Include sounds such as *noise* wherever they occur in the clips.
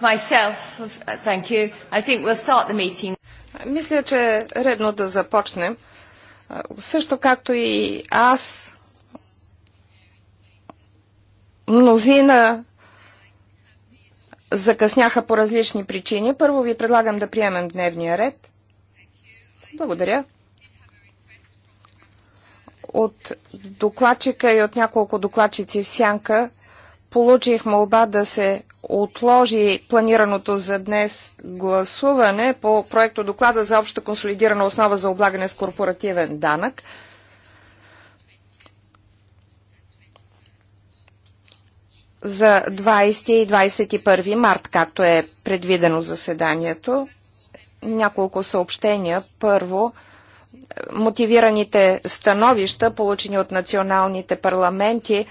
myself, uh, thank you. I think we'll start the meeting. Мисля, че е редно да започнем. Също както и аз, мнозина закъсняха по различни причини. Първо ви предлагам да приемем дневния ред. Благодаря. От докладчика и от няколко докладчици в сянка получих молба да се отложи планираното за днес гласуване по проекто доклада за обща консолидирана основа за облагане с корпоративен данък. за 20 и 21 март, както е предвидено заседанието. Няколко съобщения. Първо, мотивираните становища, получени от националните парламенти,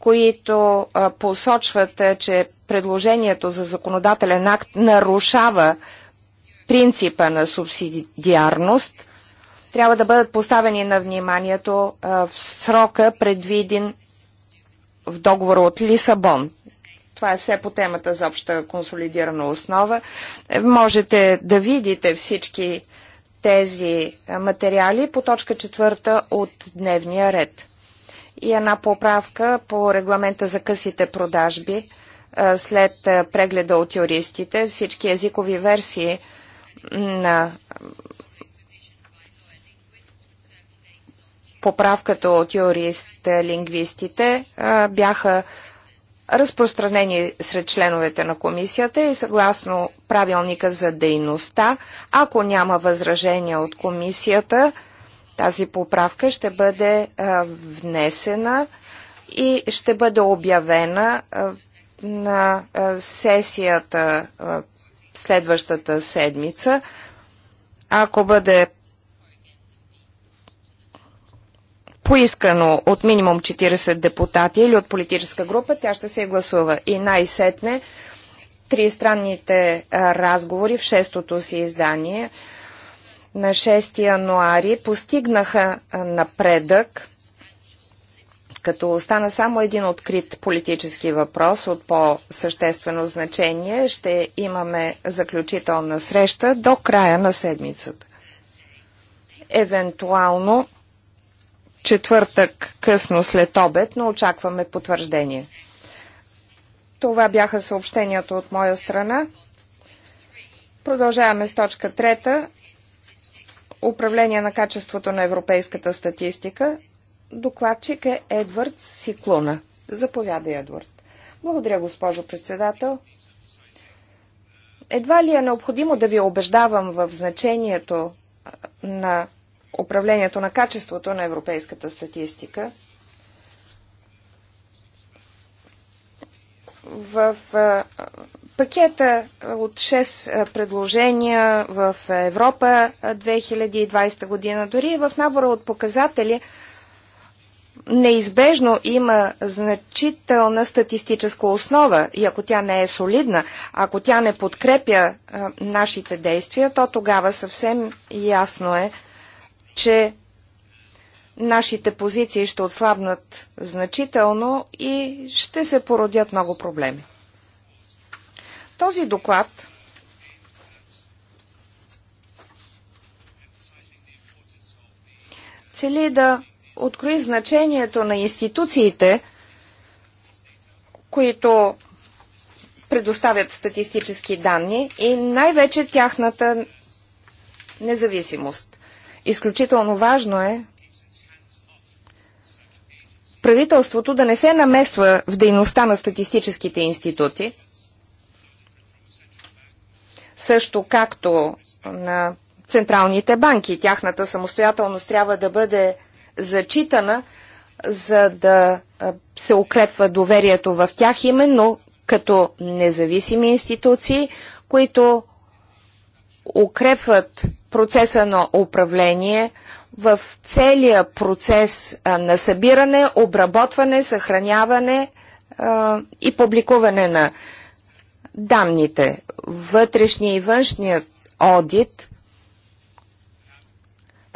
които посочват, че предложението за законодателен акт нарушава принципа на субсидиарност, трябва да бъдат поставени на вниманието в срока предвиден в договора от Лисабон. Това е все по темата за обща консолидирана основа. Е, можете да видите всички тези материали по точка четвърта от дневния ред и една поправка по регламента за късите продажби след прегледа от юристите. Всички езикови версии на поправката от юрист-лингвистите бяха разпространени сред членовете на комисията и съгласно правилника за дейността, ако няма възражения от комисията, тази поправка ще бъде внесена и ще бъде обявена на сесията следващата седмица. Ако бъде поискано от минимум 40 депутати или от политическа група, тя ще се гласува. И най-сетне тристранните разговори в шестото си издание – на 6 януари постигнаха напредък, като остана само един открит политически въпрос от по-съществено значение. Ще имаме заключителна среща до края на седмицата. Евентуално четвъртък късно след обед, но очакваме потвърждение. Това бяха съобщенията от моя страна. Продължаваме с точка трета управление на качеството на европейската статистика. Докладчик е Едвард Сиклуна. Заповядай, Едвард. Благодаря, госпожо председател. Едва ли е необходимо да ви убеждавам в значението на управлението на качеството на европейската статистика. В Пакета от 6 предложения в Европа 2020 година, дори в набора от показатели, неизбежно има значителна статистическа основа и ако тя не е солидна, ако тя не подкрепя нашите действия, то тогава съвсем ясно е, че нашите позиции ще отслабнат значително и ще се породят много проблеми. Този доклад цели да открои значението на институциите, които предоставят статистически данни и най-вече тяхната независимост. Изключително важно е правителството да не се намества в дейността на статистическите институти, също както на централните банки. Тяхната самостоятелност трябва да бъде зачитана, за да се укрепва доверието в тях, именно като независими институции, които укрепват процеса на управление в целия процес на събиране, обработване, съхраняване и публикуване на данните. Вътрешния и външният одит,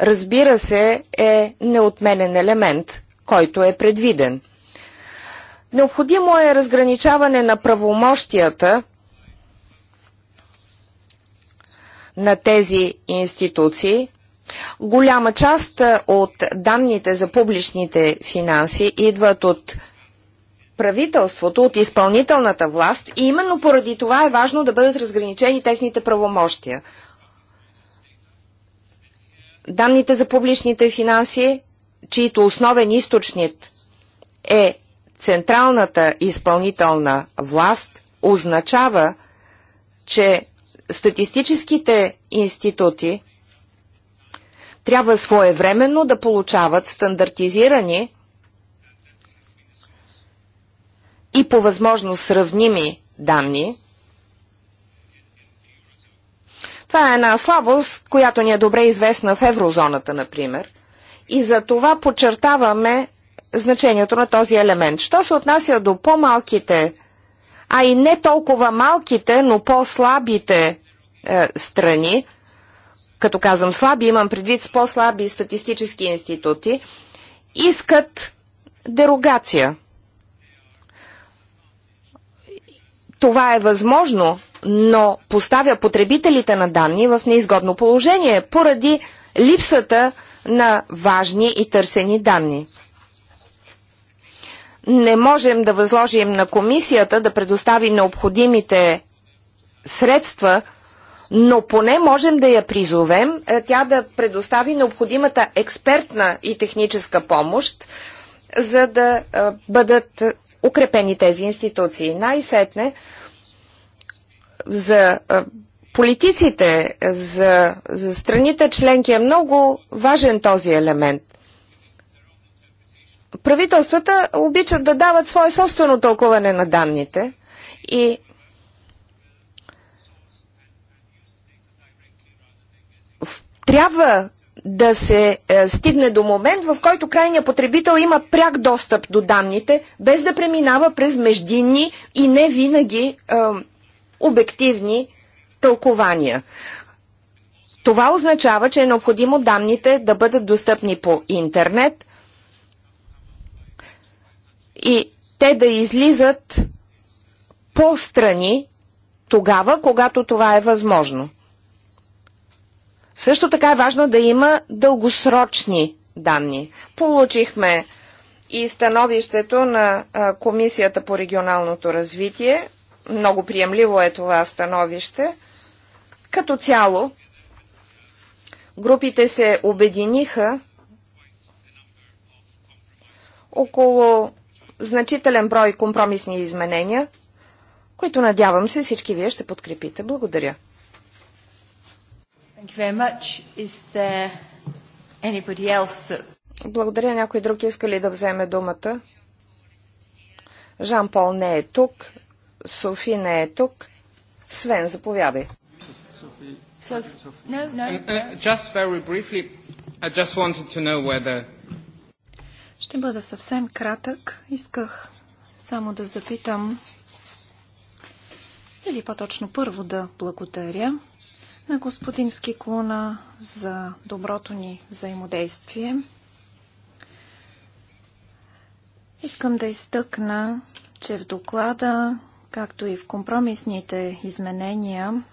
разбира се, е неотменен елемент, който е предвиден. Необходимо е разграничаване на правомощията на тези институции. Голяма част от данните за публичните финанси идват от правителството, от изпълнителната власт и именно поради това е важно да бъдат разграничени техните правомощия. Данните за публичните финанси, чието основен източник е централната изпълнителна власт, означава, че статистическите институти трябва своевременно да получават стандартизирани и по възможност сравними данни. Това е една слабост, която ни е добре известна в еврозоната, например. И за това подчертаваме значението на този елемент. Що се отнася до по-малките, а и не толкова малките, но по-слабите е, страни, като казвам слаби, имам предвид с по-слаби статистически институти, искат дерогация. Това е възможно, но поставя потребителите на данни в неизгодно положение поради липсата на важни и търсени данни. Не можем да възложим на комисията да предостави необходимите средства, но поне можем да я призовем е, тя да предостави необходимата експертна и техническа помощ, за да е, бъдат укрепени тези институции. Най-сетне за политиците, за, за страните членки е много важен този елемент. Правителствата обичат да дават свое собствено тълкуване на данните и трябва да се е, стигне до момент, в който крайният потребител има пряк достъп до данните, без да преминава през междинни и не винаги е, обективни тълкования. Това означава, че е необходимо данните да бъдат достъпни по интернет и те да излизат по-страни тогава, когато това е възможно. Също така е важно да има дългосрочни данни. Получихме и становището на Комисията по регионалното развитие. Много приемливо е това становище. Като цяло, групите се обединиха около значителен брой компромисни изменения, които надявам се всички вие ще подкрепите. Благодаря. That... Благодаря. Някой друг иска ли да вземе думата? Жан Пол не е тук. Софи не е тук. Свен, заповядай. Uh, uh, Ще бъда съвсем кратък. Исках само да запитам, или по-точно първо да благодаря на господин Скиклуна за доброто ни взаимодействие. Искам да изтъкна, че в доклада, както и в компромисните изменения,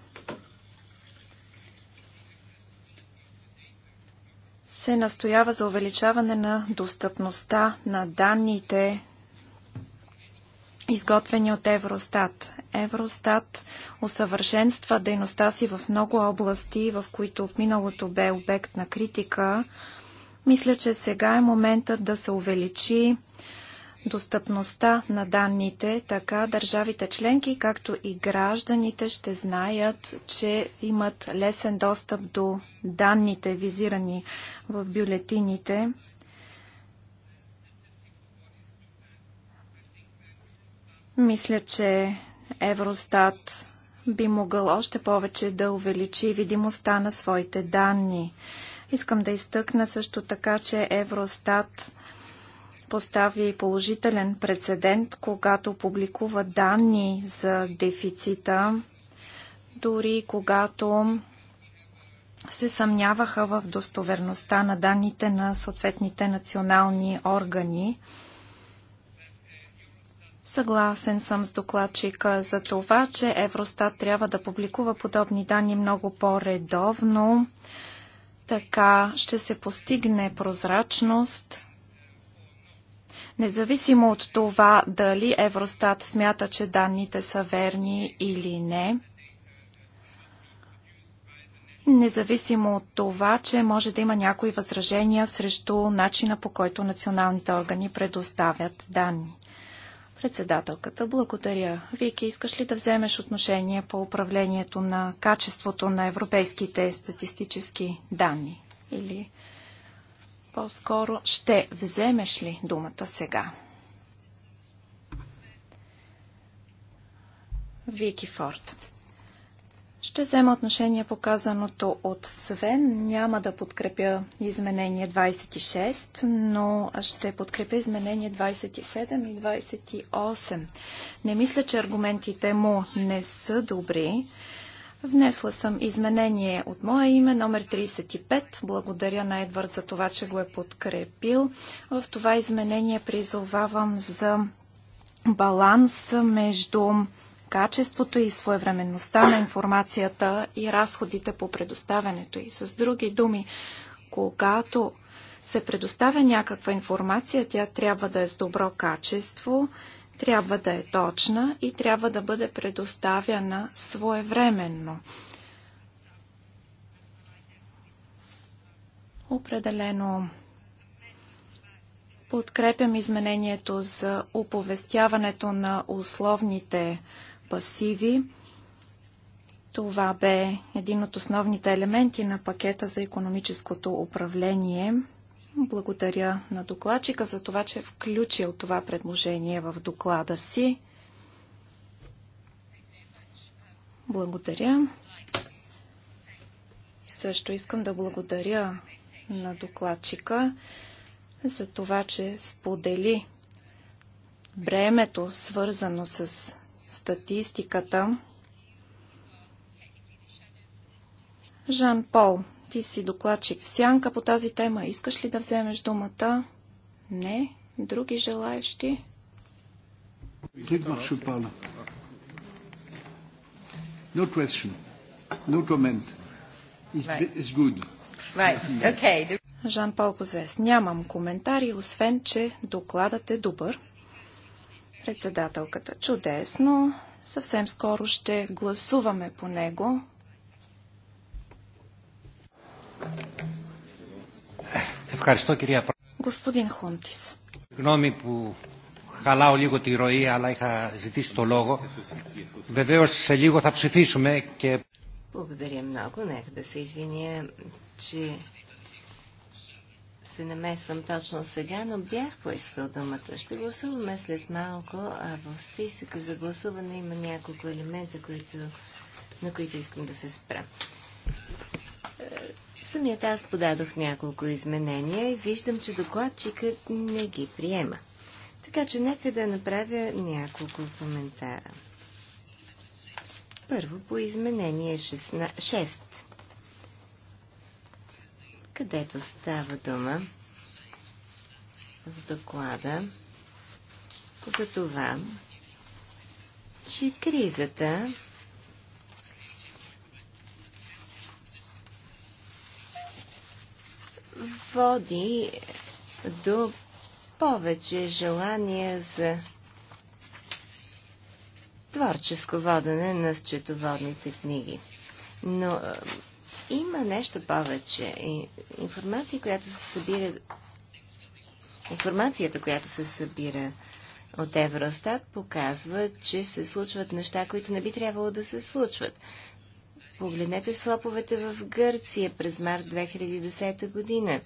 се настоява за увеличаване на достъпността на данните изготвени от Евростат. Евростат усъвършенства дейността си в много области, в които в миналото бе обект на критика. Мисля, че сега е моментът да се увеличи достъпността на данните, така държавите членки, както и гражданите ще знаят, че имат лесен достъп до данните, визирани в бюлетините, Мисля, че Евростат би могъл още повече да увеличи видимостта на своите данни. Искам да изтъкна също така, че Евростат постави положителен прецедент, когато публикува данни за дефицита, дори когато се съмняваха в достоверността на данните на съответните национални органи. Съгласен съм с докладчика за това, че Евростат трябва да публикува подобни данни много по-редовно. Така ще се постигне прозрачност. Независимо от това дали Евростат смята, че данните са верни или не, независимо от това, че може да има някои възражения срещу начина по който националните органи предоставят данни. Председателката, благодаря. Вики, искаш ли да вземеш отношение по управлението на качеството на европейските статистически данни? Или по-скоро ще вземеш ли думата сега? Вики Форд. Ще взема отношение по казаното от Свен. Няма да подкрепя изменение 26, но ще подкрепя изменение 27 и 28. Не мисля, че аргументите му не са добри. Внесла съм изменение от мое име, номер 35. Благодаря на Едвард за това, че го е подкрепил. В това изменение призовавам за баланс между качеството и своевременността на информацията и разходите по предоставянето й. С други думи, когато се предоставя някаква информация, тя трябва да е с добро качество, трябва да е точна и трябва да бъде предоставяна своевременно. Определено подкрепям изменението за оповестяването на условните пасиви. Това бе един от основните елементи на пакета за економическото управление. Благодаря на докладчика за това, че е включил това предложение в доклада си. Благодаря. Също искам да благодаря на докладчика за това, че сподели бремето, свързано с статистиката. Жан Пол, ти си докладчик в сянка по тази тема. Искаш ли да вземеш думата? Не. Други желаещи? No question. No comment. It's, it's good. Right. Okay. Жан Пол Козес. Нямам коментари, освен, че докладът е добър. Председателката. Чудесно. Съвсем скоро ще гласуваме по него. Ευχαριστώ, κυρία Господин Χούντис. Συγγνώμη που χαλάω λίγο τη ροή, αλλά είχα ζητήσει το λόγο. Βεβαίω σε λίγο θα ψηφίσουμε και. Благодаря много. Нека да се извиня, че се намесвам точно сега, но бях поискал думата. Ще гласуваме след малко, а в списъка за гласуване има няколко елемента, които, на които искам да се спра. Е, самият аз подадох няколко изменения и виждам, че докладчикът не ги приема. Така че нека да направя няколко коментара. Първо по изменение 6 където става дума в доклада за това, че кризата води до повече желание за творческо водене на счетоводните книги. Но има нещо повече. Информация, която се събира Информацията, която се събира от Евростат, показва, че се случват неща, които не би трябвало да се случват. Погледнете слоповете в Гърция през март 2010 година.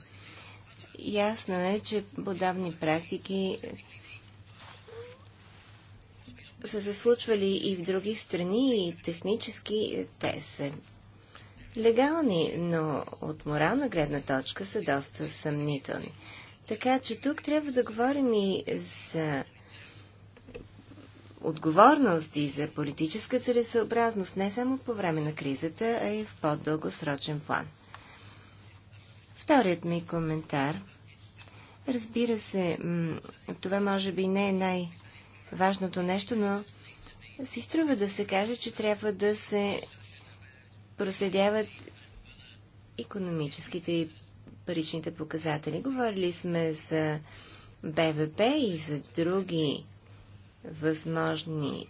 Ясно е, че подобни практики са се случвали и в други страни и технически те са легални, но от морална гледна точка са доста съмнителни. Така че тук трябва да говорим и за отговорност и за политическа целесъобразност не само по време на кризата, а и в по-дългосрочен план. Вторият ми коментар. Разбира се, това може би не е най-важното нещо, но си струва да се каже, че трябва да се проследяват економическите и паричните показатели. Говорили сме за БВП и за други възможни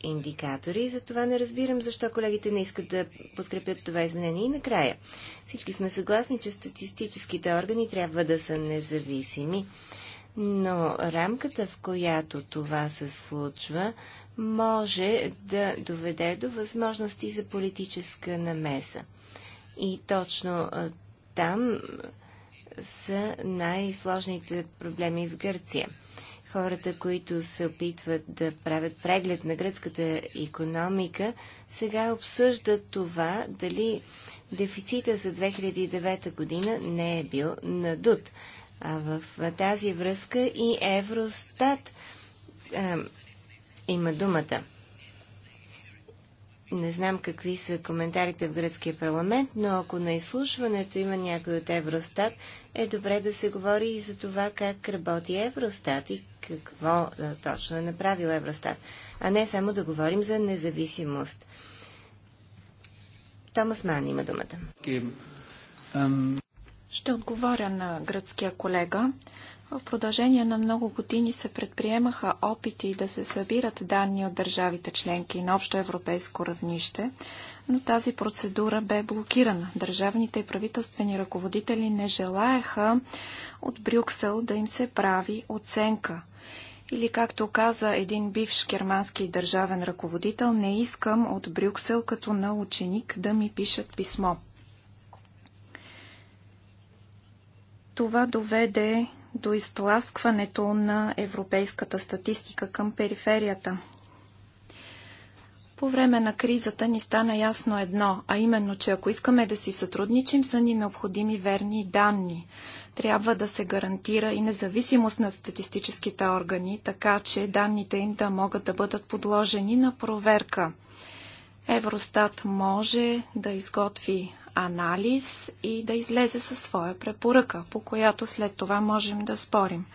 индикатори. Затова не разбирам защо колегите не искат да подкрепят това изменение. И накрая, всички сме съгласни, че статистическите органи трябва да са независими. Но рамката, в която това се случва, може да доведе до възможности за политическа намеса. И точно там са най-сложните проблеми в Гърция. Хората, които се опитват да правят преглед на гръцката економика, сега обсъждат това дали дефицита за 2009 година не е бил надут. А в тази връзка и Евростат има думата. Не знам какви са коментарите в гръцкия парламент, но ако на изслушването има някой от Евростат, е добре да се говори и за това как работи Евростат и какво точно е направил Евростат, а не само да говорим за независимост. Томас Ман има думата. Ще отговоря на гръцкия колега. В продължение на много години се предприемаха опити да се събират данни от държавите членки на общо европейско равнище, но тази процедура бе блокирана. Държавните и правителствени ръководители не желаяха от Брюксел да им се прави оценка. Или, както каза един бивш германски държавен ръководител, не искам от Брюксел като на ученик да ми пишат писмо. Това доведе до изтласкването на европейската статистика към периферията. По време на кризата ни стана ясно едно, а именно, че ако искаме да си сътрудничим, са ни необходими верни данни. Трябва да се гарантира и независимост на статистическите органи, така че данните им да могат да бъдат подложени на проверка. Евростат може да изготви анализ и да излезе със своя препоръка, по която след това можем да спорим.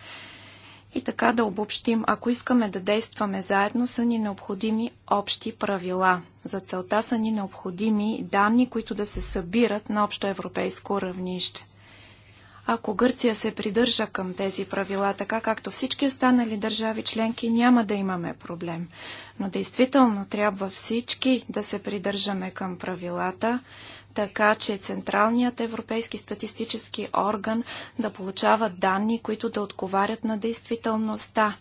И така да обобщим, ако искаме да действаме заедно, са ни необходими общи правила. За целта са ни необходими данни, които да се събират на общо европейско равнище. Ако Гърция се придържа към тези правила, така както всички останали държави членки, няма да имаме проблем. Но действително трябва всички да се придържаме към правилата, така че Централният европейски статистически орган да получава данни, които да отговарят на действителността.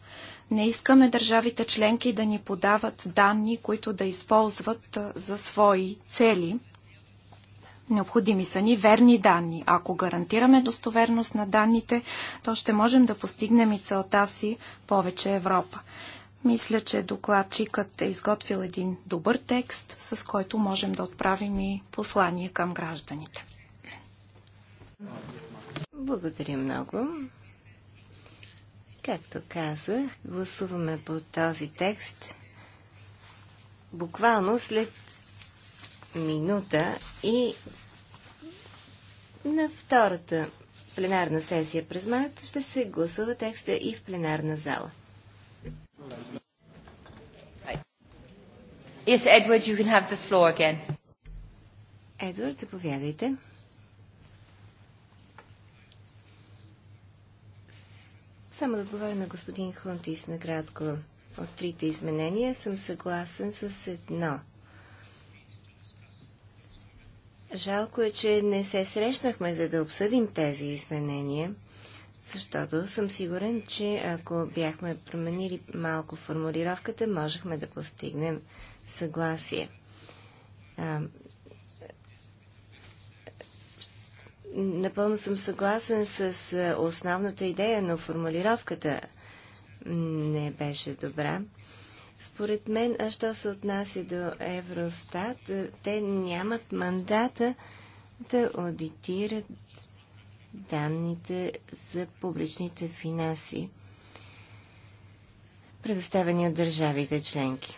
Не искаме държавите членки да ни подават данни, които да използват за свои цели. Необходими са ни верни данни. Ако гарантираме достоверност на данните, то ще можем да постигнем и целта си повече Европа. Мисля, че докладчикът е изготвил един добър текст, с който можем да отправим и послание към гражданите. Благодаря много. Както казах, гласуваме по този текст буквално след минута и на втората пленарна сесия през март ще се гласува текста и в пленарна зала. Yes, Edward, you can have the floor again. Едвард, заповядайте. Само да отговоря на господин Хунтис накратко. От трите изменения съм съгласен с едно. Жалко е, че не се срещнахме, за да обсъдим тези изменения – защото съм сигурен, че ако бяхме променили малко формулировката, можехме да постигнем съгласие. А, напълно съм съгласен с основната идея, но формулировката не беше добра. Според мен, а що се отнася до Евростат, те нямат мандата да аудитират данните за публичните финанси, предоставени от държавите членки.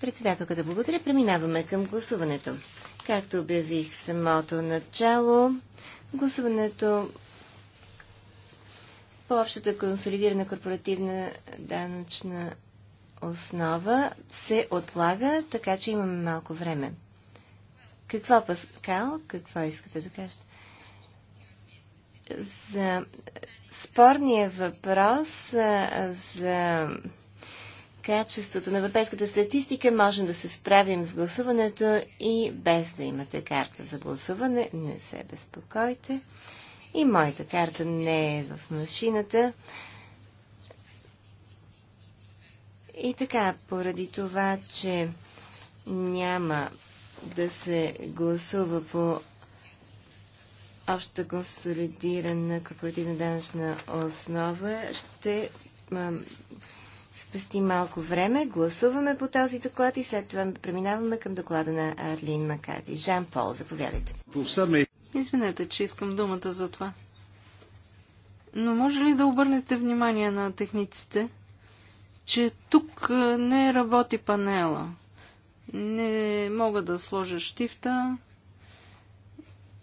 Председателката благодаря. Преминаваме към гласуването. Както обявих в самото начало, гласуването по общата консолидирана корпоративна данъчна основа се отлага, така че имаме малко време. Какво, Паскал? Какво искате да кажете? За спорния въпрос за качеството на европейската статистика можем да се справим с гласуването и без да имате карта за гласуване. Не се безпокойте. И моята карта не е в машината. И така, поради това, че няма да се гласува по общата консолидирана корпоративна данъчна основа, ще спести малко време. Гласуваме по този доклад и след това преминаваме към доклада на Арлин Макади. Жан Пол, заповядайте. Извинете, че искам думата за това. Но може ли да обърнете внимание на техниците, че тук не работи панела? не мога да сложа щифта.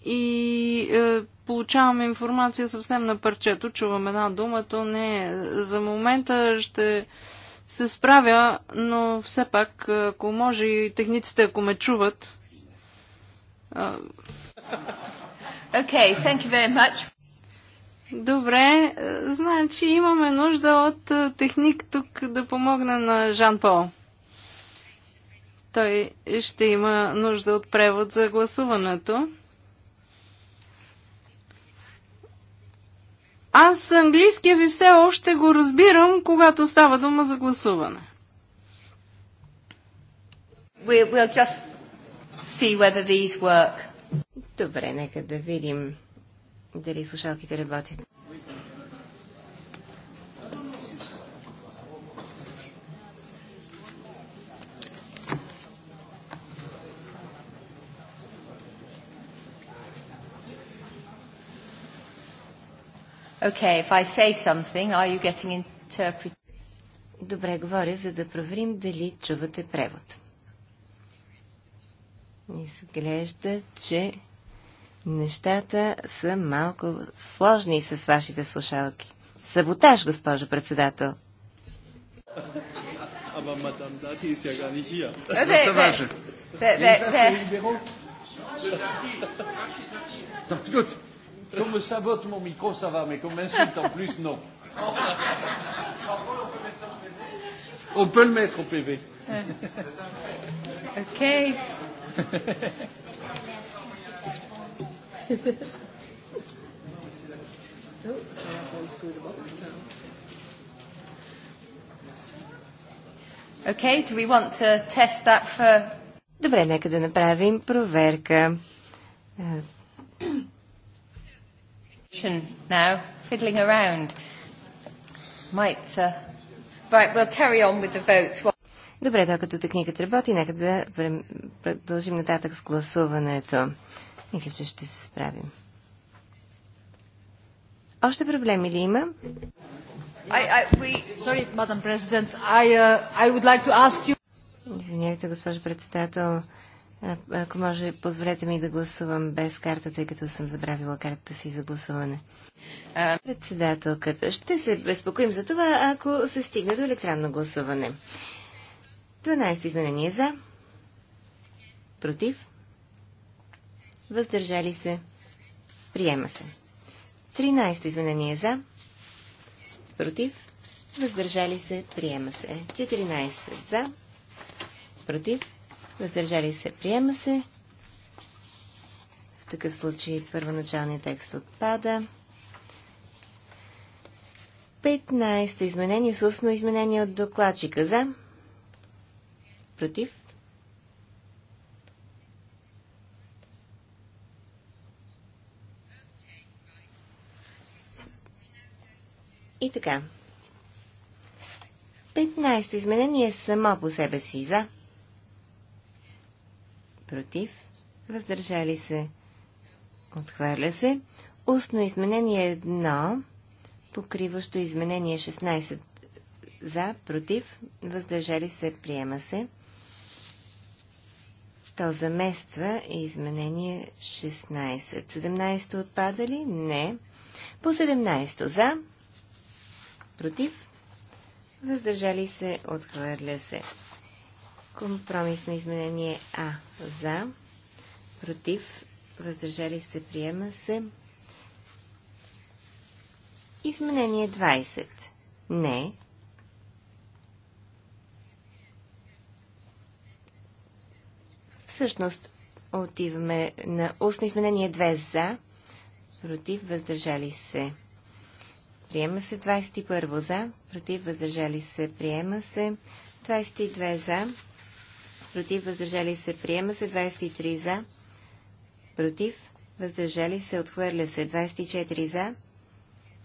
и е, получавам информация съвсем на парчето, чувам една дума, то не е. За момента ще се справя, но все пак, ако може и техниците, ако ме чуват. Е... Okay, thank you very much. Добре, е, значи имаме нужда от е, техник тук да помогне на Жан Пол той ще има нужда от превод за гласуването. Аз английския ви все още го разбирам, когато става дума за гласуване. We, we'll just see whether these work. Добре, нека да видим дали слушалките работят. Okay, if I say something, are you getting interpret... Добре, говоря, за да проверим дали чувате превод. Изглежда, че нещата са малко сложни с вашите слушалки. Саботаж, госпожо председател. Aber Madame Dati ist ja gar nicht hier. Das ist der Wasche. Der, der, der. Gut. Qu'on me sabote mon micro, ça va, mais qu'on m'insulte en plus, non. On peut le mettre au PV. Ok. Okay, do we want to test that for... Добре, нека да направим проверка now, fiddling around. Might, uh... Right, we'll carry on with the votes. Добре, като техниката работи, нека да продължим нататък с гласуването. Мисля, че ще се справим. Още проблеми ли има? I, I, we... Sorry, Madam President, I, uh, I would like to ask you... Извинявайте, госпожа председател. Uh, ако може, позволете ми да гласувам без карта, тъй като съм забравила картата си за гласуване. Председателката, ще се безпокоим за това, ако се стигне до електронно гласуване. 12 изменение за. Против. Въздържали се. Приема се. 13 изменение за. Против. Въздържали се. Приема се. 14 за. Против въздържали се, приема се. В такъв случай първоначалният текст отпада. 15. Изменение с устно изменение от докладчика. За. Против. И така. 15. Изменение само по себе си. За против, въздържали се, отхвърля се. Устно изменение 1, покриващо изменение 16 за, против, въздържали се, приема се. То замества изменение 16. 17 отпадали? Не. По 17 за, против, въздържали се, отхвърля се. Компромисно изменение А за, против, въздържали се, приема се. Изменение 20. Не. Всъщност отиваме на устно изменение 2 за, против, въздържали се. Приема се 21 за, против, въздържали се, приема се 22 за, против, въздържали се, приема се. 23 за, против, въздържали се, отхвърля се. 24 за,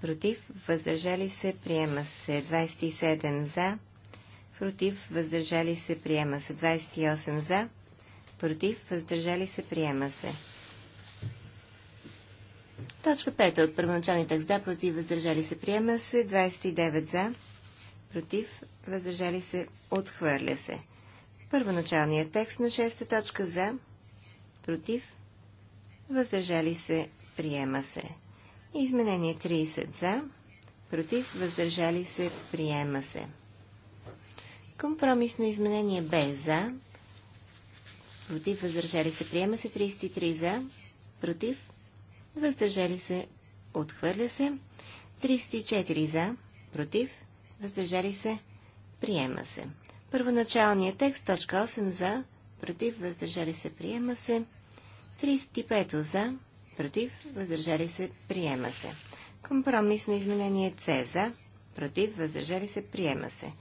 против, въздържали се, приема се. 27 за, против, въздържали се, приема се. 28 за, против, въздържали се, приема се. Точка 5 от първоначалния текст за, против, въздържали се, приема се, 29 за, против, въздържали се, отхвърля се. Първоначалният текст на 6 точка за, против, въздържали се, приема се. Изменение 30 за, против, въздържали се, приема се. Компромисно изменение Б за, против, въздържали се, приема се 33 за, против, въздържали се, отхвърля се, 34 за, против, въздържали се, приема се. Първоначалният текст, точка 8 за, против, въздържали се, приема се. 35 за, против, въздържали се, приема се. Компромисно изменение С за, против, въздържали се, приема се.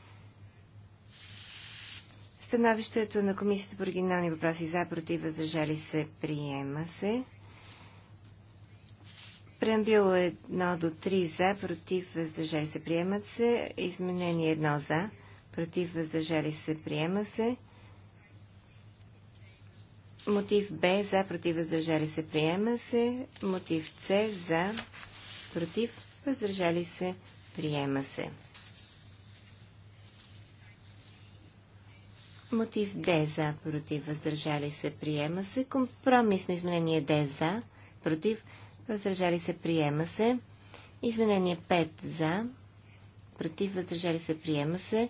Становището на Комисията по оригинални въпроси за, против, въздържали се, приема се. Преамбил 1 до 3 за, против, въздържали се, приемат се. Изменение 1 за, против, въздържали се, приема се. Мотив Б за, против, въздържали се, приема се. Мотив С за, против, въздържали се, приема се. Мотив Д за, против, въздържали се, приема се. Компромисно изменение Д за, против, въздържали се, приема се. Изменение 5 за, против, въздържали се, приема се.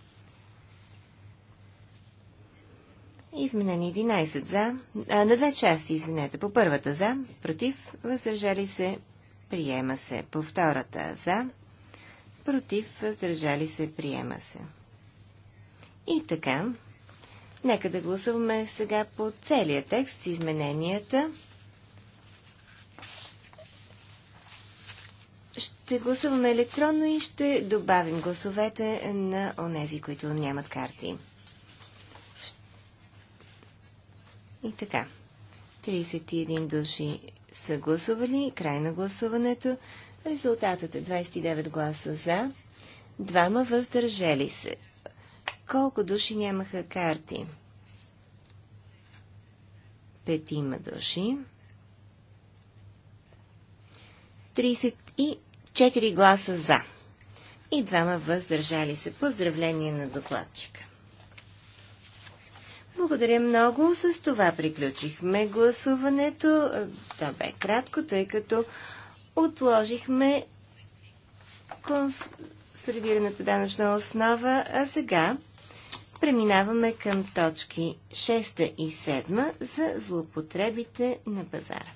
Изменени 11 за, а, на две части, извинете, по първата за, против, въздържали се, приема се. По втората за, против, въздържали се, приема се. И така, нека да гласуваме сега по целия текст с измененията. Ще гласуваме електронно и ще добавим гласовете на онези, които нямат карти. И така. 31 души са гласували. Край на гласуването. Резултатът е 29 гласа за, двама въздържали се. Колко души нямаха карти? Петима души. 34 гласа за и двама въздържали се. Поздравление на докладчика. Благодаря много. С това приключихме гласуването. Това бе кратко, тъй като отложихме консолидираната данъчна основа, а сега преминаваме към точки 6 и 7 за злоупотребите на пазара.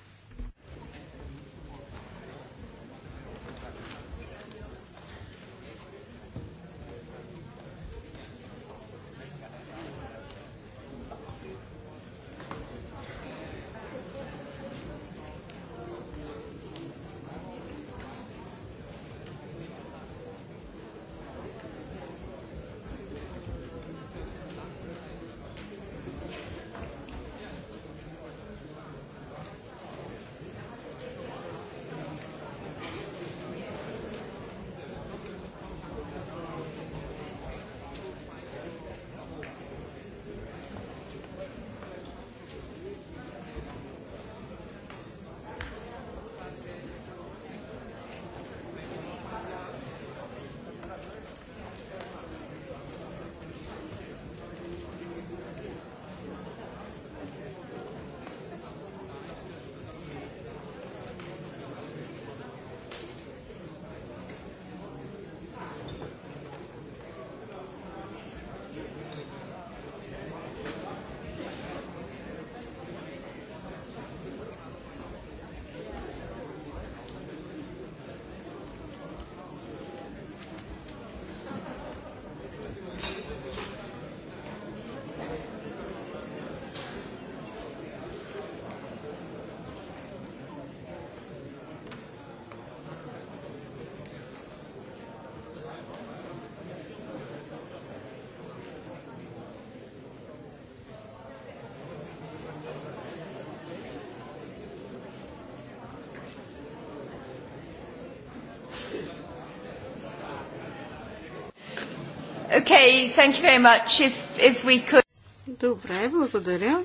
Okay, thank you very much. If, if we could... Добре, благодаря.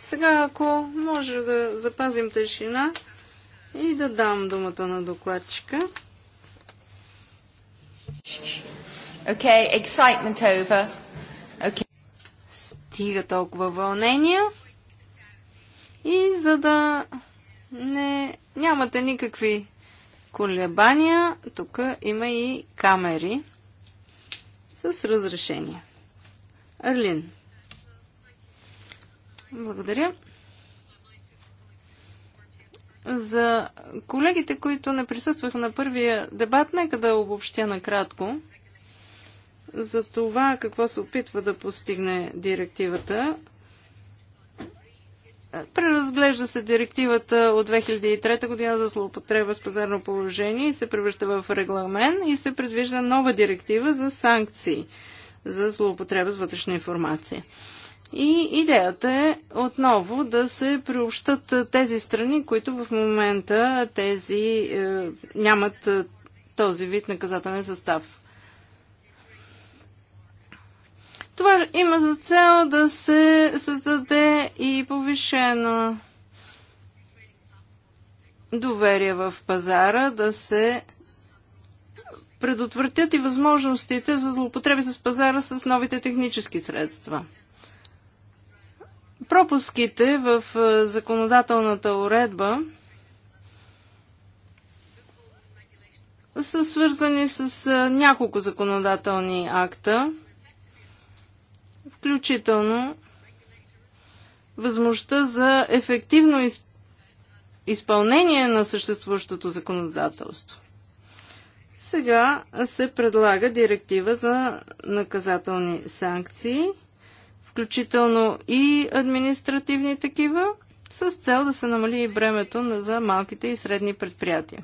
Сега, ако може да запазим тишина и да дам думата на докладчика. Okay, excitement over. Okay. Стига толкова вълнения. И за да не нямате никакви колебания, тук има и камери с разрешение. Арлин. Благодаря. За колегите, които не присъстваха на първия дебат, нека да обобщя накратко за това какво се опитва да постигне директивата. Преразглежда се директивата от 2003 година за злоупотреба с пазарно положение и се превръща в регламент и се предвижда нова директива за санкции за злоупотреба с вътрешна информация. И идеята е отново да се приобщат тези страни, които в момента тези е, нямат е, този вид наказателен състав. Това има за цел да се създаде и повишено доверие в пазара, да се предотвратят и възможностите за злоупотреби с пазара с новите технически средства. Пропуските в е, законодателната уредба са свързани с е, няколко законодателни акта – включително възможността за ефективно изпълнение изпълнение на съществуващото законодателство. Сега се предлага директива за наказателни санкции, включително и административни такива, с цел да се намали и бремето за малките и средни предприятия.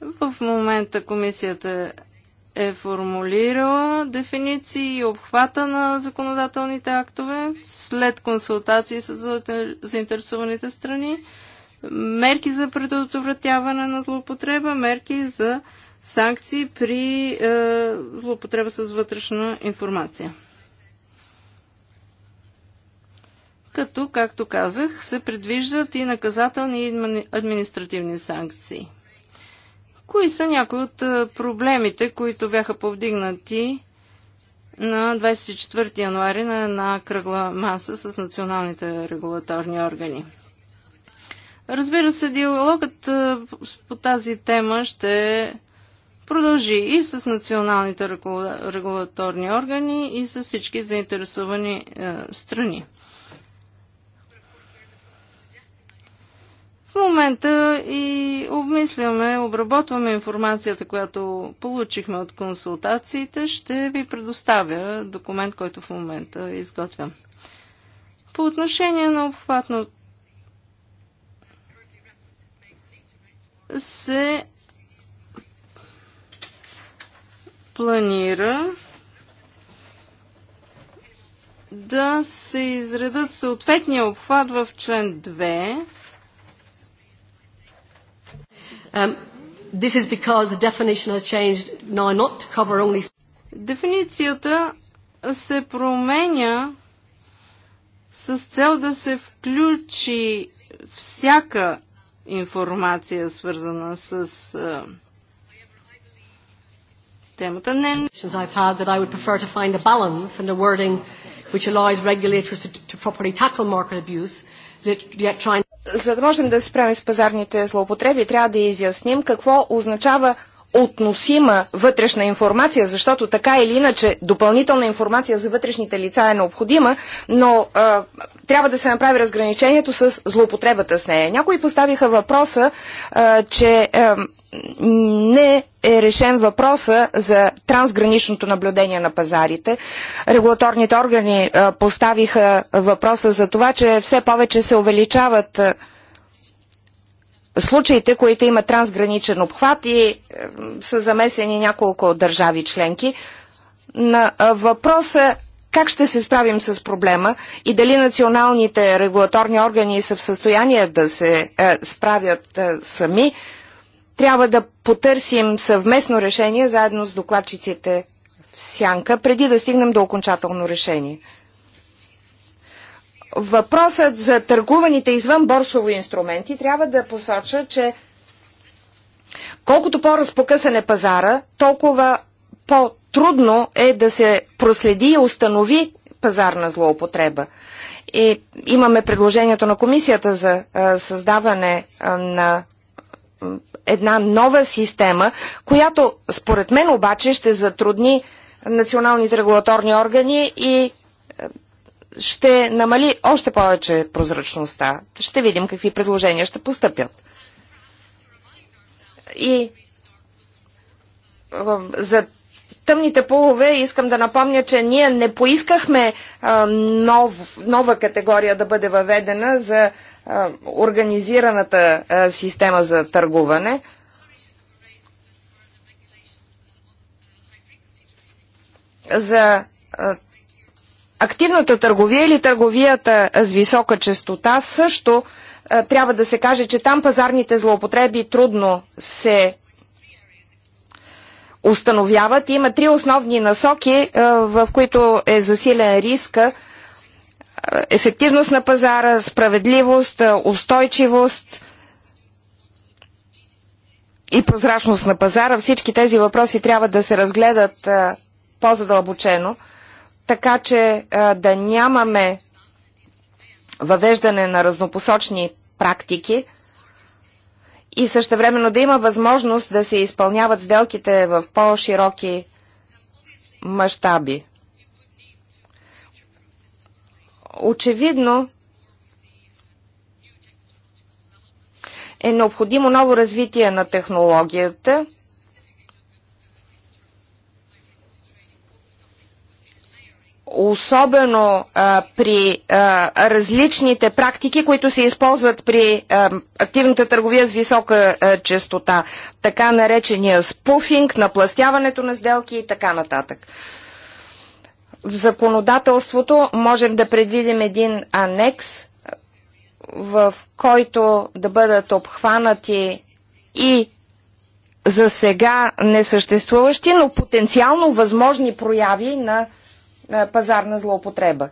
В момента комисията е формулирала дефиниции и обхвата на законодателните актове след консултации с заинтересованите страни, мерки за предотвратяване на злоупотреба, мерки за санкции при е, злоупотреба с вътрешна информация. Като, както казах, се предвиждат и наказателни и административни санкции. Кои са някои от проблемите, които бяха повдигнати на 24 януари на една кръгла маса с националните регулаторни органи? Разбира се, диалогът по тази тема ще продължи и с националните регулаторни органи, и с всички заинтересовани страни. В момента и обмисляме, обработваме информацията, която получихме от консултациите. Ще ви предоставя документ, който в момента изготвям. По отношение на обхватно се планира да се изредат съответния обхват в член 2 Um, this is because the definition has changed now not to cover only... Дефиницията се променя с цел да се включи всяка информация, свързана с uh, темата. Не... I've had that I would prefer to find a balance and a wording which allows regulators to, to properly tackle market abuse, yet trying за да можем да се справим с пазарните злоупотреби, трябва да изясним какво означава относима вътрешна информация, защото така или иначе допълнителна информация за вътрешните лица е необходима, но а, трябва да се направи разграничението с злоупотребата с нея. Някои поставиха въпроса, а, че а, не е решен въпроса за трансграничното наблюдение на пазарите. Регулаторните органи а, поставиха въпроса за това, че все повече се увеличават а, случаите, които имат трансграничен обхват и е, са замесени няколко държави членки. На въпроса как ще се справим с проблема и дали националните регулаторни органи са в състояние да се е, справят е, сами, трябва да потърсим съвместно решение заедно с докладчиците в сянка, преди да стигнем до окончателно решение въпросът за търгуваните извън борсово инструменти трябва да посоча, че колкото по-разпокъсан е пазара, толкова по-трудно е да се проследи и установи пазарна злоупотреба. И имаме предложението на комисията за а, създаване а, на една нова система, която според мен обаче ще затрудни националните регулаторни органи и ще намали още повече прозрачността. Ще видим какви предложения ще постъпят. И за тъмните полове искам да напомня, че ние не поискахме а, нов, нова категория да бъде въведена за а, организираната а, система за търгуване. За а, активната търговия или търговията с висока частота също е, трябва да се каже, че там пазарните злоупотреби трудно се установяват. Има три основни насоки, е, в които е засилен риска е, ефективност на пазара, справедливост, устойчивост и прозрачност на пазара. Всички тези въпроси трябва да се разгледат по-задълбочено така че да нямаме въвеждане на разнопосочни практики и същевременно да има възможност да се изпълняват сделките в по-широки мащаби. Очевидно е необходимо ново развитие на технологията – особено а, при а, различните практики, които се използват при а, активната търговия с висока а, частота, така наречения спуфинг, напластяването на сделки и така нататък. В законодателството можем да предвидим един анекс, в който да бъдат обхванати и за сега несъществуващи, но потенциално възможни прояви на е, пазарна злоупотреба.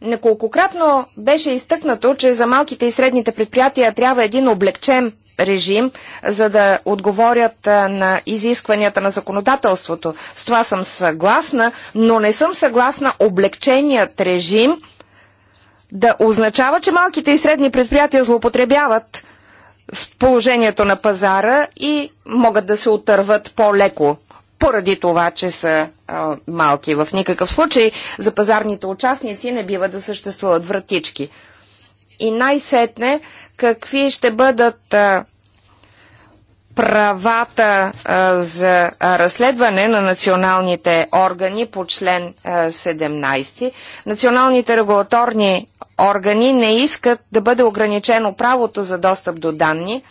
Неколкократно беше изтъкнато, че за малките и средните предприятия трябва един облегчен режим, за да отговорят е, на изискванията на законодателството. С това съм съгласна, но не съм съгласна облегченият режим да означава, че малките и средни предприятия злоупотребяват с положението на пазара и могат да се отърват по-леко поради това, че са а, малки. В никакъв случай за пазарните участници не бива да съществуват вратички. И най-сетне, какви ще бъдат а, правата а, за разследване на националните органи по член а, 17. Националните регулаторни органи не искат да бъде ограничено правото за достъп до данни,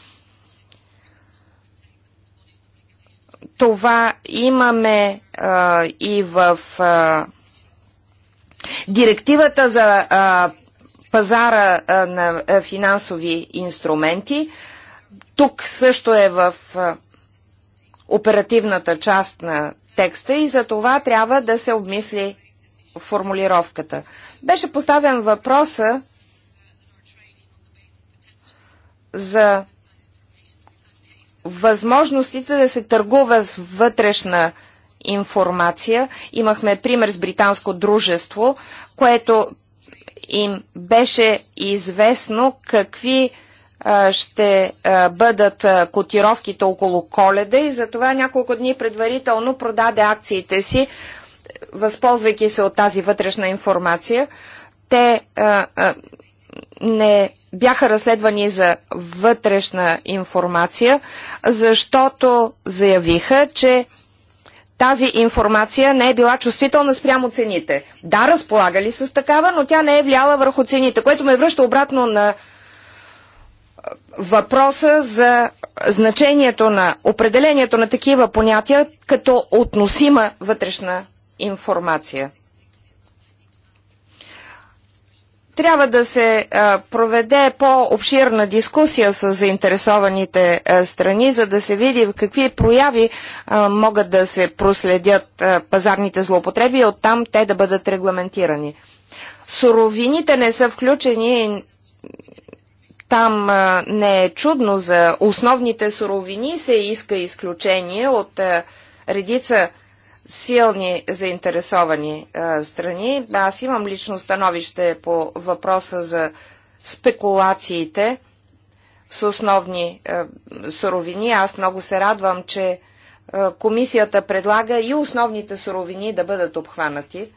това имаме а, и в а, директивата за а, пазара а, на а, финансови инструменти. Тук също е в а, оперативната част на текста и за това трябва да се обмисли формулировката. Беше поставен въпроса за възможностите да се търгува с вътрешна информация. Имахме пример с британско дружество, което им беше известно какви ще бъдат котировките около коледа и затова няколко дни предварително продаде акциите си, възползвайки се от тази вътрешна информация. Те а, не бяха разследвани за вътрешна информация, защото заявиха, че тази информация не е била чувствителна спрямо цените. Да, разполагали с такава, но тя не е влияла върху цените, което ме връща обратно на въпроса за значението на определението на такива понятия като относима вътрешна информация. Трябва да се проведе по-обширна дискусия с заинтересованите страни, за да се види в какви прояви могат да се проследят пазарните злоупотреби и оттам те да бъдат регламентирани. Суровините не са включени там не е чудно за основните суровини се иска изключение от редица силни заинтересовани а, страни. Аз имам лично становище по въпроса за спекулациите с основни а, суровини. Аз много се радвам, че а, комисията предлага и основните суровини да бъдат обхванати.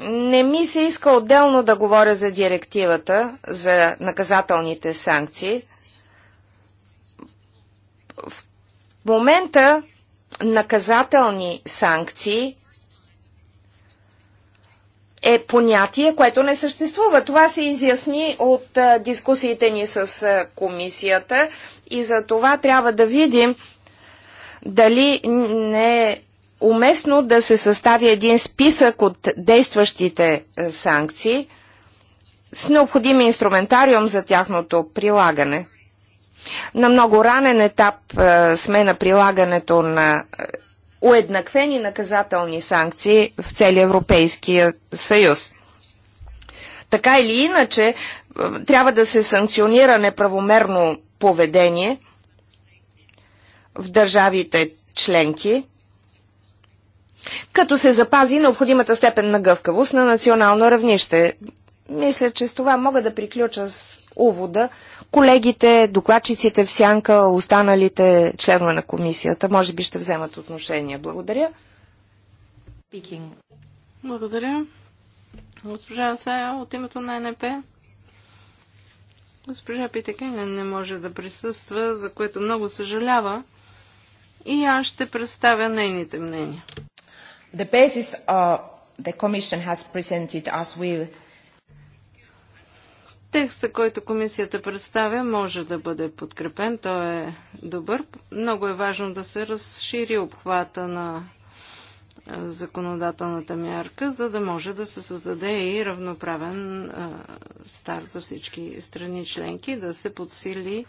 Не ми се иска отделно да говоря за директивата, за наказателните санкции. В в момента наказателни санкции е понятие, което не съществува. Това се изясни от дискусиите ни с комисията и за това трябва да видим дали не е уместно да се състави един списък от действащите санкции с необходим инструментариум за тяхното прилагане. На много ранен етап е, сме на прилагането на е, уеднаквени наказателни санкции в целия Европейския съюз. Така или иначе, е, трябва да се санкционира неправомерно поведение в държавите членки, като се запази необходимата степен на гъвкавост на национално равнище. Мисля, че с това мога да приключа с увода Колегите, докладчиците в сянка, останалите членове на комисията, може би ще вземат отношение. Благодаря. Пикинг. Благодаря. Госпожа Асая от името на НП. Госпожа Питекенен не може да присъства, за което много съжалява. И аз ще представя нейните мнения. The basis uh, the Commission has presented us with Текста, който комисията представя, може да бъде подкрепен. Той е добър. Много е важно да се разшири обхвата на законодателната мярка, за да може да се създаде и равноправен старт за всички страни членки, да се подсили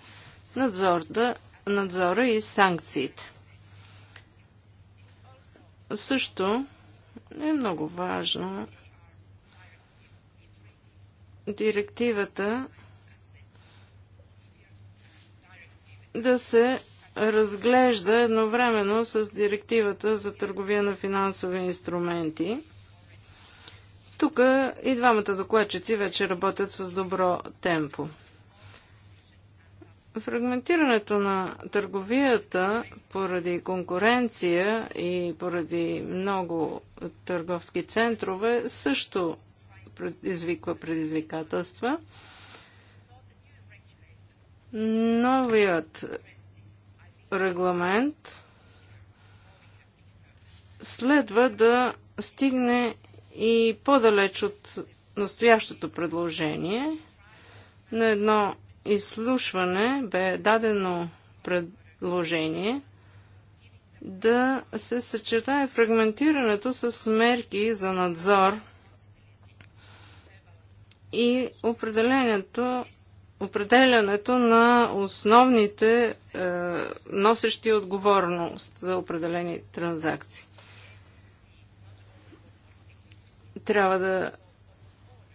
надзор, да, надзора и санкциите. Също е много важно директивата да се разглежда едновременно с директивата за търговия на финансови инструменти. Тук и двамата докладчици вече работят с добро темпо. Фрагментирането на търговията поради конкуренция и поради много търговски центрове също предизвиква предизвикателства. Новият регламент следва да стигне и по-далеч от настоящото предложение. На едно изслушване бе дадено предложение да се съчетае фрагментирането с мерки за надзор – и определението, определянето на основните е, носещи отговорност за определени транзакции. Трябва да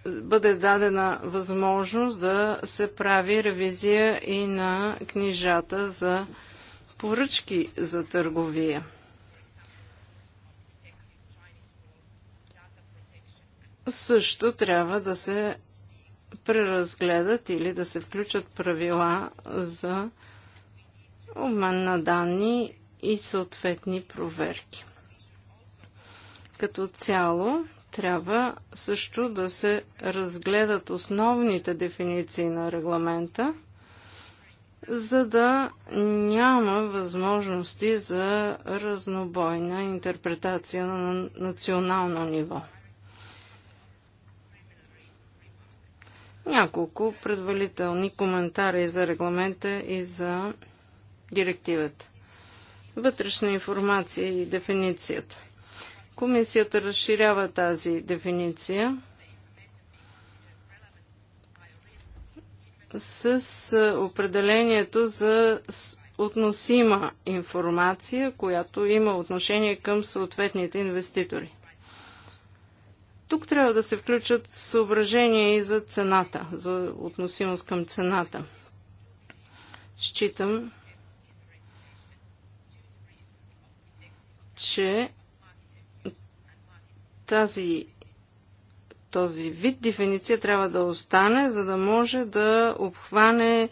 бъде дадена възможност да се прави ревизия и на книжата за поръчки за търговия. също трябва да се преразгледат или да се включат правила за обмен на данни и съответни проверки. Като цяло трябва също да се разгледат основните дефиниции на регламента, за да няма възможности за разнобойна интерпретация на национално ниво. Няколко предварителни коментари за регламента и за директивата. Вътрешна информация и дефиницията. Комисията разширява тази дефиниция с определението за относима информация, която има отношение към съответните инвеститори. Тук трябва да се включат съображения и за цената, за относимост към цената. Считам, че тази, този вид дефиниция трябва да остане, за да може да обхване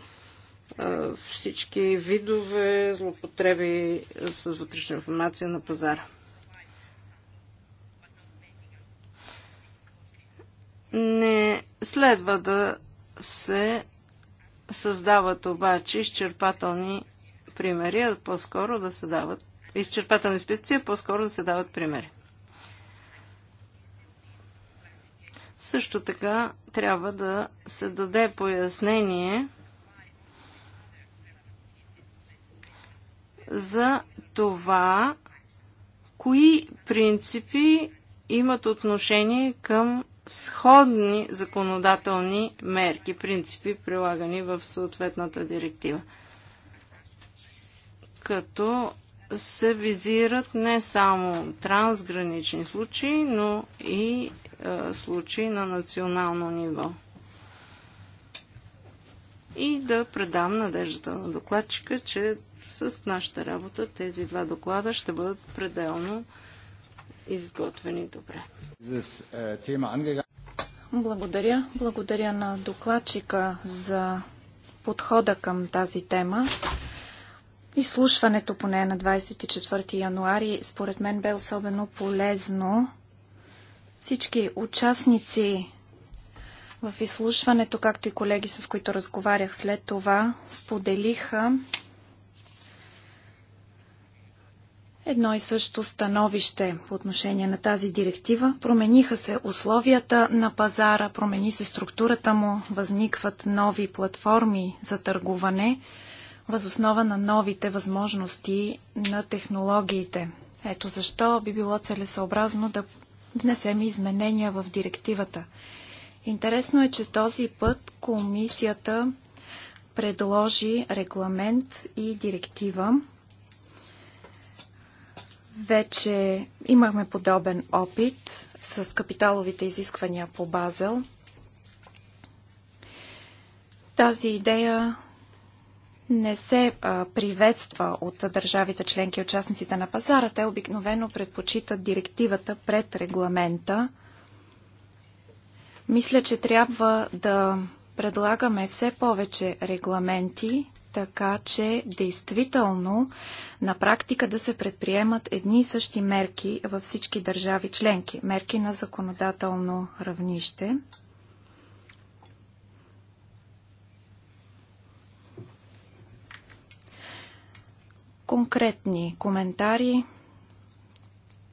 всички видове злопотреби с вътрешна информация на пазара. Не следва да се създават обаче изчерпателни примери, а по-скоро да се дават изчерпателни списъци, а по-скоро да се дават примери. Също така трябва да се даде пояснение за това, кои принципи имат отношение към сходни законодателни мерки, принципи, прилагани в съответната директива. Като се визират не само трансгранични случаи, но и е, случаи на национално ниво. И да предам надеждата на докладчика, че с нашата работа тези два доклада ще бъдат пределно изготвени добре. Е, Благодаря. Благодаря на докладчика за подхода към тази тема. Изслушването поне е на 24 януари според мен бе особено полезно. Всички участници в изслушването, както и колеги, с които разговарях след това, споделиха, едно и също становище по отношение на тази директива. Промениха се условията на пазара, промени се структурата му, възникват нови платформи за търгуване възоснова на новите възможности на технологиите. Ето защо би било целесообразно да внесем изменения в директивата. Интересно е, че този път комисията предложи регламент и директива, вече имахме подобен опит с капиталовите изисквания по Базел. Тази идея не се а, приветства от държавите членки и участниците на пазара. Те обикновено предпочитат директивата пред регламента. Мисля, че трябва да предлагаме все повече регламенти, така че действително на практика да се предприемат едни и същи мерки във всички държави членки, мерки на законодателно равнище. Конкретни коментари,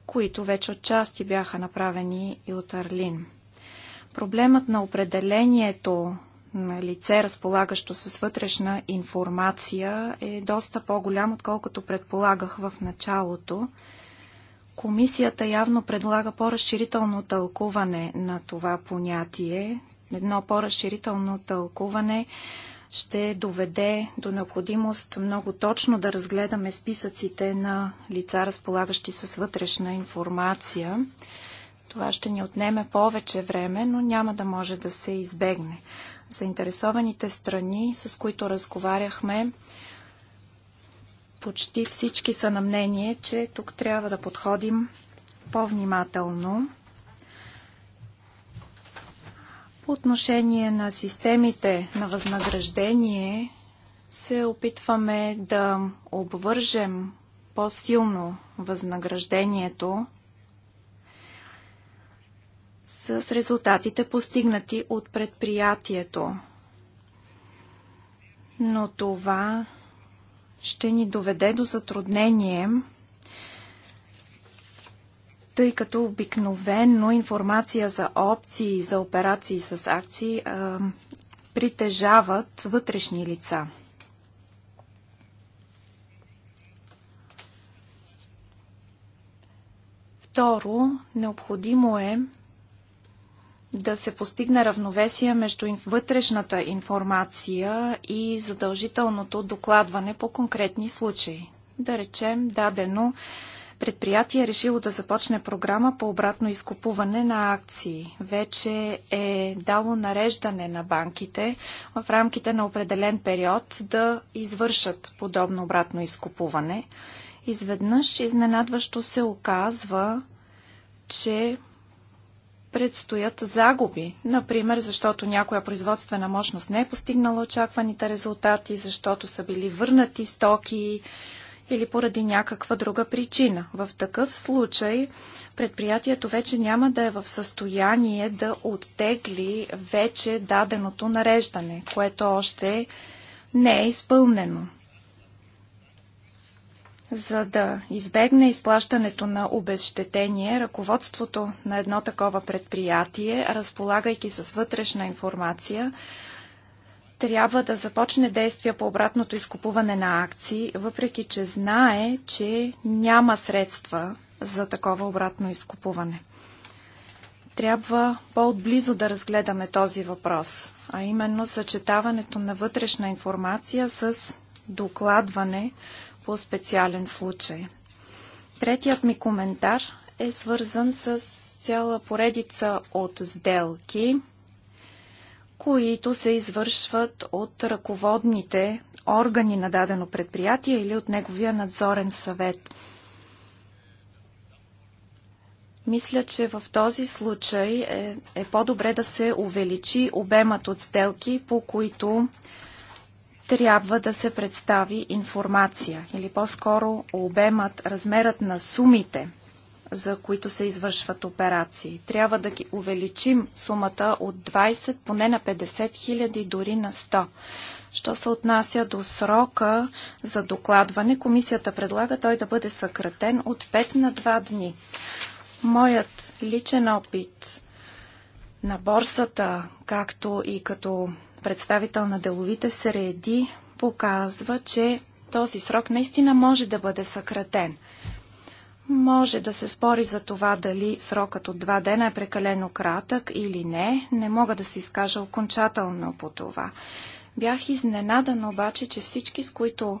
които вече отчасти бяха направени и от Арлин. Проблемът на определението Нали, лице, разполагащо с вътрешна информация, е доста по-голям, отколкото предполагах в началото. Комисията явно предлага по-разширително тълкуване на това понятие. Едно по-разширително тълкуване ще доведе до необходимост много точно да разгледаме списъците на лица, разполагащи с вътрешна информация. Това ще ни отнеме повече време, но няма да може да се избегне. Заинтересованите страни, с които разговаряхме, почти всички са на мнение, че тук трябва да подходим по-внимателно. По отношение на системите на възнаграждение се опитваме да обвържем по-силно възнаграждението с резултатите постигнати от предприятието. Но това ще ни доведе до затруднение, тъй като обикновено информация за опции, и за операции с акции а, притежават вътрешни лица. Второ, необходимо е да се постигне равновесие между вътрешната информация и задължителното докладване по конкретни случаи. Да речем, дадено предприятие е решило да започне програма по обратно изкупуване на акции. Вече е дало нареждане на банките в рамките на определен период да извършат подобно обратно изкупуване. Изведнъж изненадващо се оказва, че предстоят загуби, например, защото някоя производствена мощност не е постигнала очакваните резултати, защото са били върнати стоки или поради някаква друга причина. В такъв случай предприятието вече няма да е в състояние да оттегли вече даденото нареждане, което още не е изпълнено. За да избегне изплащането на обезщетение, ръководството на едно такова предприятие, разполагайки с вътрешна информация, трябва да започне действия по обратното изкупуване на акции, въпреки че знае, че няма средства за такова обратно изкупуване. Трябва по-отблизо да разгледаме този въпрос, а именно съчетаването на вътрешна информация с докладване по-специален случай. Третият ми коментар е свързан с цяла поредица от сделки, които се извършват от ръководните органи на дадено предприятие или от неговия надзорен съвет. Мисля, че в този случай е, е по-добре да се увеличи обемът от сделки, по които трябва да се представи информация или по-скоро обемът, размерът на сумите, за които се извършват операции. Трябва да ги увеличим сумата от 20 поне на 50 хиляди, дори на 100. Що се отнася до срока за докладване, комисията предлага той да бъде съкратен от 5 на 2 дни. Моят личен опит на борсата, както и като представител на деловите среди показва, че този срок наистина може да бъде съкратен. Може да се спори за това дали срокът от два дена е прекалено кратък или не. Не мога да се изкажа окончателно по това. Бях изненадан обаче, че всички, с които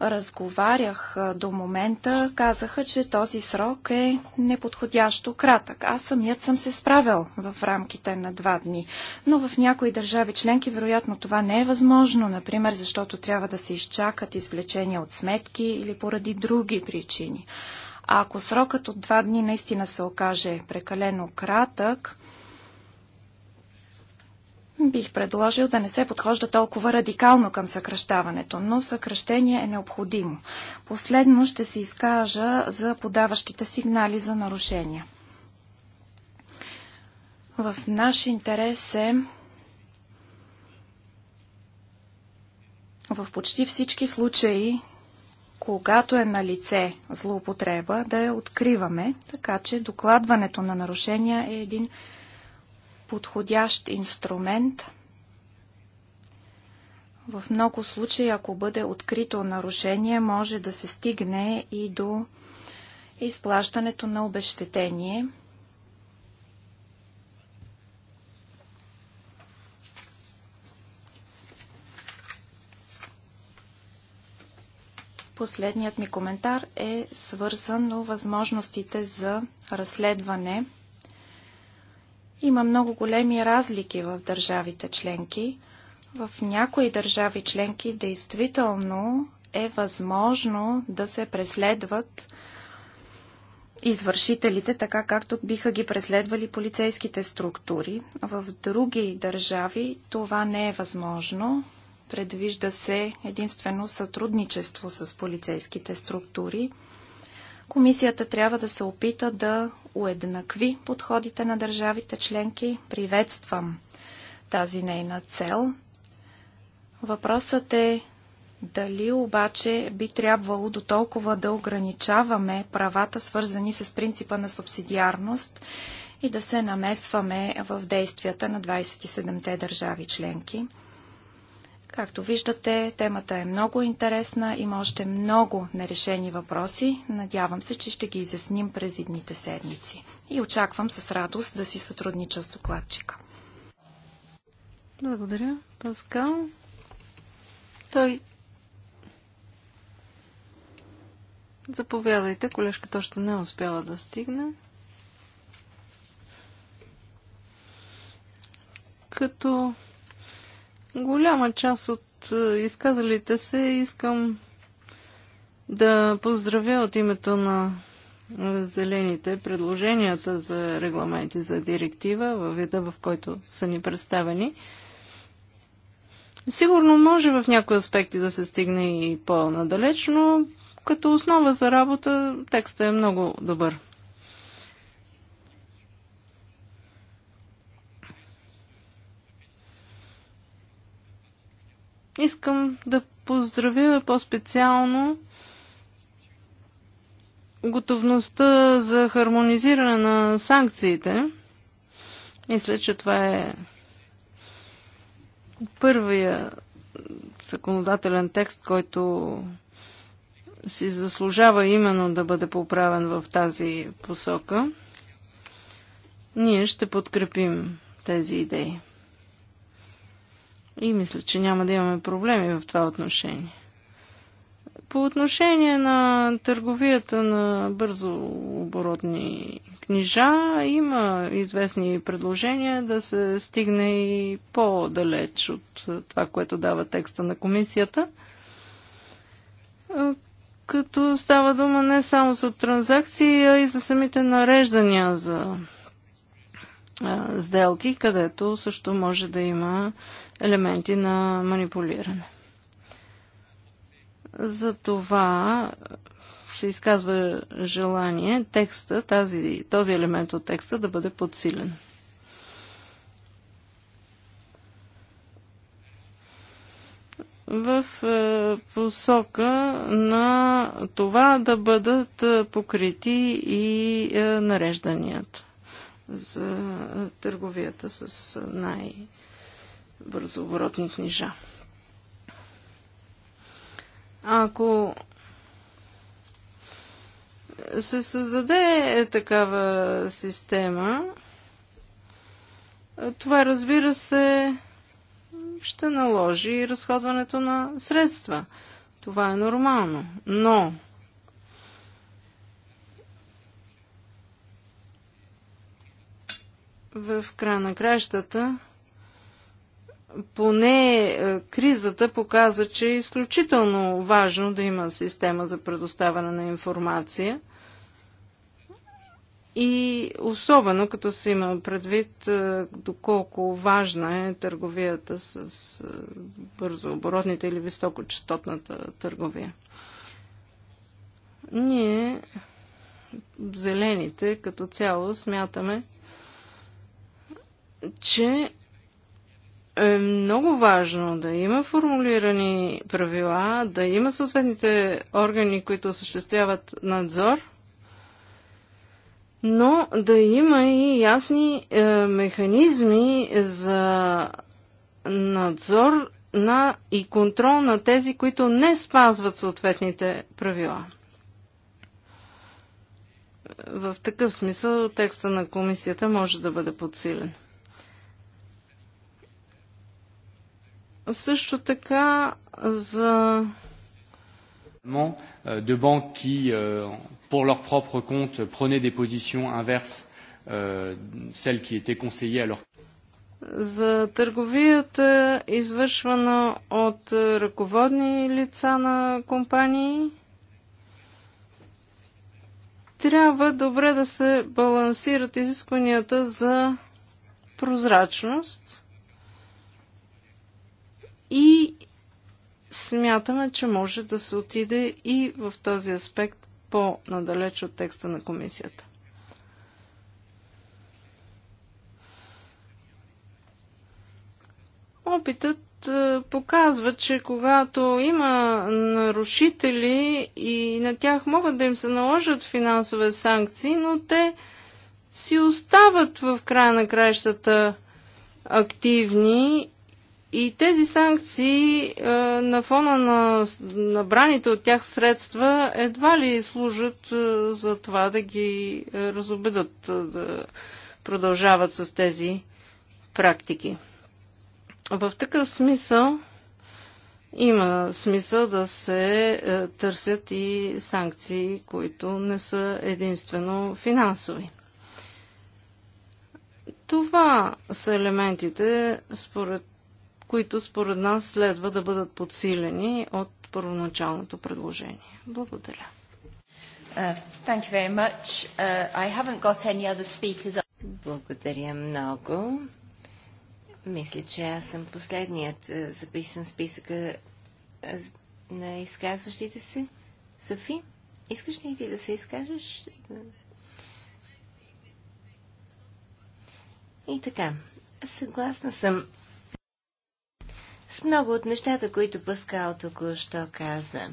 разговарях до момента, казаха, че този срок е неподходящо кратък. Аз самият съм се справил в рамките на два дни. Но в някои държави членки вероятно това не е възможно, например, защото трябва да се изчакат извлечения от сметки или поради други причини. А ако срокът от два дни наистина се окаже прекалено кратък, Бих предложил да не се подхожда толкова радикално към съкръщаването, но съкръщение е необходимо. Последно ще се изкажа за подаващите сигнали за нарушения. В наш интерес е в почти всички случаи, когато е на лице злоупотреба, да я откриваме, така че докладването на нарушения е един подходящ инструмент. В много случаи, ако бъде открито нарушение, може да се стигне и до изплащането на обещетение. Последният ми коментар е свързан с възможностите за разследване – има много големи разлики в държавите членки. В някои държави членки действително е възможно да се преследват извършителите, така както биха ги преследвали полицейските структури. В други държави това не е възможно. Предвижда се единствено сътрудничество с полицейските структури. Комисията трябва да се опита да уеднакви подходите на държавите членки. Приветствам тази нейна цел. Въпросът е дали обаче би трябвало до толкова да ограничаваме правата, свързани с принципа на субсидиарност и да се намесваме в действията на 27-те държави членки. Както виждате, темата е много интересна, има още много нерешени въпроси. Надявам се, че ще ги изясним през едните седмици. И очаквам с радост да си сътруднича с докладчика. Благодаря, Паскал. Той... Заповядайте, колежката още не е успяла да стигне. Като голяма част от е, изказалите се искам да поздравя от името на зелените предложенията за регламенти за директива във вида, в който са ни представени. Сигурно може в някои аспекти да се стигне и по-надалеч, но като основа за работа текстът е много добър. Искам да поздравя по-специално готовността за хармонизиране на санкциите. Мисля, че това е първия законодателен текст, който си заслужава именно да бъде поправен в тази посока. Ние ще подкрепим тези идеи. И мисля, че няма да имаме проблеми в това отношение. По отношение на търговията на бързо оборотни книжа, има известни предложения да се стигне и по-далеч от това, което дава текста на комисията. Като става дума не само за транзакции, а и за самите нареждания за сделки, където също може да има елементи на манипулиране. За това се изказва желание текста, тази, този елемент от текста да бъде подсилен. в е, посока на това да бъдат е, покрити и е, нарежданията за търговията с най-бързооборотни книжа. Ако се създаде такава система, това разбира се ще наложи разходването на средства. Това е нормално. Но в края на кращата поне е, кризата показа, че е изключително важно да има система за предоставяне на информация. И особено като се има предвид е, доколко важна е търговията с е, бързооборотните или високочастотната търговия. Ние, зелените, като цяло смятаме, че е много важно да има формулирани правила, да има съответните органи, които осъществяват надзор, но да има и ясни е, механизми за надзор на и контрол на тези, които не спазват съответните правила. В такъв смисъл текста на комисията може да бъде подсилен. Също така за euh, de banques qui, euh, pour leur propre compte, prenaient des positions inverses, euh, celles qui étaient conseillées à leur за търговията, извършвана от ръководни лица на компании, трябва добре да се балансират изискванията за прозрачност и смятаме, че може да се отиде и в този аспект по-надалеч от текста на комисията. Опитът е, показва, че когато има нарушители и на тях могат да им се наложат финансови санкции, но те си остават в края на краищата активни и тези санкции е, на фона на набраните от тях средства едва ли служат е, за това да ги е, разобедат, да продължават с тези практики. В такъв смисъл има смисъл да се търсят и санкции, които не са единствено финансови. Това са елементите, според които според нас следва да бъдат подсилени от първоначалното предложение. Благодаря. Uh, uh, Благодаря много. Мисля, че аз съм последният uh, записан списъка на изказващите се. Софи, искаш ли ти да се изкажеш? И така, съгласна съм с много от нещата, които Паскал току-що каза.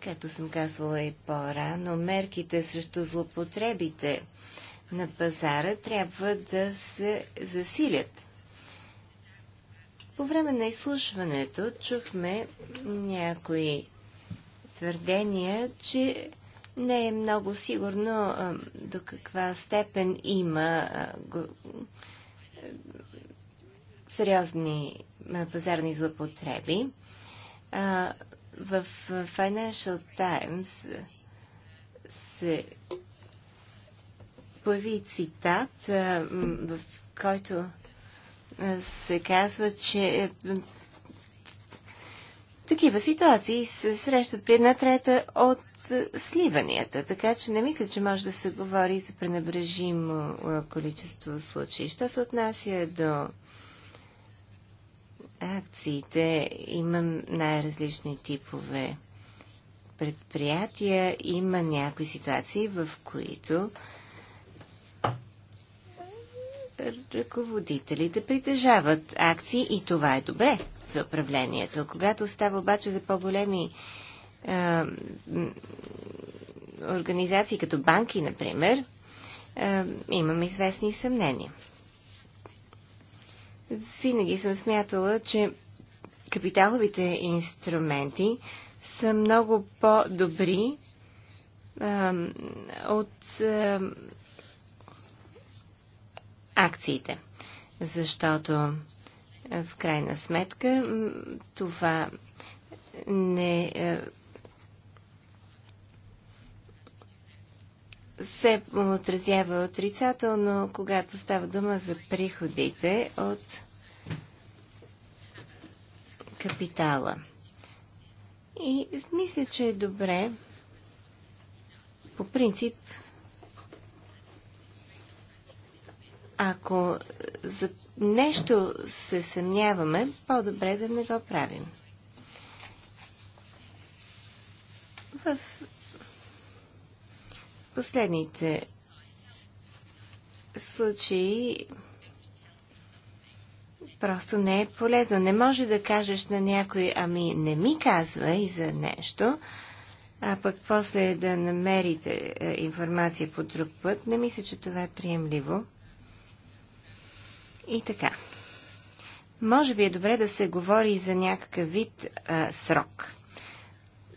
Както съм казвала и по-рано, мерките срещу злопотребите на пазара трябва да се засилят. По време на изслушването чухме някои твърдения, че не е много сигурно а, до каква степен има а, го, а, сериозни пазарни злопотреби. В Financial Times се появи цитат, в който се казва, че е, такива ситуации се срещат при една трета от сливанията, така че не мисля, че може да се говори за пренебрежимо количество случаи. Що се отнася до акциите. Имам най-различни типове предприятия. Има някои ситуации, в които ръководителите притежават акции и това е добре за управлението. Когато става обаче за по-големи организации като банки, например, имам известни съмнения. Винаги съм смятала, че капиталовите инструменти са много по-добри от а, акциите. Защото в крайна сметка това не се отразява отрицателно, когато става дума за приходите от капитала. И мисля, че е добре по принцип ако за нещо се съмняваме, по-добре да не го правим. В последните случаи просто не е полезно. Не може да кажеш на някой, ами не ми казва и за нещо, а пък после да намерите е, информация по друг път. Не мисля, че това е приемливо. И така. Може би е добре да се говори за някакъв вид а, срок,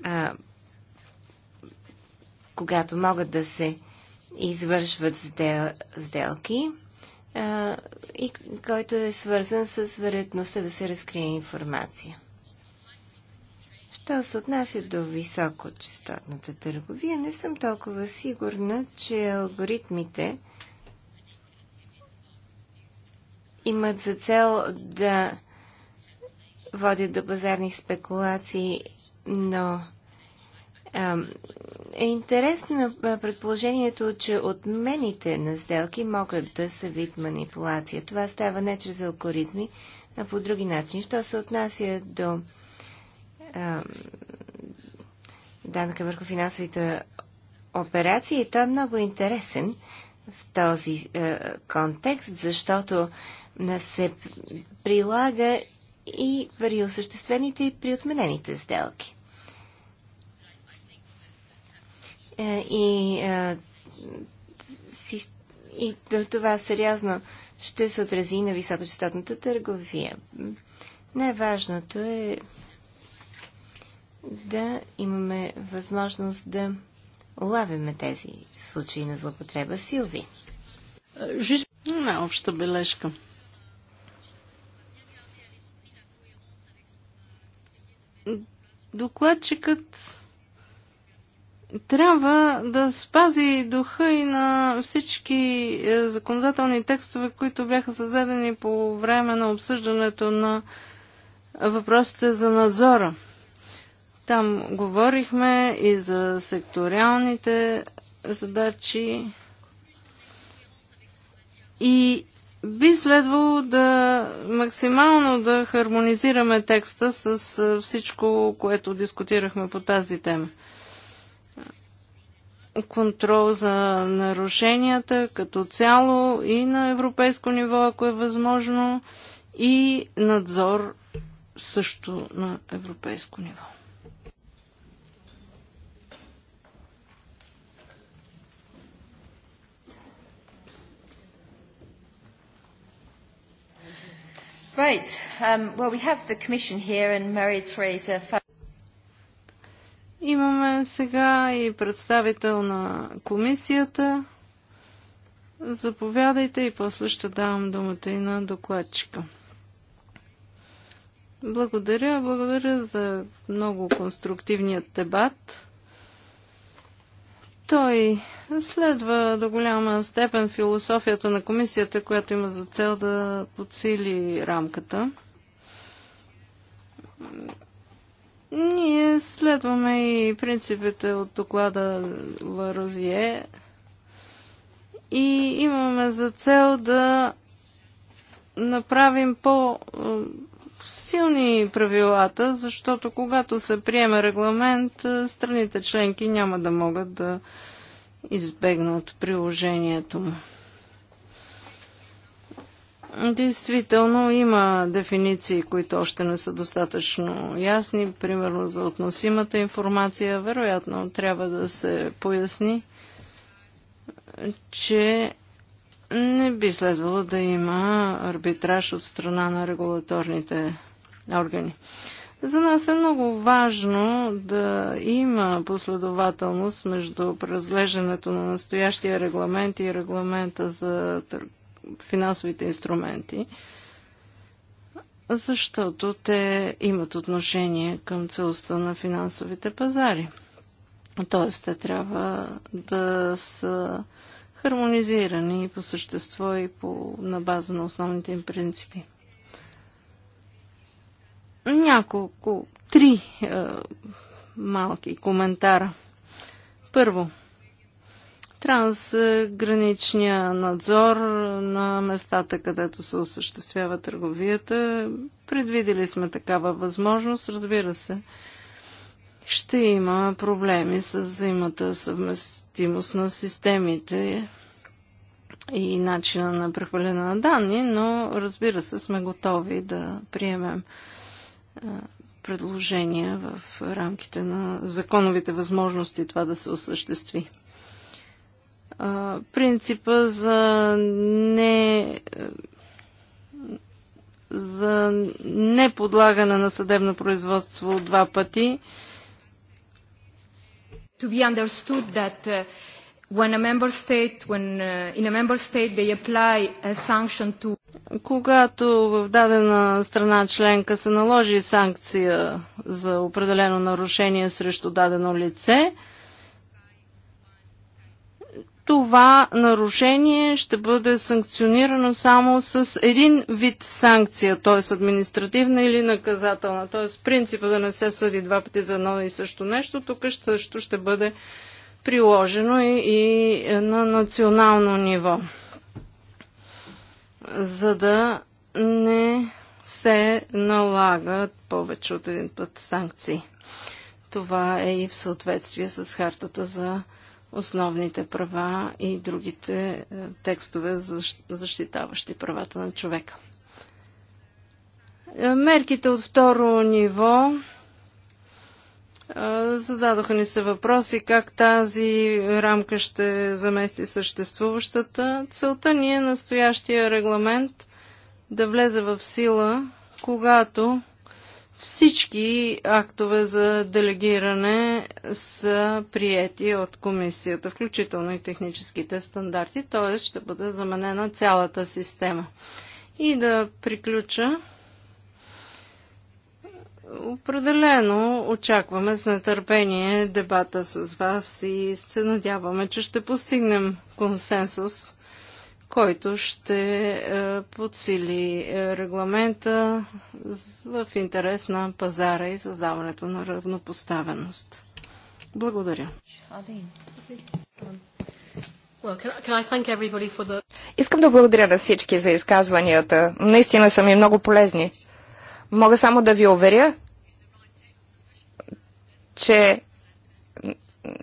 а, когато могат да се извършват сдел, сделки а, и който е свързан с вероятността да се разкрие информация. Що се отнася до високочастотната търговия, не съм толкова сигурна, че алгоритмите имат за цел да водят до пазарни спекулации, но е интересно предположението, че отмените на сделки могат да са вид манипулация. Това става не чрез алгоритми, а по други начини. Що се отнася до а, данъка върху финансовите операции, той е много интересен в този а, контекст, защото се прилага и при осъществените и при отменените сделки. Е, и, е, и това сериозно ще се отрази на високочастотната търговия. Най-важното е да имаме възможност да улавяме тези случаи на злопотреба. Силви. Една обща бележка. Докладчикът трябва да спази духа и на всички е, законодателни текстове, които бяха зададени по време на обсъждането на въпросите за надзора. Там говорихме и за секториалните задачи и би следвало да максимално да хармонизираме текста с е, всичко, което дискутирахме по тази тема контрол за нарушенията като цяло и на европейско ниво, ако е възможно, и надзор също на европейско ниво. Right. Um, well, we have the Commission here and Maria Theresa. Имаме сега и представител на комисията. Заповядайте и после ще давам думата и на докладчика. Благодаря, благодаря за много конструктивният дебат. Той следва до голяма степен философията на комисията, която има за цел да подсили рамката ние следваме и принципите от доклада Ларозие и имаме за цел да направим по- силни правилата, защото когато се приеме регламент, страните членки няма да могат да избегнат приложението му. Действително има дефиниции, които още не са достатъчно ясни, примерно за относимата информация. Вероятно трябва да се поясни, че не би следвало да има арбитраж от страна на регулаторните органи. За нас е много важно да има последователност между преразглеждането на настоящия регламент и регламента за търговия финансовите инструменти, защото те имат отношение към целостта на финансовите пазари. Тоест, те трябва да са хармонизирани по същество и по, на база на основните им принципи. Няколко, три е, малки коментара. Първо, трансграничния надзор на местата, където се осъществява търговията. Предвидели сме такава възможност, разбира се. Ще има проблеми с взаимата съвместимост на системите и начина на прехвърляне на данни, но разбира се, сме готови да приемем предложения в рамките на законовите възможности това да се осъществи принципа за не за не подлагане на съдебно производство два пъти. To be understood that uh, when a member state, when uh, in a member state they apply a sanction to когато в дадена страна членка се наложи санкция за определено нарушение срещу дадено лице, това нарушение ще бъде санкционирано само с един вид санкция, т.е. административна или наказателна. Т.е. принципа да не се съди два пъти за едно и също нещо, тук също ще бъде приложено и, и на национално ниво, за да не се налагат повече от един път санкции. Това е и в съответствие с хартата за основните права и другите е, текстове, защитаващи правата на човека. Е, мерките от второ ниво е, зададоха ни се въпроси как тази рамка ще замести съществуващата. Целта ни е настоящия регламент да влезе в сила, когато всички актове за делегиране са приети от комисията, включително и техническите стандарти, т.е. ще бъде заменена цялата система. И да приключа. Определено очакваме с нетърпение дебата с вас и се надяваме, че ще постигнем консенсус който ще е, подсили е, регламента в интерес на пазара и създаването на равнопоставеност. Благодаря. Искам да благодаря на всички за изказванията. Наистина са ми много полезни. Мога само да ви уверя, че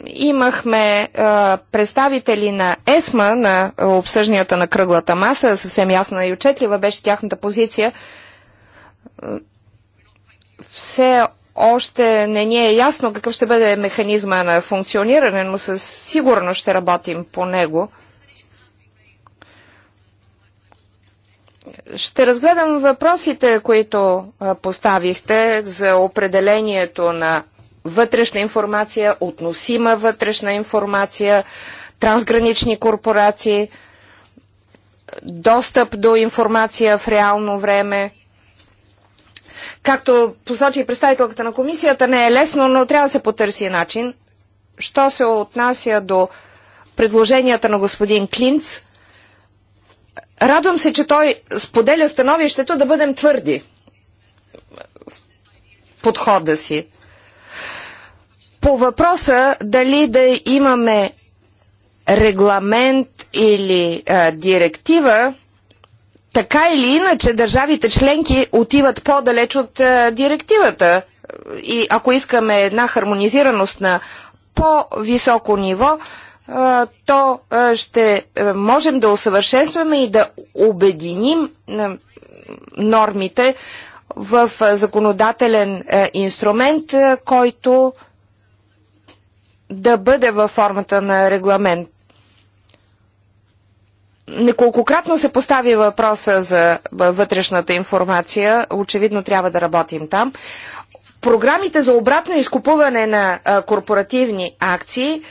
имахме а, представители на ЕСМА на обсъжданията на кръглата маса, съвсем ясна и отчетлива беше тяхната позиция. Все още не ни е ясно какъв ще бъде механизма на функциониране, но със сигурност ще работим по него. Ще разгледам въпросите, които поставихте за определението на вътрешна информация, относима вътрешна информация, трансгранични корпорации, достъп до информация в реално време. Както посочи и представителката на комисията, не е лесно, но трябва да се потърси начин. Що се отнася до предложенията на господин Клинц, радвам се, че той споделя становището да бъдем твърди в подхода си. По въпроса дали да имаме регламент или а, директива, така или иначе държавите членки отиват по-далеч от а, директивата. И ако искаме една хармонизираност на по-високо ниво, а, то а, ще а, можем да усъвършенстваме и да обединим а, нормите в законодателен инструмент, който да бъде във формата на регламент. Неколкократно се постави въпроса за вътрешната информация. Очевидно трябва да работим там. Програмите за обратно изкупуване на корпоративни акции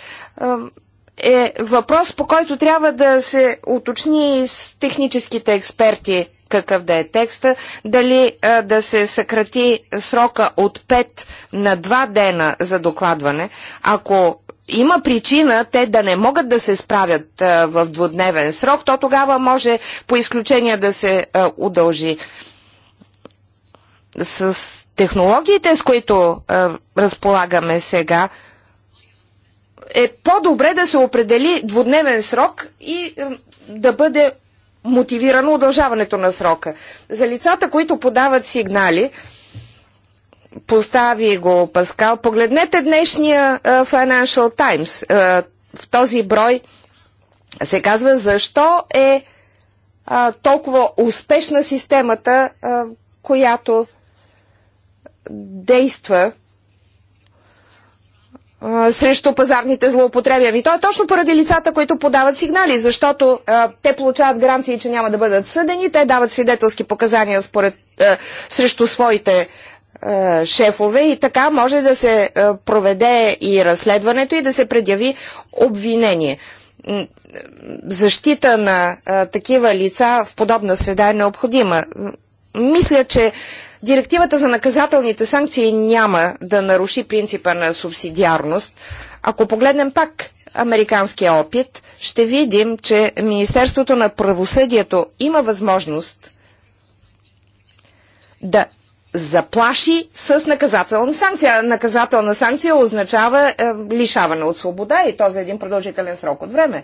е въпрос, по който трябва да се уточни с техническите експерти какъв да е текста, дали а, да се съкрати срока от 5 на 2 дена за докладване, ако има причина те да не могат да се справят а, в двудневен срок, то тогава може по изключение да се а, удължи. С технологиите, с които а, разполагаме сега, е по-добре да се определи двудневен срок и да бъде мотивирано удължаването на срока. За лицата, които подават сигнали, постави го Паскал, погледнете днешния uh, Financial Times. Uh, в този брой се казва защо е uh, толкова успешна системата, която действа срещу пазарните злоупотреби. Ами то е точно поради лицата, които подават сигнали, защото а, те получават гаранции, че няма да бъдат съдени, те дават свидетелски показания според, а, срещу своите а, шефове и така може да се а, проведе и разследването и да се предяви обвинение защита на а, такива лица в подобна среда е необходима. Мисля, че Директивата за наказателните санкции няма да наруши принципа на субсидиарност. Ако погледнем пак американския опит, ще видим, че Министерството на правосъдието има възможност да заплаши с наказателна санкция. Наказателна санкция означава е, лишаване от свобода и то за един продължителен срок от време.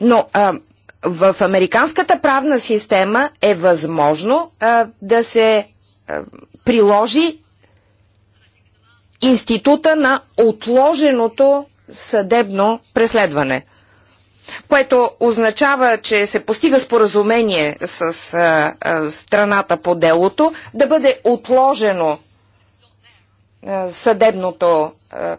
Но в американската правна система е възможно а, да се а, приложи института на отложеното съдебно преследване, което означава, че се постига споразумение с а, а, страната по делото да бъде отложено а, съдебното а,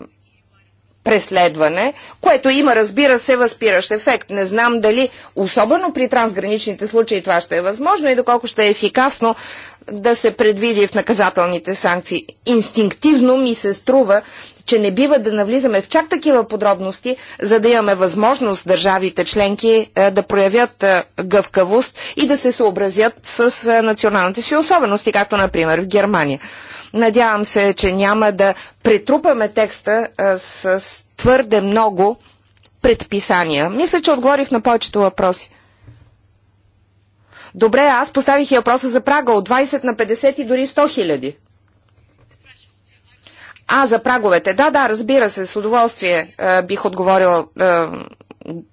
преследване, което има, разбира се, възпиращ ефект. Не знам дали, особено при трансграничните случаи, това ще е възможно и доколко ще е ефикасно да се предвиди в наказателните санкции. Инстинктивно ми се струва, че не бива да навлизаме в чак такива подробности, за да имаме възможност държавите членки е, да проявят е, гъвкавост и да се съобразят с е, националните си особености, както например в Германия. Надявам се, че няма да претрупаме текста с твърде много предписания. Мисля, че отговорих на повечето въпроси. Добре, аз поставих и въпроса за прага от 20 на 50 и дори 100 хиляди. А, за праговете. Да, да, разбира се, с удоволствие е, бих отговорил е,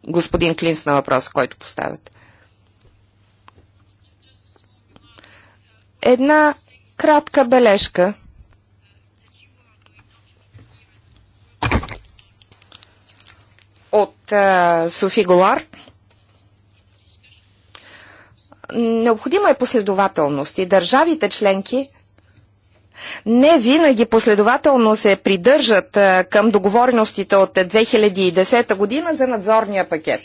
господин Клинс на въпроса, който поставят. Една кратка бележка. от а, е, Софи Голар. Необходима е последователност и държавите членки не винаги последователно се придържат към договореностите от 2010 година за надзорния пакет.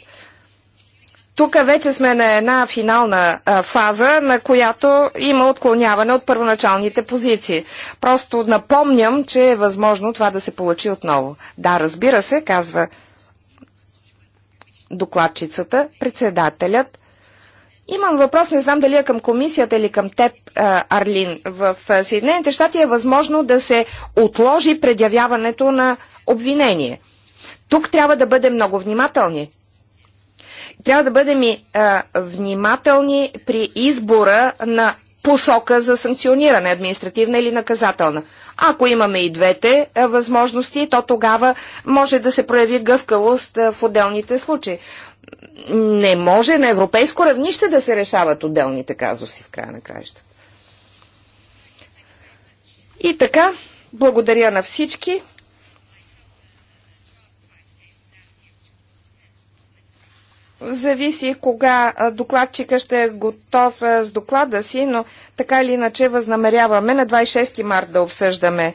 Тук вече сме на една финална фаза, на която има отклоняване от първоначалните позиции. Просто напомням, че е възможно това да се получи отново. Да, разбира се, казва докладчицата, председателят Имам въпрос, не знам дали е към комисията или към теб, Арлин. В Съединените щати е възможно да се отложи предявяването на обвинение. Тук трябва да бъдем много внимателни. Трябва да бъдем и а, внимателни при избора на посока за санкциониране, административна или наказателна. Ако имаме и двете възможности, то тогава може да се прояви гъвкавост в отделните случаи не може на европейско равнище да се решават отделните казуси в края на краищата. И така, благодаря на всички. Зависи кога докладчика ще е готов с доклада си, но така или иначе възнамеряваме на 26 март да обсъждаме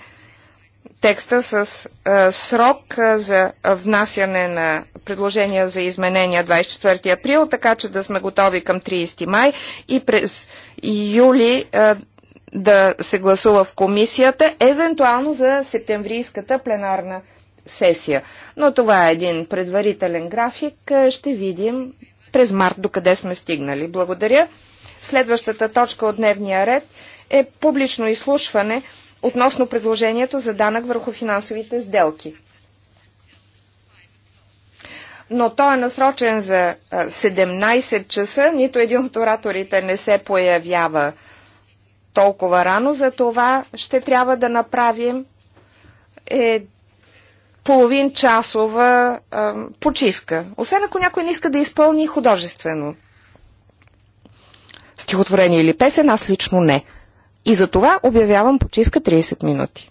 текста с а, срок а, за внасяне на предложения за изменения 24 април, така че да сме готови към 30 май и през юли а, да се гласува в комисията, евентуално за септемврийската пленарна сесия. Но това е един предварителен график. Ще видим през март докъде сме стигнали. Благодаря. Следващата точка от дневния ред е публично изслушване относно предложението за данък върху финансовите сделки. Но той е насрочен за 17 часа. Нито един от ораторите не се появява толкова рано. За това ще трябва да направим е половин часова е, почивка. Освен ако някой не иска да изпълни художествено стихотворение или песен, аз лично не. И за това обявявам почивка 30 минути.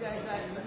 Yeah, exactly.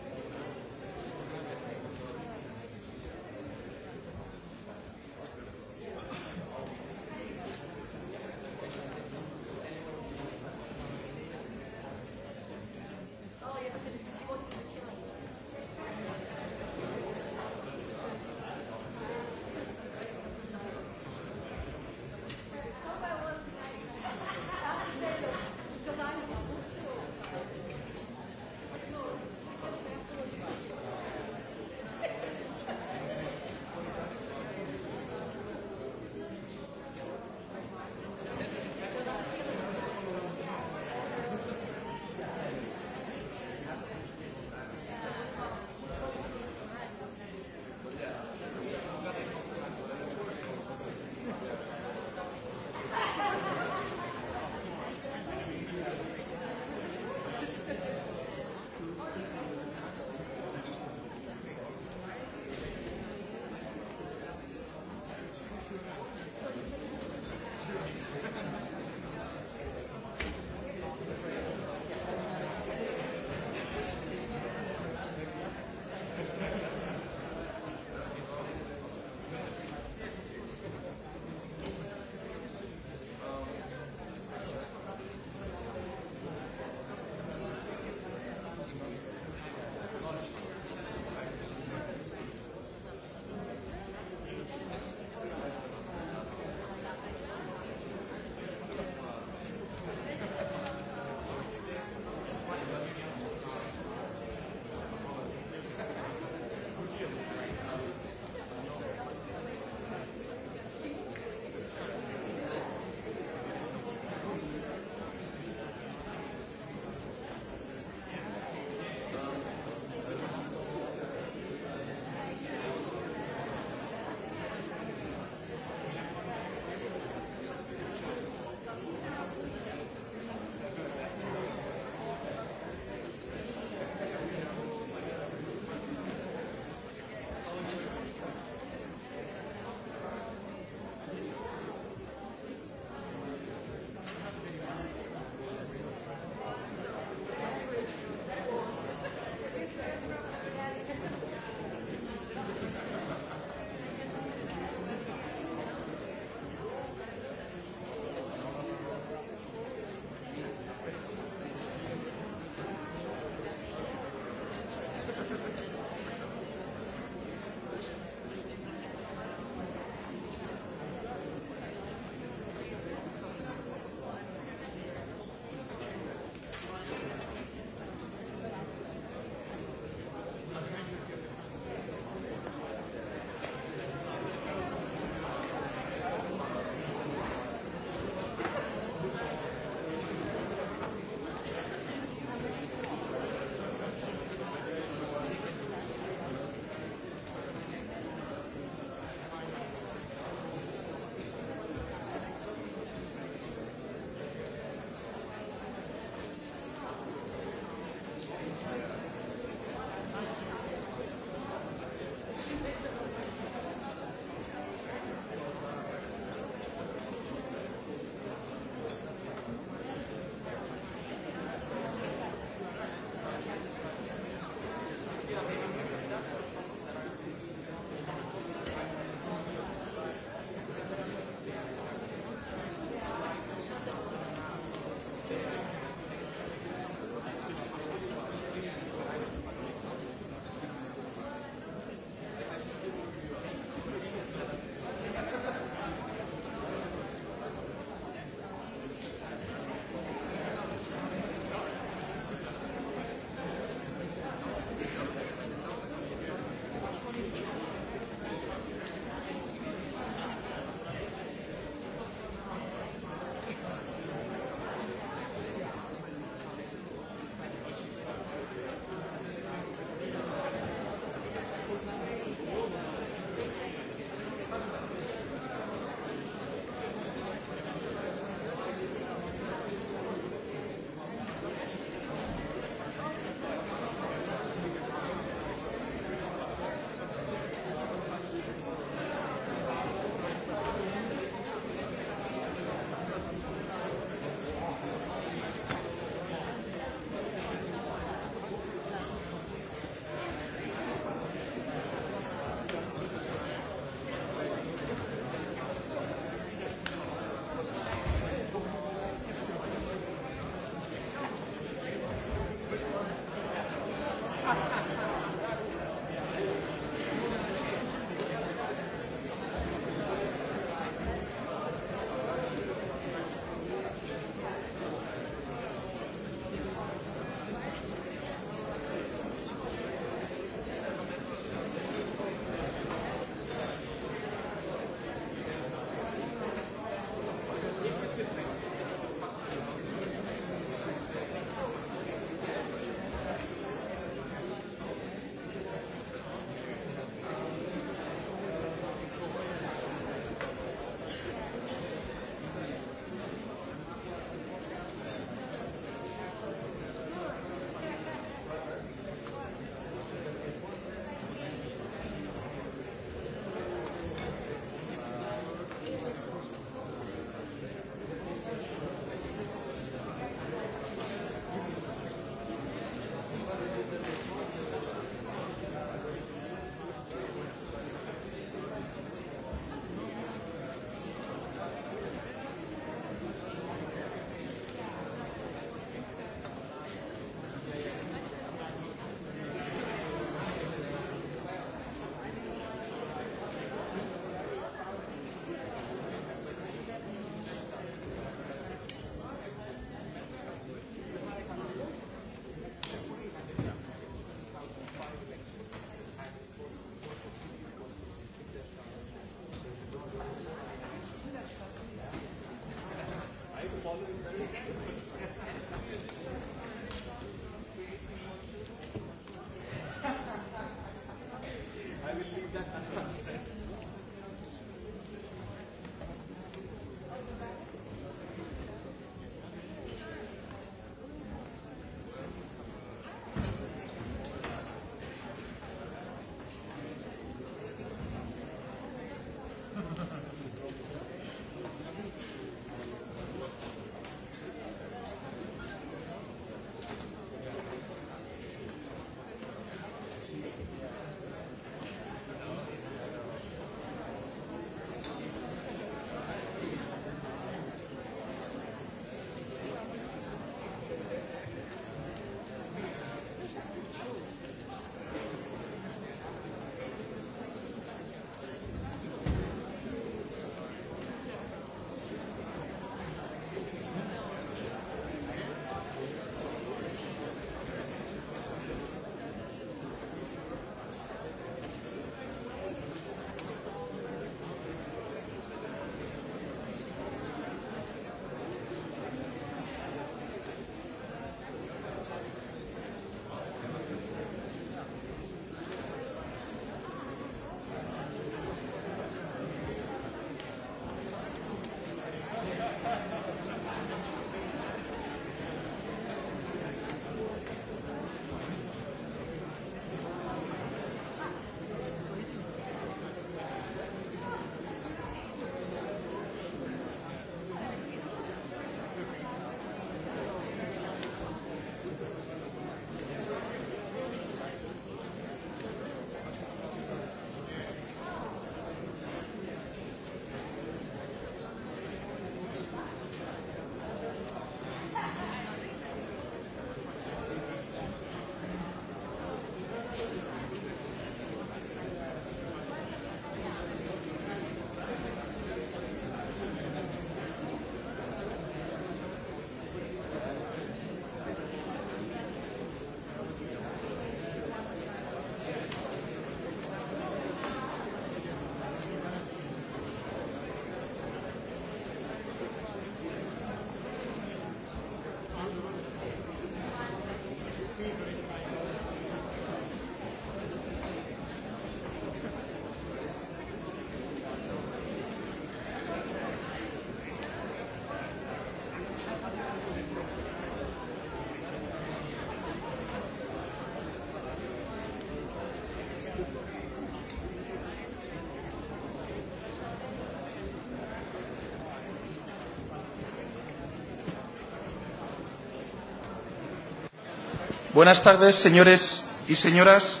Buenas tardes, señores y señoras.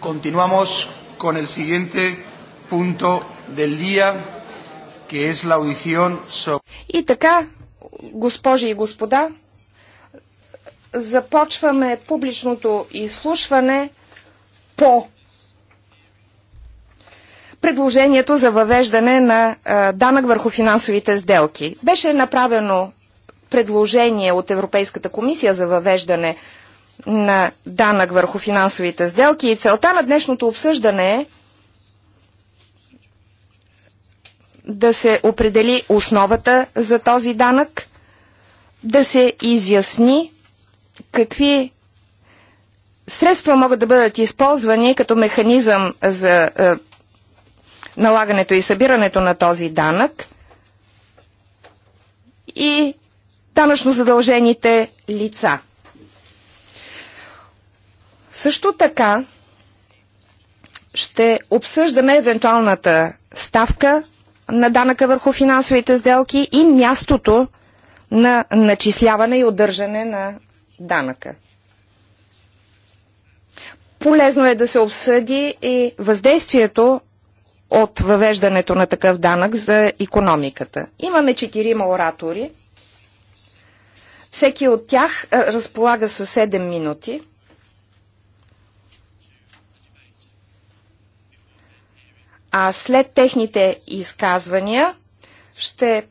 Continuamos con el siguiente punto del día, que es la audición sobre... Y така, госпожи и господа, започваме публичното изслушване по предложението за въвеждане на данък върху финансовите сделки. Беше направено предложение от Европейската комисия за въвеждане на данък върху финансовите сделки и целта на днешното обсъждане е да се определи основата за този данък, да се изясни какви средства могат да бъдат използвани като механизъм за е, налагането и събирането на този данък и данъчно задължените лица. Също така ще обсъждаме евентуалната ставка на данъка върху финансовите сделки и мястото на начисляване и удържане на данъка. Полезно е да се обсъди и въздействието от въвеждането на такъв данък за економиката. Имаме четирима оратори. Всеки от тях разполага със 7 минути. А след техните изказвания ще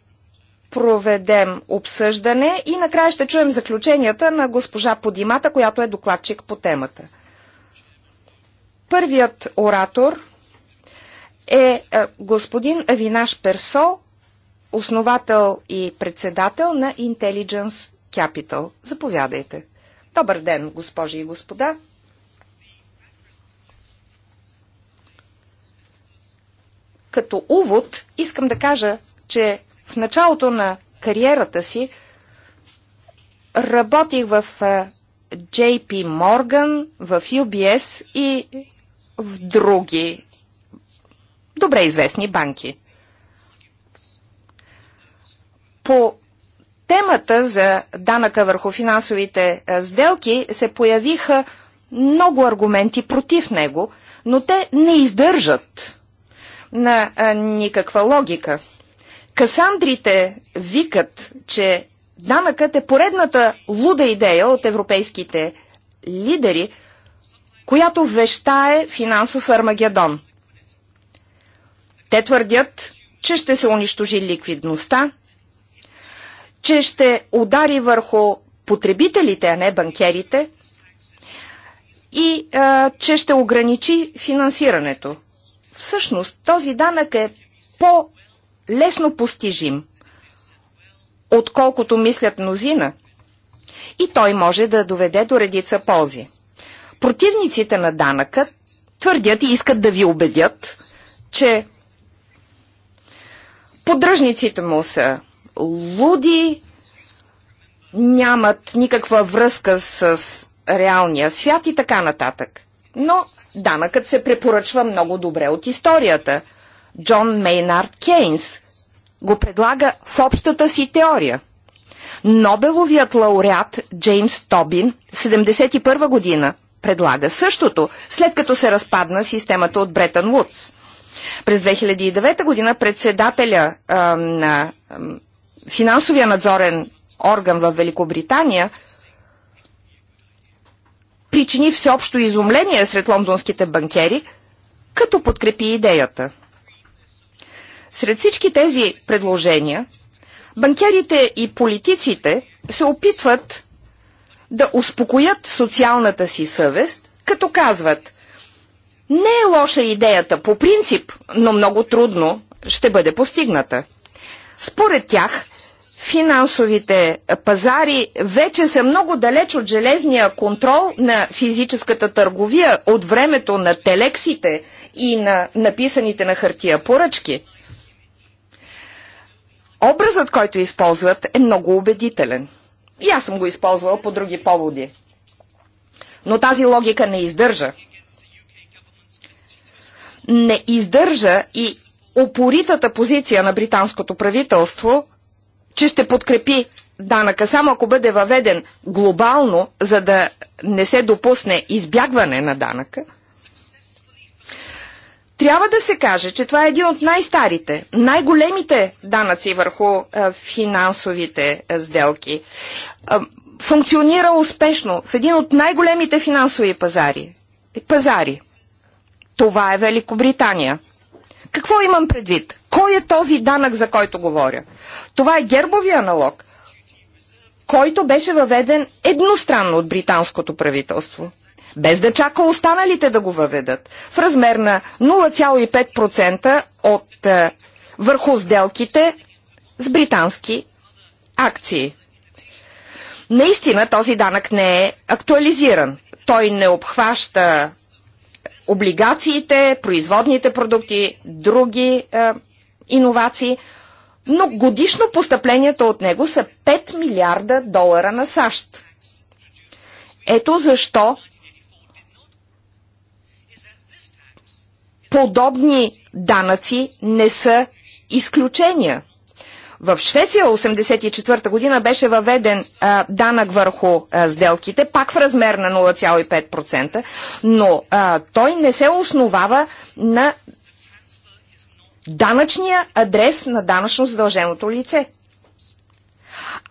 проведем обсъждане и накрая ще чуем заключенията на госпожа Подимата, която е докладчик по темата. Първият оратор е, е господин Авинаш Персол, основател и председател на Intelligence Capital. Заповядайте. Добър ден, госпожи и господа! Като увод искам да кажа, че в началото на кариерата си работих в JP Morgan, в UBS и в други добре известни банки. По темата за данъка върху финансовите сделки се появиха много аргументи против него, но те не издържат на а, никаква логика. Касандрите викат, че данъкът е поредната луда идея от европейските лидери, която вещае финансов армагедон. Те твърдят, че ще се унищожи ликвидността, че ще удари върху потребителите, а не банкерите, и а, че ще ограничи финансирането. Всъщност този данък е по-лесно постижим, отколкото мислят мнозина. И той може да доведе до редица ползи. Противниците на данъка твърдят и искат да ви убедят, че поддръжниците му са луди, нямат никаква връзка с реалния свят и така нататък. Но Данъкът се препоръчва много добре от историята. Джон Мейнард Кейнс го предлага в общата си теория. Нобеловият лауреат Джеймс Тобин 71 година предлага същото, след като се разпадна системата от Бретън Вудс. През 2009 година председателя а, на а, финансовия надзорен орган в Великобритания причини всеобщо изумление сред лондонските банкери, като подкрепи идеята. Сред всички тези предложения, банкерите и политиците се опитват да успокоят социалната си съвест, като казват «Не е лоша идеята по принцип, но много трудно ще бъде постигната». Според тях, финансовите пазари вече са много далеч от железния контрол на физическата търговия от времето на телексите и на написаните на хартия поръчки. Образът, който използват, е много убедителен. И аз съм го използвал по други поводи. Но тази логика не издържа. Не издържа и опоритата позиция на британското правителство – че ще подкрепи данъка, само ако бъде въведен глобално, за да не се допусне избягване на данъка, трябва да се каже, че това е един от най-старите, най-големите данъци върху а, е, финансовите а, е, сделки. А, е, функционира успешно в един от най-големите финансови пазари. пазари. Това е Великобритания. Какво имам предвид? Кой е този данък, за който говоря? Това е гербовия аналог, който беше въведен едностранно от британското правителство без да чака останалите да го въведат, в размер на 0,5% от е, върху сделките с британски акции. Наистина този данък не е актуализиран. Той не обхваща облигациите, производните продукти, други а, е, иновации, но годишно постъпленията от него са 5 милиарда долара на САЩ. Ето защо подобни данъци не са изключения. В Швеция 1984 година беше въведен а, данък върху а, сделките, пак в размер на 0,5%, но а, той не се основава на данъчния адрес на данъчно задълженото лице.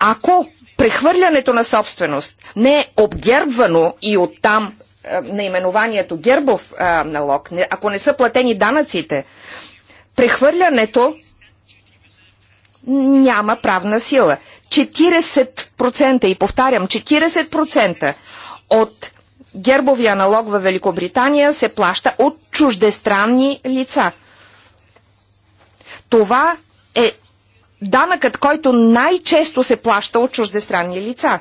Ако прехвърлянето на собственост не е обгербвано и оттам е, наименованието гербов е, налог, не, ако не са платени данъците, прехвърлянето няма правна сила. 40% и повтарям, 40% от гербовия налог във Великобритания се плаща от чуждестранни лица – това е данъкът, който най-често се плаща от чуждестранни лица.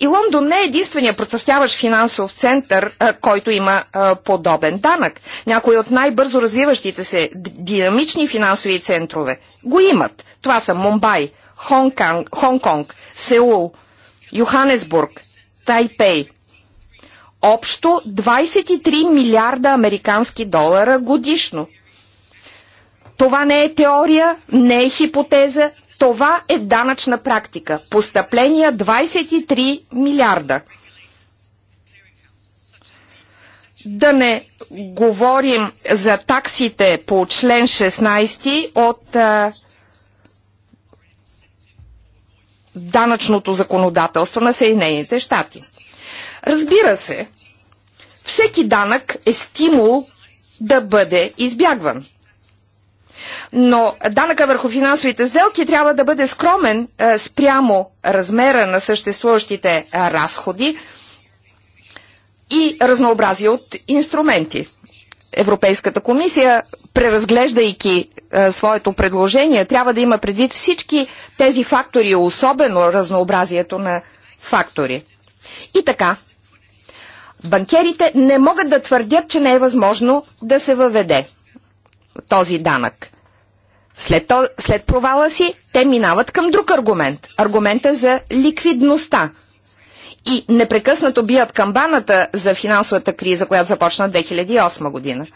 И Лондон не е единствения процъфтяващ финансов център, който има подобен данък. Някои от най-бързо развиващите се динамични финансови центрове го имат. Това са Мумбай, Хонг-Конг, Сеул, Йоханесбург, Тайпей. Общо 23 милиарда американски долара годишно – това не е теория, не е хипотеза, това е данъчна практика. Постъпления 23 милиарда. Да не говорим за таксите по член 16 от а, данъчното законодателство на Съединените щати. Разбира се, всеки данък е стимул да бъде избягван. Но данъка върху финансовите сделки трябва да бъде скромен е, спрямо размера на съществуващите е, разходи и разнообразие от инструменти. Европейската комисия, преразглеждайки а, е, своето предложение, трябва да има предвид всички тези фактори, особено разнообразието на фактори. И така, банкерите не могат да твърдят, че не е възможно да се въведе този данък. След, то, след провала си, те минават към друг аргумент. Аргумента за ликвидността. И непрекъснато бият камбаната за финансовата криза, която започна 2008 година.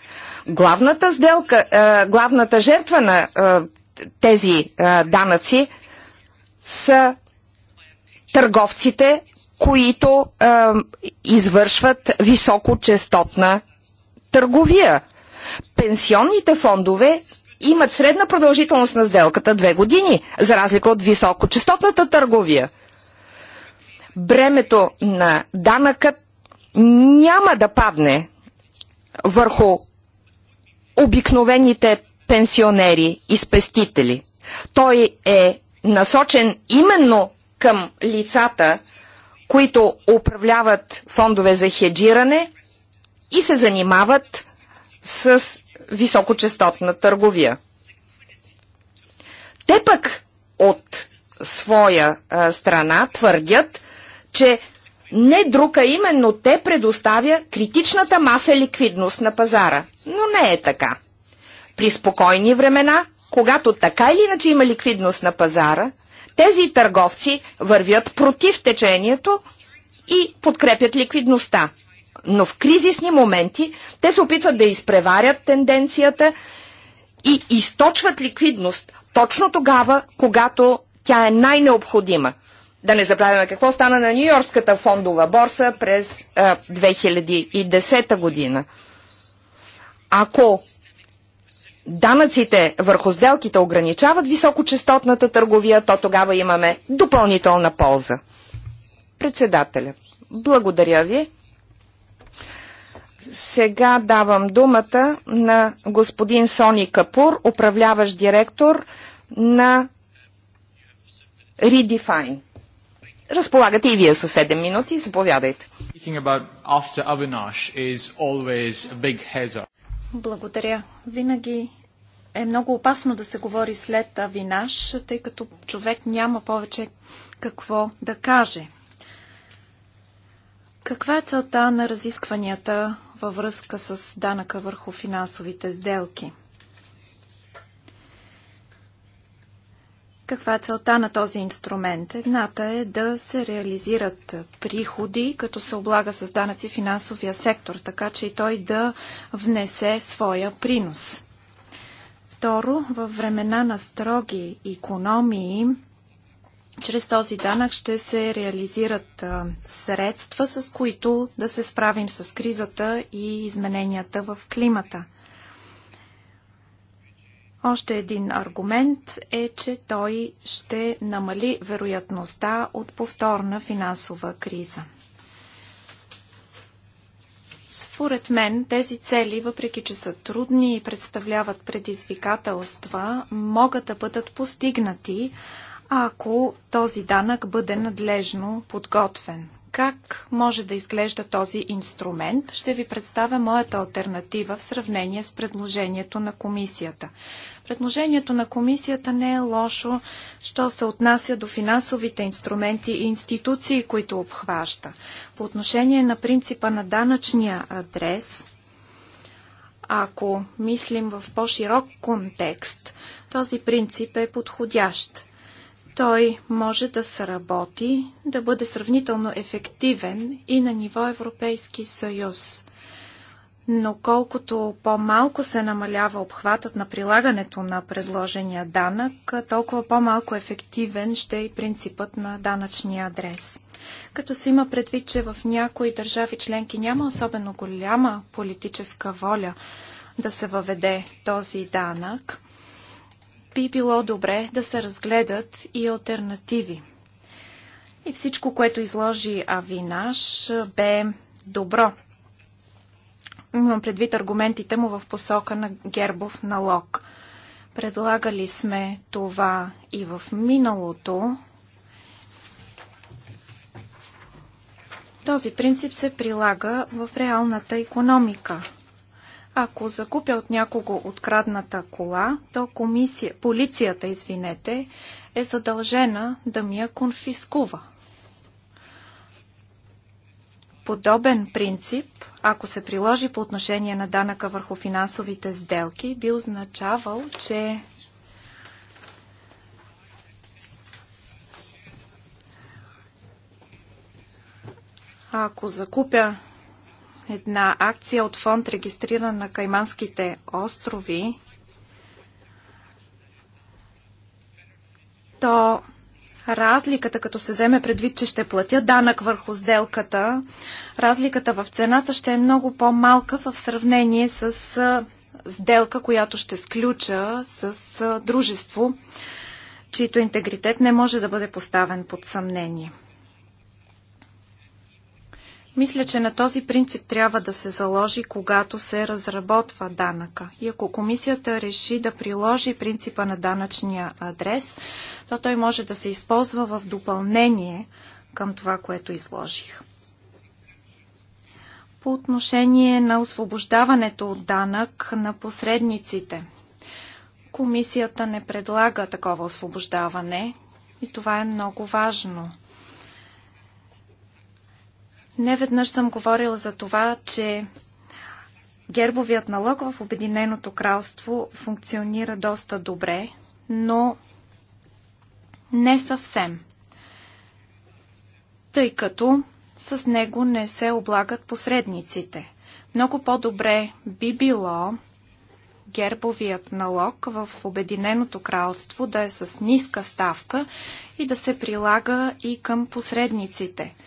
Главната сделка, е, главната жертва на е, тези е, данъци са търговците, които извършват високочестотна търговия Пенсионните фондове имат средна продължителност на сделката две години, за разлика от високочастотната търговия. Бремето на данъкът няма да падне върху обикновените пенсионери и спестители. Той е насочен именно към лицата, които управляват фондове за хеджиране и се занимават с високочастотна търговия. Те пък от своя а, страна твърдят, че не друга именно те предоставя критичната маса ликвидност на пазара. Но не е така. При спокойни времена, когато така или иначе има ликвидност на пазара, тези търговци вървят против течението и подкрепят ликвидността но в кризисни моменти те се опитват да изпреварят тенденцията и източват ликвидност точно тогава, когато тя е най-необходима. Да не забравяме какво стана на Нью-Йоркската фондова борса през а, 2010 година. Ако данъците върху сделките ограничават високочастотната търговия, то тогава имаме допълнителна полза. Председателя, благодаря ви. Сега давам думата на господин Сони Капур, управляващ директор на Redefine. Разполагате и вие със 7 минути, заповядайте. Благодаря. Винаги е много опасно да се говори след Авинаш, тъй като човек няма повече какво да каже. Каква е целта на разискванията във връзка с данъка върху финансовите сделки. Каква е целта на този инструмент? Едната е да се реализират приходи, като се облага с данъци финансовия сектор, така че и той да внесе своя принос. Второ, във времена на строги економии, чрез този данък ще се реализират средства, с които да се справим с кризата и измененията в климата. Още един аргумент е, че той ще намали вероятността от повторна финансова криза. Според мен тези цели, въпреки че са трудни и представляват предизвикателства, могат да бъдат постигнати, ако този данък бъде надлежно подготвен. Как може да изглежда този инструмент? Ще ви представя моята альтернатива в сравнение с предложението на комисията. Предложението на комисията не е лошо, що се отнася до финансовите инструменти и институции, които обхваща. По отношение на принципа на данъчния адрес, ако мислим в по-широк контекст, този принцип е подходящ. Той може да сработи, да бъде сравнително ефективен и на ниво Европейски съюз. Но колкото по-малко се намалява обхватът на прилагането на предложения данък, толкова по-малко ефективен ще е и принципът на данъчния адрес. Като се има предвид, че в някои държави членки няма особено голяма политическа воля да се въведе този данък, би било добре да се разгледат и альтернативи. И всичко, което изложи Авинаш, бе добро. Имам предвид аргументите му в посока на гербов налог. Предлагали сме това и в миналото. Този принцип се прилага в реалната економика. Ако закупя от някого открадната кола, то комисия, полицията, извинете, е задължена да ми я конфискува. Подобен принцип, ако се приложи по отношение на данъка върху финансовите сделки, би означавал, че ако закупя една акция от фонд, регистриран на Кайманските острови, то разликата, като се вземе предвид, че ще платя данък върху сделката, разликата в цената ще е много по-малка в сравнение с сделка, която ще сключа с дружество, чието интегритет не може да бъде поставен под съмнение. Мисля, че на този принцип трябва да се заложи, когато се разработва данъка. И ако комисията реши да приложи принципа на данъчния адрес, то той може да се използва в допълнение към това, което изложих. По отношение на освобождаването от данък на посредниците. Комисията не предлага такова освобождаване и това е много важно – Неведнъж съм говорила за това, че гербовият налог в Обединеното кралство функционира доста добре, но не съвсем, тъй като с него не се облагат посредниците. Много по-добре би било гербовият налог в Обединеното кралство да е с ниска ставка и да се прилага и към посредниците –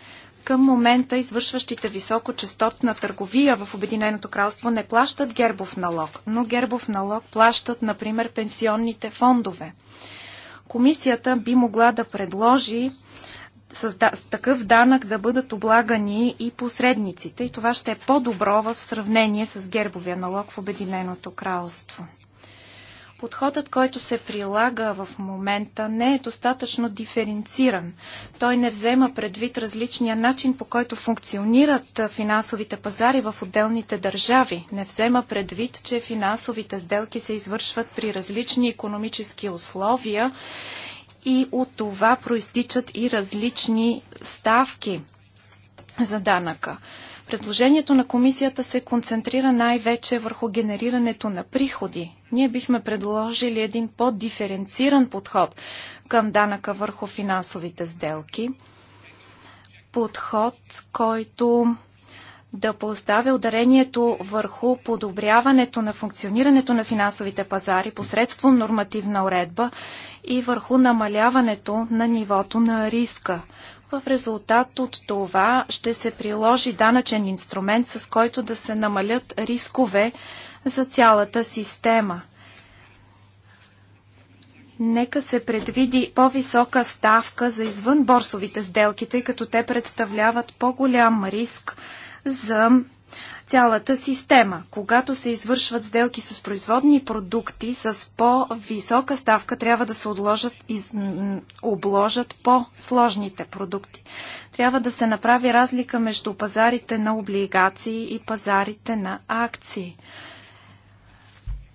към момента извършващите високочастотна търговия в Обединеното кралство не плащат гербов налог, но гербов налог плащат, например, пенсионните фондове. Комисията би могла да предложи с, да, с такъв данък да бъдат облагани и посредниците и това ще е по-добро в сравнение с гербовия налог в Обединеното кралство. Подходът, който се прилага в момента, не е достатъчно диференциран. Той не взема предвид различния начин, по който функционират финансовите пазари в отделните държави. Не взема предвид, че финансовите сделки се извършват при различни економически условия и от това проистичат и различни ставки за данъка. Предложението на комисията се концентрира най-вече върху генерирането на приходи. Ние бихме предложили един по-диференциран подход към данъка върху финансовите сделки. Подход, който да поставя ударението върху подобряването на функционирането на финансовите пазари посредством нормативна уредба и върху намаляването на нивото на риска. В резултат от това ще се приложи данъчен инструмент, с който да се намалят рискове за цялата система. Нека се предвиди по-висока ставка за извънборсовите сделки, тъй като те представляват по-голям риск за цялата система. Когато се извършват сделки с производни продукти с по-висока ставка, трябва да се отложат, из, обложат по-сложните продукти. Трябва да се направи разлика между пазарите на облигации и пазарите на акции.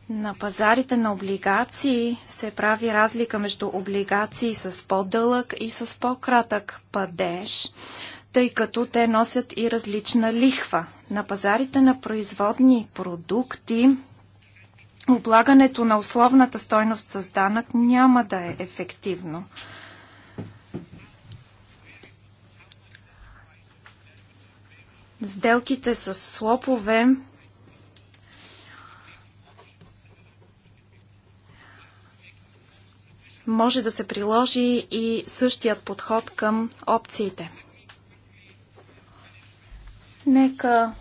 На пазарите на облигации се прави разлика между облигации с по-дълъг и с по-кратък падеж тъй като те носят и различна лихва. На пазарите на производни продукти облагането на условната стойност с данък няма да е ефективно. Сделките с слопове може да се приложи и същият подход към опциите. Нека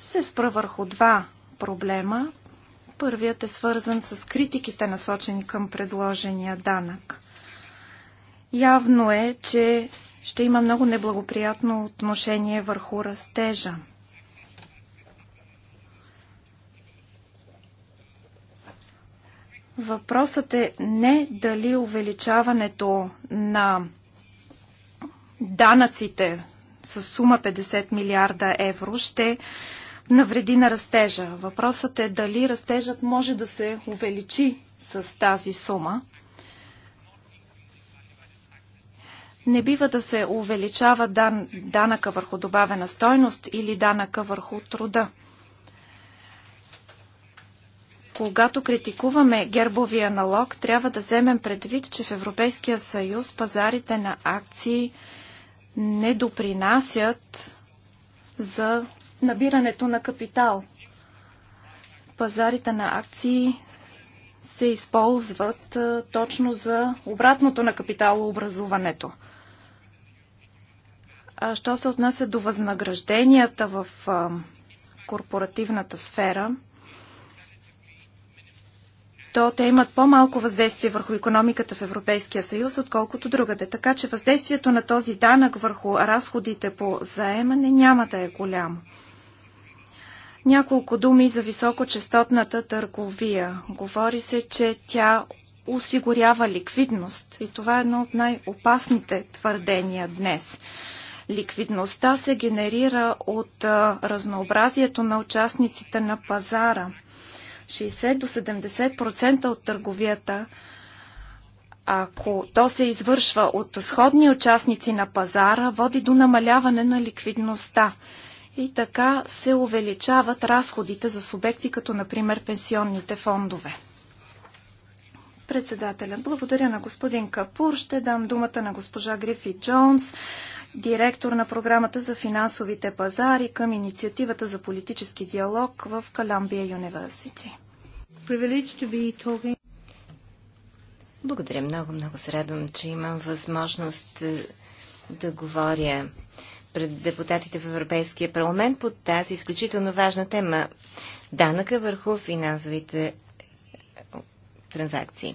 се спра върху два проблема. Първият е свързан с критиките, насочени към предложения данък. Явно е, че ще има много неблагоприятно отношение върху растежа. Въпросът е не дали увеличаването на данъците с сума 50 милиарда евро ще навреди на растежа. Въпросът е дали растежът може да се увеличи с тази сума. Не бива да се увеличава дан, данъка върху добавена стойност или данъка върху труда. Когато критикуваме гербовия налог, трябва да вземем предвид, че в Европейския съюз пазарите на акции – не допринасят за набирането на капитал. Пазарите на акции се използват точно за обратното на капиталообразуването. А що се отнася до възнагражденията в корпоративната сфера – то те имат по-малко въздействие върху економиката в Европейския съюз, отколкото другаде. Така че въздействието на този данък върху разходите по заемане няма да е голямо. Няколко думи за високочастотната търговия. Говори се, че тя осигурява ликвидност и това е едно от най-опасните твърдения днес. Ликвидността се генерира от а, разнообразието на участниците на пазара – 60 до 70% от търговията, ако то се извършва от сходни участници на пазара, води до намаляване на ликвидността. И така се увеличават разходите за субекти, като например пенсионните фондове. Председателя, благодаря на господин Капур. Ще дам думата на госпожа Грифи Джонс, директор на програмата за финансовите пазари към инициативата за политически диалог в Columbia Юниверсити. Благодаря много, много се радвам, че имам възможност е, да говоря пред депутатите в Европейския парламент по тази изключително важна тема – данъка върху финансовите транзакции.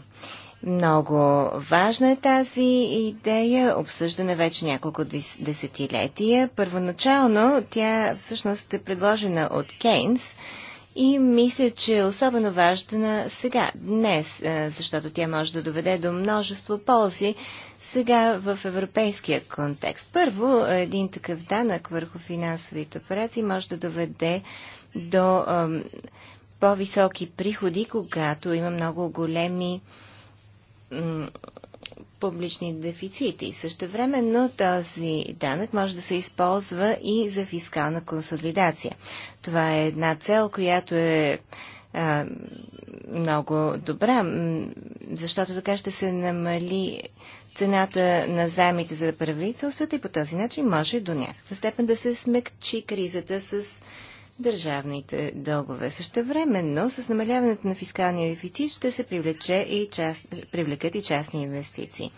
Много важна е тази идея, обсъждана вече няколко десетилетия. Първоначално тя всъщност е предложена от Кейнс и мисля, че е особено важна сега, днес, защото тя може да доведе до множество ползи сега в европейския контекст. Първо, един такъв данък върху финансовите операции може да доведе до по-високи приходи, когато има много големи публични дефицити. Същевременно този данък може да се използва и за фискална консолидация. Това е една цел, която е а, много добра, защото така ще се намали цената на заемите за правителствата и по този начин може до някаква степен да се смекчи кризата с държавните дългове. Същевременно, с намаляването на фискалния дефицит ще се привлече и част, привлекат и частни инвестиции.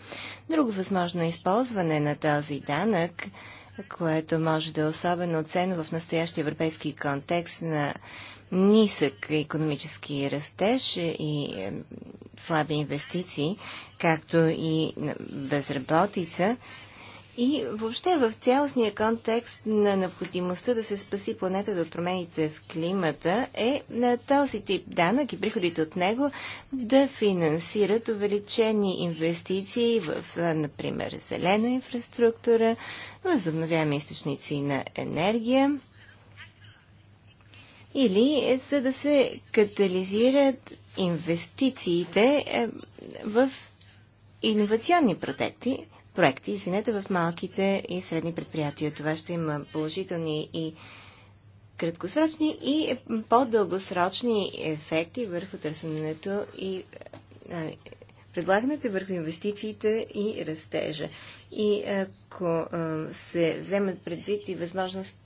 Друго възможно използване на този данък, което може да е особено ценно в настоящия европейски контекст на нисък економически растеж и слаби инвестиции, както и безработица, и въобще в цялостния контекст на необходимостта да се спаси планетата от промените в климата е на е, този тип данък и приходите от него да финансират увеличени инвестиции в, например, зелена инфраструктура, възобновяеми източници на енергия или за да се катализират инвестициите е, в иновационни проекти, проекти, извинете, в малките и средни предприятия. Това ще има положителни и краткосрочни и по-дългосрочни ефекти върху търсенето и предлагането върху инвестициите и растежа. И ако се вземат предвид и възможността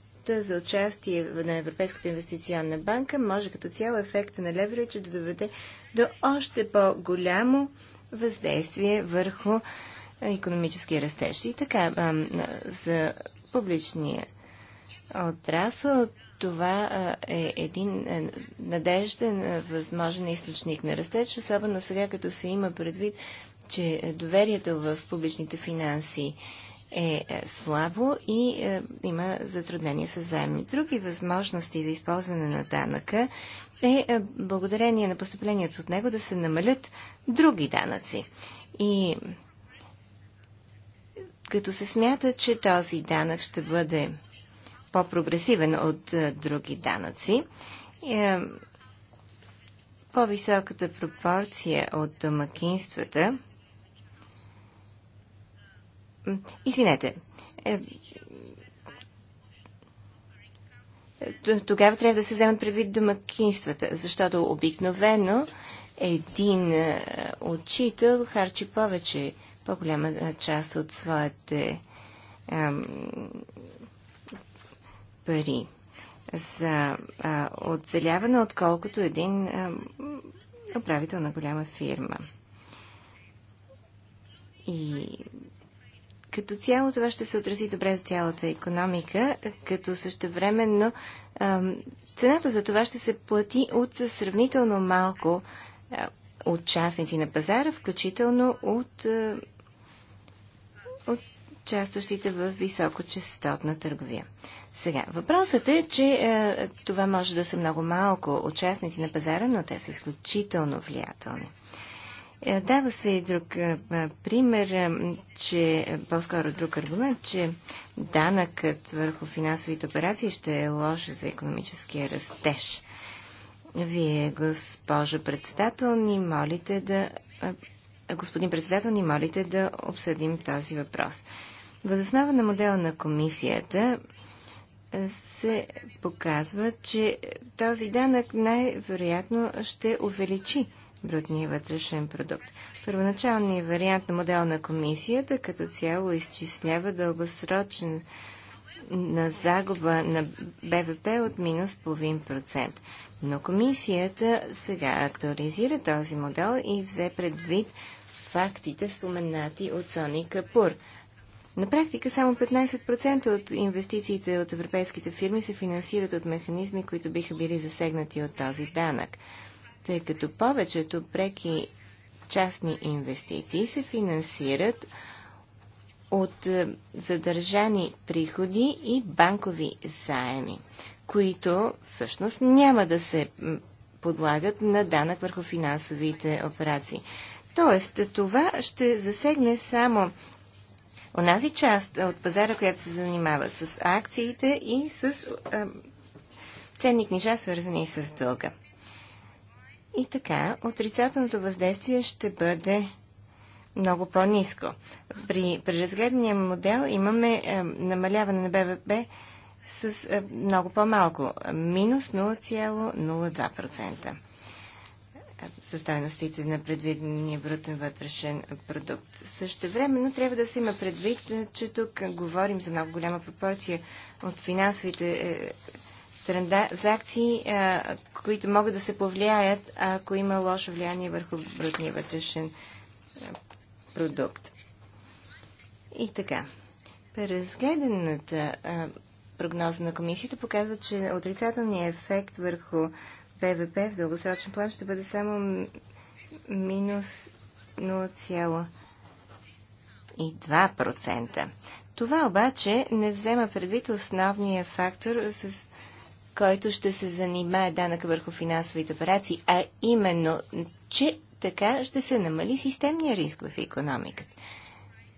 за участие на Европейската инвестиционна банка, може като цяло ефекта на левериджа да доведе до още по-голямо въздействие върху економически растеж. И така, за публичния отрасъл това е един е, надежден, възможен източник на растеж, особено сега, като се има предвид, че доверието в публичните финанси е, е слабо и е, има затруднения с заемни. Други възможности за използване на данъка е благодарение на постъплението от него да се намалят други данъци. И като се смята, че този данък ще бъде по-прогресивен от други данъци. Е, по-високата пропорция от домакинствата. Извинете. Е, тогава трябва да се вземат предвид домакинствата, защото обикновено един учител харчи повече по-голяма част от своите ам, пари за а, оцеляване, отколкото един ам, управител на голяма фирма. И като цяло това ще се отрази добре за цялата економика, като същевременно ам, цената за това ще се плати от сравнително малко а, участници на пазара, включително от а, участващите в високочастотна търговия. Сега, въпросът е, че е, това може да са много малко участници на пазара, но те са изключително влиятелни. Е, дава се и друг е, е пример, е, че е, по-скоро друг аргумент, че данъкът върху финансовите операции ще е лош за економическия растеж. Вие, госпожо председател, ни молите да е, господин председател, ни молите да обсъдим този въпрос. Възоснова на модела на комисията е, се показва, че този данък най-вероятно ще увеличи брутния вътрешен продукт. Първоначалният вариант на модел на комисията като цяло изчислява дългосрочен на загуба на БВП от минус половин процент. Но комисията сега актуализира този модел и взе предвид фактите, споменати от Сони Капур. На практика само 15% от инвестициите от европейските фирми се финансират от механизми, които биха били засегнати от този данък, тъй като повечето преки частни инвестиции се финансират от е, задържани приходи и банкови заеми, които всъщност няма да се подлагат на данък върху финансовите операции. Тоест, това ще засегне само онази част от пазара, която се занимава с акциите и с а, ценни книжа, свързани с дълга. И така, отрицателното въздействие ще бъде много по-низко. При преразгледания модел имаме е, намаляване на БВП с е, много по-малко, минус 0,02% съставеностите на предвидения брутен вътрешен продукт. Също времено трябва да се има предвид, е, че тук говорим за много голяма пропорция от финансовите е, транзакции, е, които могат да се повлияят, ако има лошо влияние върху брутния вътрешен продукт. И така. Преразгледаната прогноза на комисията показва, че отрицателният ефект върху ПВП в дългосрочен план ще бъде само минус 0,2%. Това обаче не взема предвид основния фактор, с който ще се занимае данъка върху финансовите операции, а именно, че така ще се намали системния риск в економиката.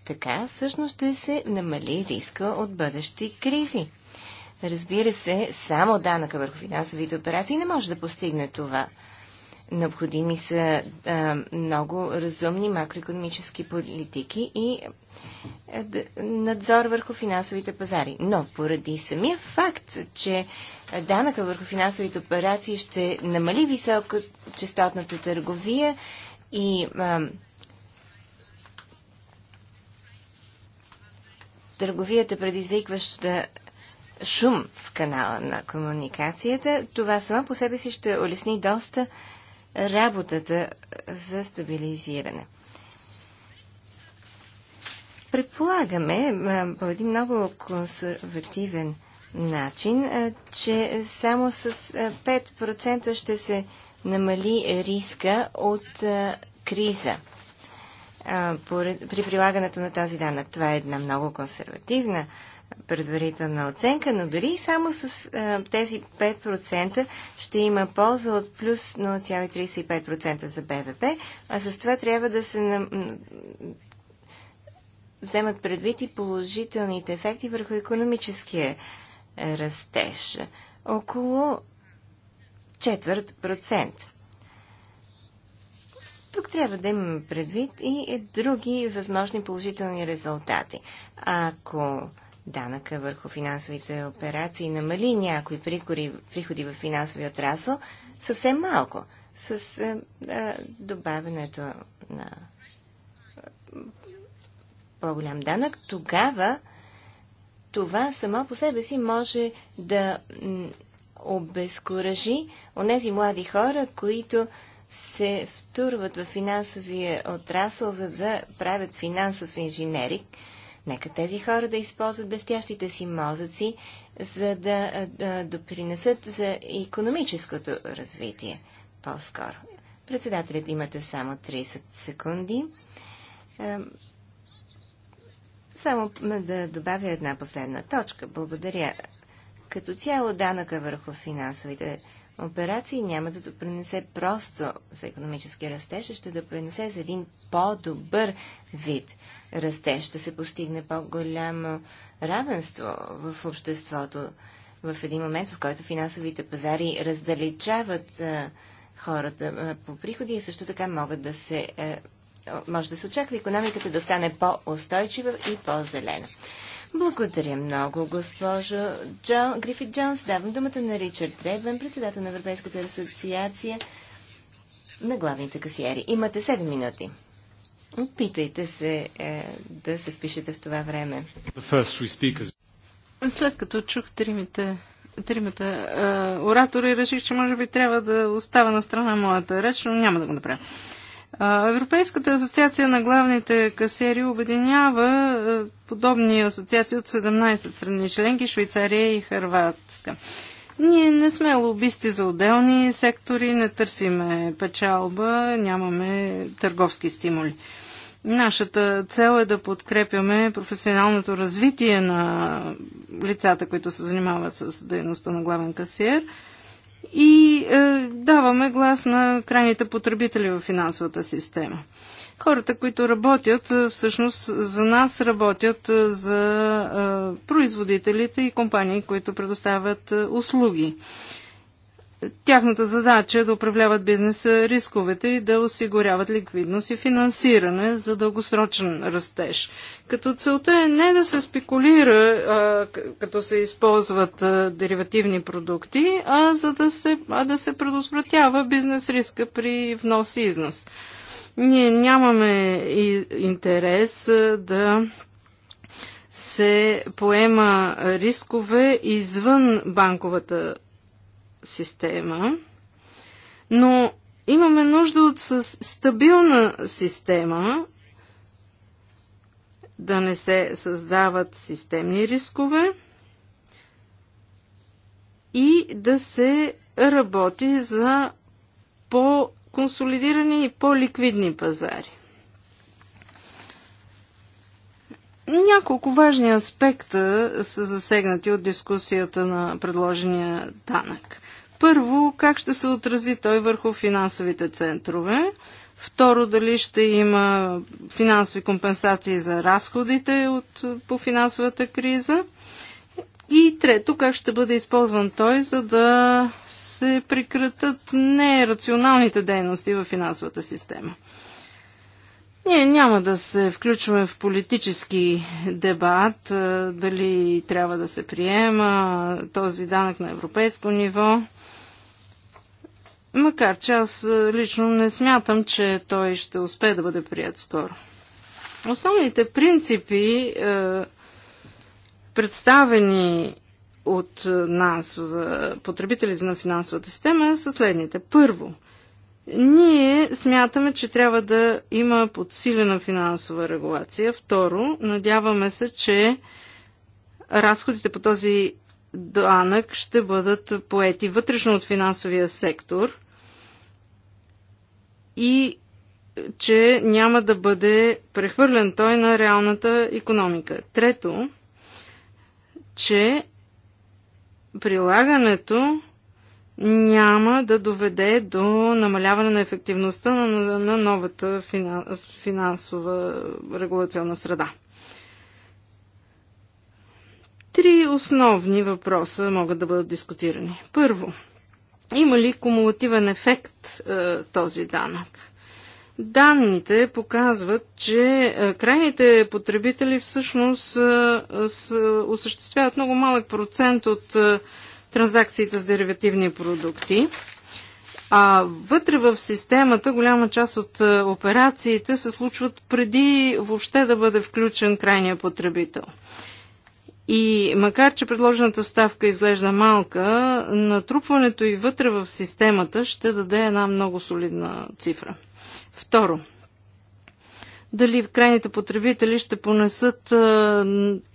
Така всъщност ще се намали риска от бъдещи кризи. Разбира се, само данъка върху финансовите операции не може да постигне това. Необходими са а, много разумни макроекономически политики и а, надзор върху финансовите пазари. Но поради самия факт, че данъка върху финансовите операции ще намали частотната търговия и а, търговията предизвикваща шум в канала на комуникацията, това само по себе си ще улесни доста работата е, за стабилизиране. Предполагаме е, по един много консервативен начин, е, че само с 5% ще се намали риска от криза при прилагането на този данък. Това е една много консервативна предварителна оценка, но дори само с а, е, тези 5% ще има полза от плюс 0,35% за БВП, а с това трябва да се на... вземат предвид и положителните ефекти върху економическия е, растеж. Около четвърт процент. Тук трябва да имаме предвид и други възможни положителни резултати. Ако данъка върху финансовите операции намали някои прикори, приходи в финансовия отрасъл, съвсем малко, с а, е, а, е, добавянето на е, по-голям данък, тогава това само по себе си може да обезкуражи онези млади хора, които се втурват в финансовия отрасъл, за да правят финансов инженерик Нека тези хора да използват блестящите си мозъци, за да, да допринесат за економическото развитие по-скоро. Председателят имате само 30 секунди. Само да добавя една последна точка. Благодаря. Като цяло данъка върху финансовите операции няма да допринесе просто за економически растеж, а ще допринесе за един по-добър вид растеж. Ще се постигне по-голямо равенство в обществото в един момент, в който финансовите пазари раздалечават хората по приходи и също така могат да се, може да се очаква економиката да стане по-устойчива и по-зелена. Благодаря много, госпожо Джон, Грифит Джонс. Давам думата на Ричард Требен, председател на Европейската асоциация на главните касиери. Имате 7 минути. Опитайте се е, да се впишете в това време. След като чух тримите, тримата е, оратори, реших, че може би трябва да остава на страна моята реч, но няма да го направя. Европейската асоциация на главните касери обединява подобни асоциации от 17 страни членки Швейцария и Харватска. Ние не сме лобисти за отделни сектори, не търсиме печалба, нямаме търговски стимули. Нашата цел е да подкрепяме професионалното развитие на лицата, които се занимават с дейността на главен касиер – и е, даваме глас на крайните потребители в финансовата система. Хората, които работят, е, всъщност за нас работят е, за е, производителите и компании, които предоставят е, услуги. Е, Тяхната задача е да управляват бизнеса рисковете и да осигуряват ликвидност и финансиране за дългосрочен растеж. Като целта е не да се спекулира, а, като се използват а, деривативни продукти, а за да се, а да се предотвратява бизнес риска при внос и износ. Ние нямаме и интерес а, да се поема рискове извън банковата система, но имаме нужда от стабилна система, да не се създават системни рискове и да се работи за по-консолидирани и по-ликвидни пазари. Няколко важни аспекта са засегнати от дискусията на предложения данък. Първо, как ще се отрази той върху финансовите центрове? Второ, дали ще има финансови компенсации за разходите от, по финансовата криза? И трето, как ще бъде използван той, за да се прекратат нерационалните дейности в финансовата система? Ние няма да се включваме в политически дебат, дали трябва да се приема този данък на европейско ниво. Макар че аз е, лично не смятам, че той ще успее да бъде прият скоро. Основните принципи, е, представени от нас за потребителите на финансовата система, са следните. Първо, ние смятаме, че трябва да има подсилена финансова регулация. Второ, надяваме се, че разходите по този данък ще бъдат поети вътрешно от финансовия сектор и че няма да бъде прехвърлен той на реалната економика. Трето, че прилагането няма да доведе до намаляване на ефективността на, на новата финансова регулационна среда. Три основни въпроса могат да бъдат дискутирани. Първо, има ли кумулативен ефект е, този данък? Данните показват, че е, крайните потребители всъщност е, осъществяват много малък процент от е, транзакциите с деривативни продукти. А вътре в системата голяма част от операциите се случват преди въобще да бъде включен крайния потребител. И макар, че предложената ставка изглежда малка, натрупването и вътре в системата ще даде една много солидна цифра. Второ, дали крайните потребители ще понесат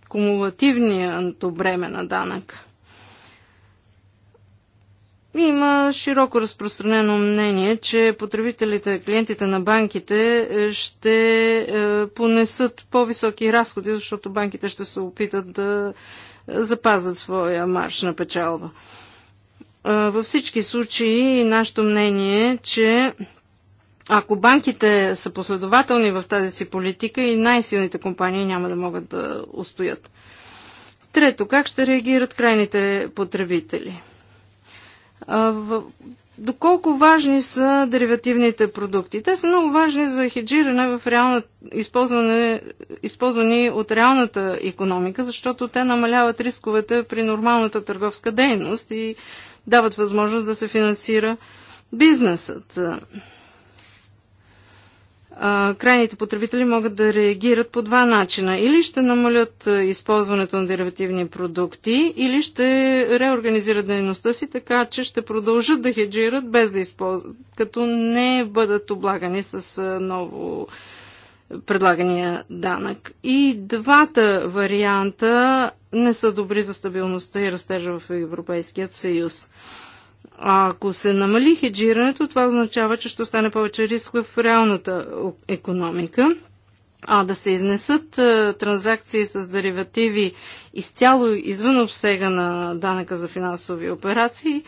кумулативният бреме на данък? Има широко разпространено мнение, че потребителите, клиентите на банките е, ще е, понесат по-високи разходи, защото банките ще се опитат да е, запазят своя марш на печалба. Във всички случаи нашето мнение е, че ако банките са последователни в тази си политика и най-силните компании няма да могат да устоят. Трето, как ще реагират крайните потребители? Доколко важни са деривативните продукти? Те са много важни за хеджиране в реална, използване, използвани от реалната економика, защото те намаляват рисковете при нормалната търговска дейност и дават възможност да се финансира бизнесът крайните потребители могат да реагират по два начина. Или ще намалят използването на деривативни продукти, или ще реорганизират дейността си така, че ще продължат да хеджират без да използват, като не бъдат облагани с ново предлагания данък. И двата варианта не са добри за стабилността и растежа в Европейският съюз. А ако се намали хеджирането, това означава, че ще остане повече риск в реалната економика. А да се изнесат е, транзакции с деривативи изцяло извън обсега на данъка за финансови операции, е,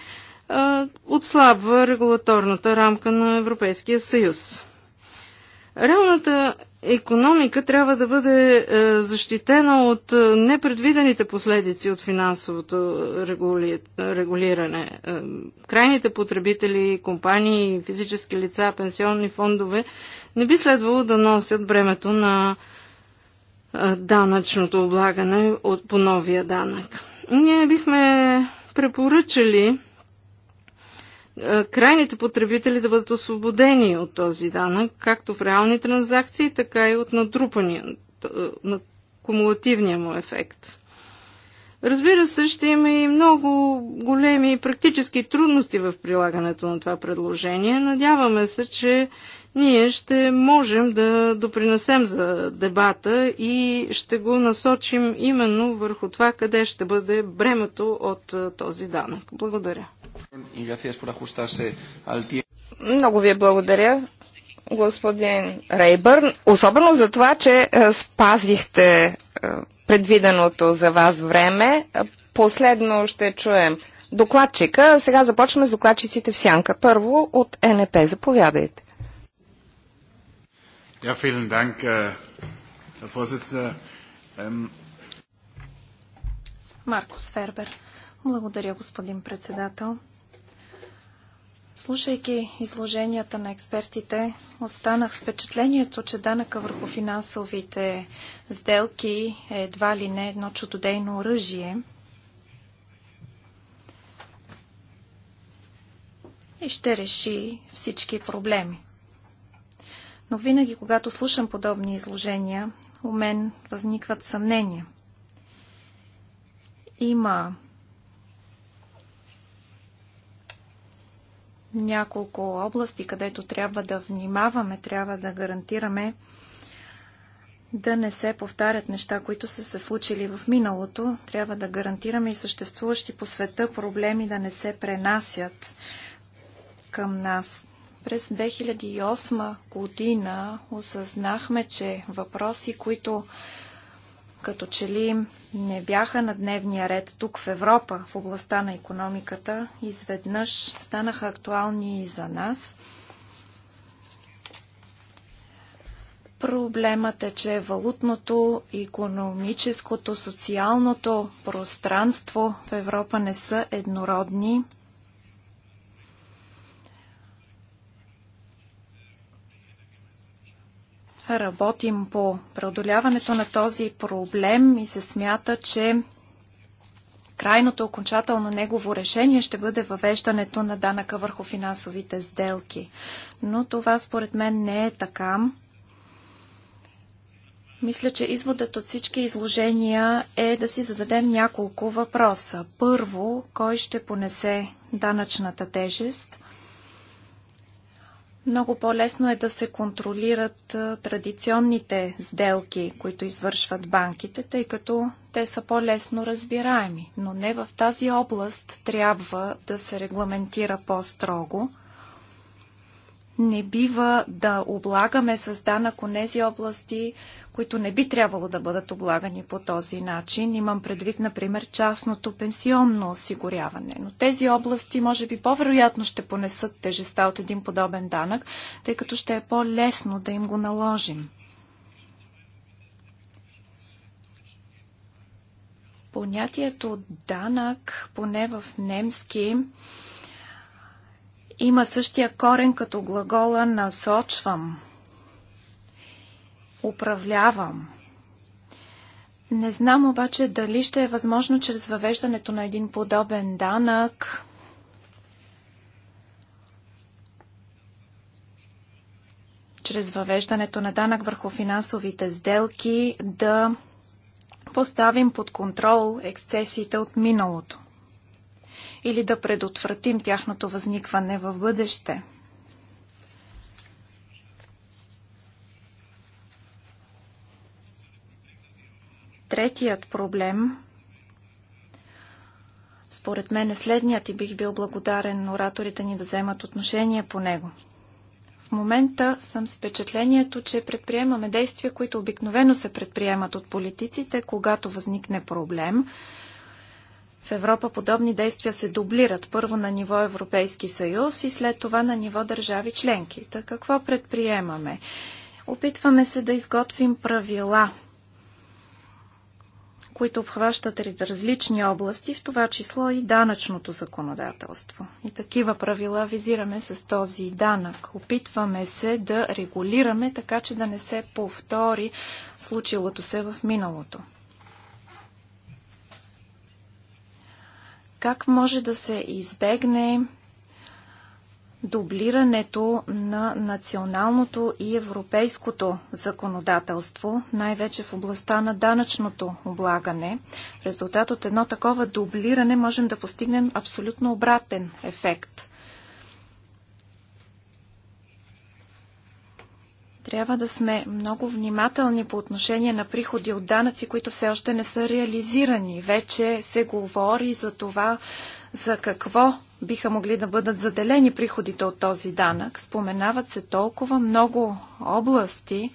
отслабва регулаторната рамка на Европейския съюз. Реалната економика трябва да бъде е, защитена от е, непредвидените последици от финансовото регулиране. Е, крайните потребители, компании, физически лица, пенсионни фондове не би следвало да носят бремето на данъчното облагане от, по новия данък. Ние бихме препоръчали е, крайните потребители да бъдат освободени от този данък, както в реални транзакции, така и от надрупания, е, на кумулативния му ефект. Разбира се, ще има и много големи практически трудности в прилагането на това предложение. Надяваме се, че ние ще можем да допринесем за дебата и ще го насочим именно върху това къде ще бъде бремето от е, този данък. Благодаря. Много ви благодаря, господин Рейбърн, особено за това, че е, спазихте е, предвиденото за вас време. Последно ще чуем докладчика. Сега започваме с докладчиците в сянка. Първо от НП. Заповядайте. Ja, vielen Dank, äh, Herr Vorsitzender. Ähm, Маркус Фербер. Благодаря, господин председател. Слушайки изложенията на експертите, останах с впечатлението, че данъка върху финансовите сделки е едва ли не едно чудодейно оръжие. И ще реши всички проблеми. Но винаги, когато слушам подобни изложения, у мен възникват съмнения. Има няколко области, където трябва да внимаваме, трябва да гарантираме да не се повтарят неща, които са се случили в миналото. Трябва да гарантираме и съществуващи по света проблеми да не се пренасят към нас. През 2008 година осъзнахме, че въпроси, които като че ли не бяха на дневния ред тук в Европа в областта на економиката, изведнъж станаха актуални и за нас. Проблемът е, че валутното, економическото, социалното пространство в Европа не са еднородни. работим по преодоляването на този проблем и се смята, че крайното окончателно негово решение ще бъде въвеждането на данъка върху финансовите сделки. Но това според мен не е така. Мисля, че изводът от всички изложения е да си зададем няколко въпроса. Първо, кой ще понесе данъчната тежест? Много по-лесно е да се контролират традиционните сделки, които извършват банките, тъй като те са по-лесно разбираеми. Но не в тази област трябва да се регламентира по-строго. Не бива да облагаме с данък онези области, които не би трябвало да бъдат облагани по този начин. Имам предвид, например, частното пенсионно осигуряване. Но тези области, може би, по-вероятно ще понесат тежеста от един подобен данък, тъй като ще е по-лесно да им го наложим. Понятието данък, поне в немски, има същия корен като глагола насочвам управлявам. Не знам обаче дали ще е възможно чрез въвеждането на един подобен данък чрез въвеждането на данък върху финансовите сделки да поставим под контрол ексцесиите от миналото или да предотвратим тяхното възникване в бъдеще – Третият проблем според мен е следният и бих бил благодарен на ораторите ни да вземат отношение по него. В момента съм с впечатлението, че предприемаме действия, които обикновено се предприемат от политиците, когато възникне проблем. В Европа подобни действия се дублират първо на ниво Европейски съюз и след това на ниво държави членки. Та какво предприемаме? Опитваме се да изготвим правила – които обхващат различни области, в това число и данъчното законодателство. И такива правила визираме с този данък. Опитваме се да регулираме така, че да не се повтори случилото се в миналото. Как може да се избегне дублирането на националното и европейското законодателство, най-вече в областта на данъчното облагане. В резултат от едно такова дублиране можем да постигнем абсолютно обратен ефект. Трябва да сме много внимателни по отношение на приходи от данъци, които все още не са реализирани. Вече се говори за това, за какво биха могли да бъдат заделени приходите от този данък. Споменават се толкова много области,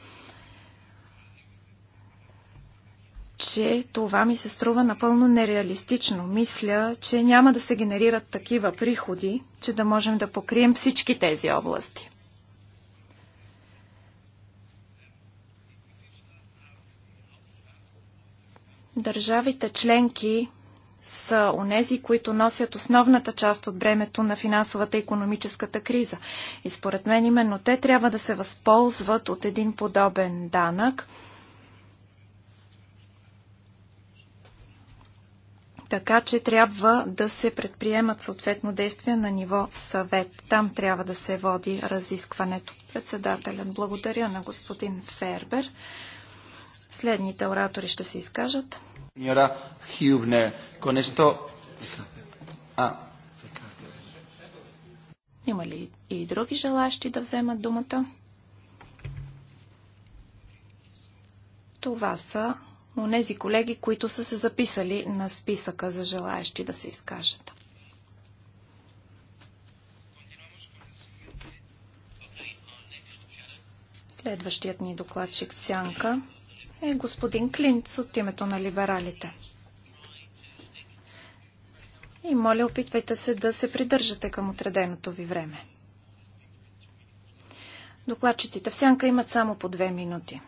че това ми се струва напълно нереалистично. Мисля, че няма да се генерират такива приходи, че да можем да покрием всички тези области. Държавите членки са онези, които носят основната част от бремето на финансовата и економическата криза. И според мен именно те трябва да се възползват от един подобен данък, така че трябва да се предприемат съответно действия на ниво съвет. Там трябва да се води разискването. Председателят благодаря на господин Фербер. Следните оратори ще се изкажат. Señora Hübner, con esto... Ah. Има ли и други желащи да вземат думата? Това са онези колеги, които са се записали на списъка за желаящи да се изкажат. Следващият ни докладчик в сянка е господин Клинц от името на либералите. И моля, опитвайте се да се придържате към отреденото ви време. Докладчиците в сянка имат само по две минути.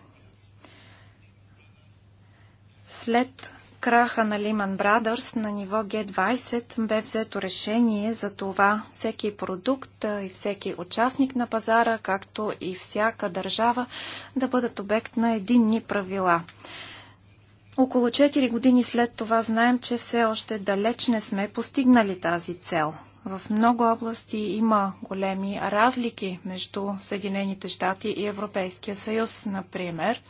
След краха на Lehman Brothers на ниво G20 бе взето решение за това всеки продукт и всеки участник на пазара, както и всяка държава, да бъдат обект на единни правила. Около 4 години след това знаем, че все още далеч не сме постигнали тази цел. В много области има големи разлики между Съединените щати и Европейския съюз, например –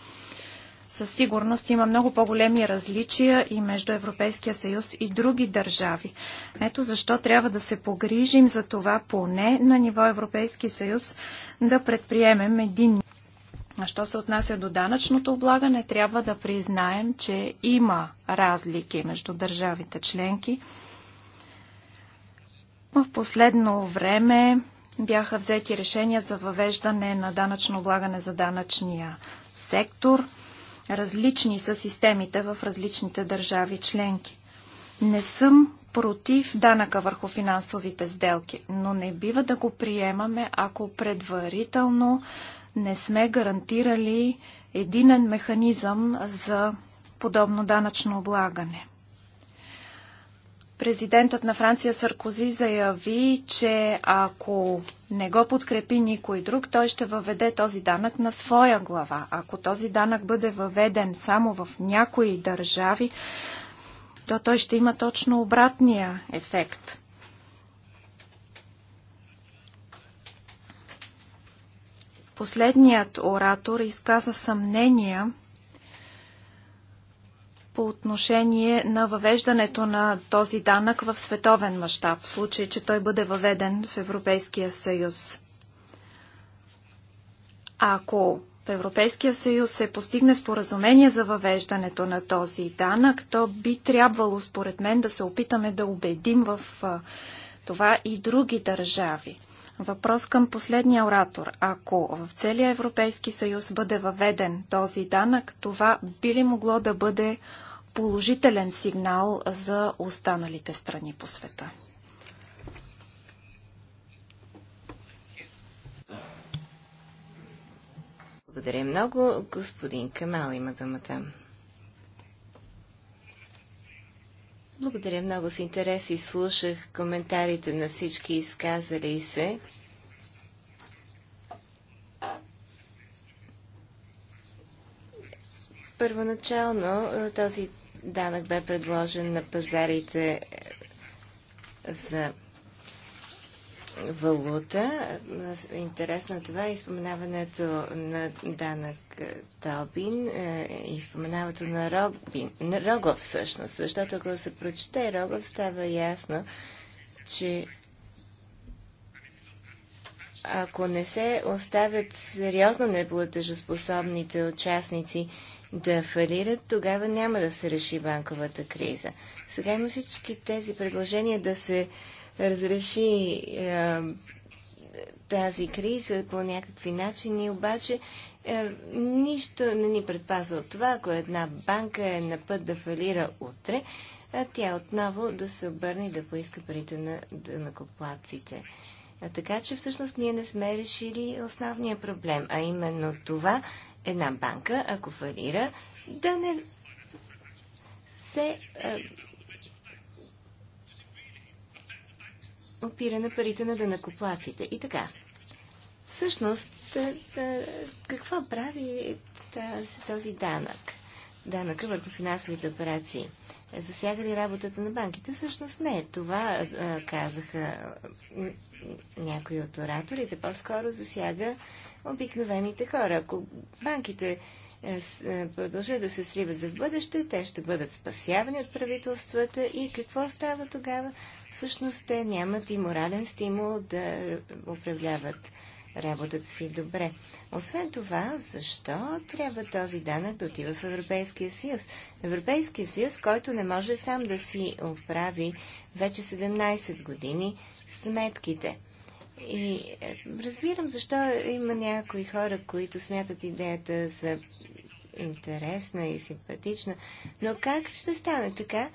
със сигурност има много по-големи различия и между Европейския съюз и други държави. Ето защо трябва да се погрижим за това поне на ниво Европейски съюз да предприемем един а що се отнася до данъчното облагане, трябва да признаем, че има разлики между държавите членки. В последно време бяха взети решения за въвеждане на данъчно облагане за данъчния сектор – Различни са системите в различните държави членки. Не съм против данъка върху финансовите сделки, но не бива да го приемаме, ако предварително не сме гарантирали единен механизъм за подобно данъчно облагане. Президентът на Франция Саркози заяви, че ако не го подкрепи никой друг, той ще въведе този данък на своя глава. Ако този данък бъде въведен само в някои държави, то той ще има точно обратния ефект. Последният оратор изказа съмнения по отношение на въвеждането на този данък в световен мащаб, в случай, че той бъде въведен в Европейския съюз. Ако в Европейския съюз се постигне споразумение за въвеждането на този данък, то би трябвало, според мен, да се опитаме да убедим в това и други държави. Въпрос към последния оратор. Ако в целия Европейски съюз бъде въведен този данък, това би ли могло да бъде положителен сигнал за останалите страни по света. Благодаря много. Господин Камал има думата. Благодаря много с интерес и слушах коментарите на всички изказали се. Първоначално този данък бе предложен на пазарите за валута. Интересно това е изпоменаването на данък Тобин е, и изпоменаването на, Рогбин, на Рогов всъщност, защото ако се прочете Рогов става ясно, че ако не се оставят сериозно неплатежоспособните участници да фалират, тогава няма да се реши банковата криза. Сега има всички тези предложения да се разреши е, тази криза по някакви начини, обаче е, нищо не ни предпазва от това, ако една банка е на път да фалира утре, а тя отново да се обърне и да поиска парите на накоплаците. Така че всъщност ние не сме решили основния проблем, а именно това една банка, ако фалира, да не се опира на парите на дънакоплатите. И така. Всъщност, какво прави тази, този данък? Данъка върху финансовите операции. Е, засяга ли работата на банките? Всъщност не. Това казаха някои от ораторите. По-скоро засяга обикновените хора. Ако банките е, е, продължат да се сриват за в бъдеще, те ще бъдат спасявани от правителствата и какво става тогава? Всъщност те нямат и морален стимул да управляват работата си добре. Освен това, защо трябва този данък да отива в Европейския съюз? Европейския съюз, който не може сам да си оправи вече 17 години сметките – и е, разбирам защо има някои хора, които смятат идеята за интересна и симпатична, но как ще стане така,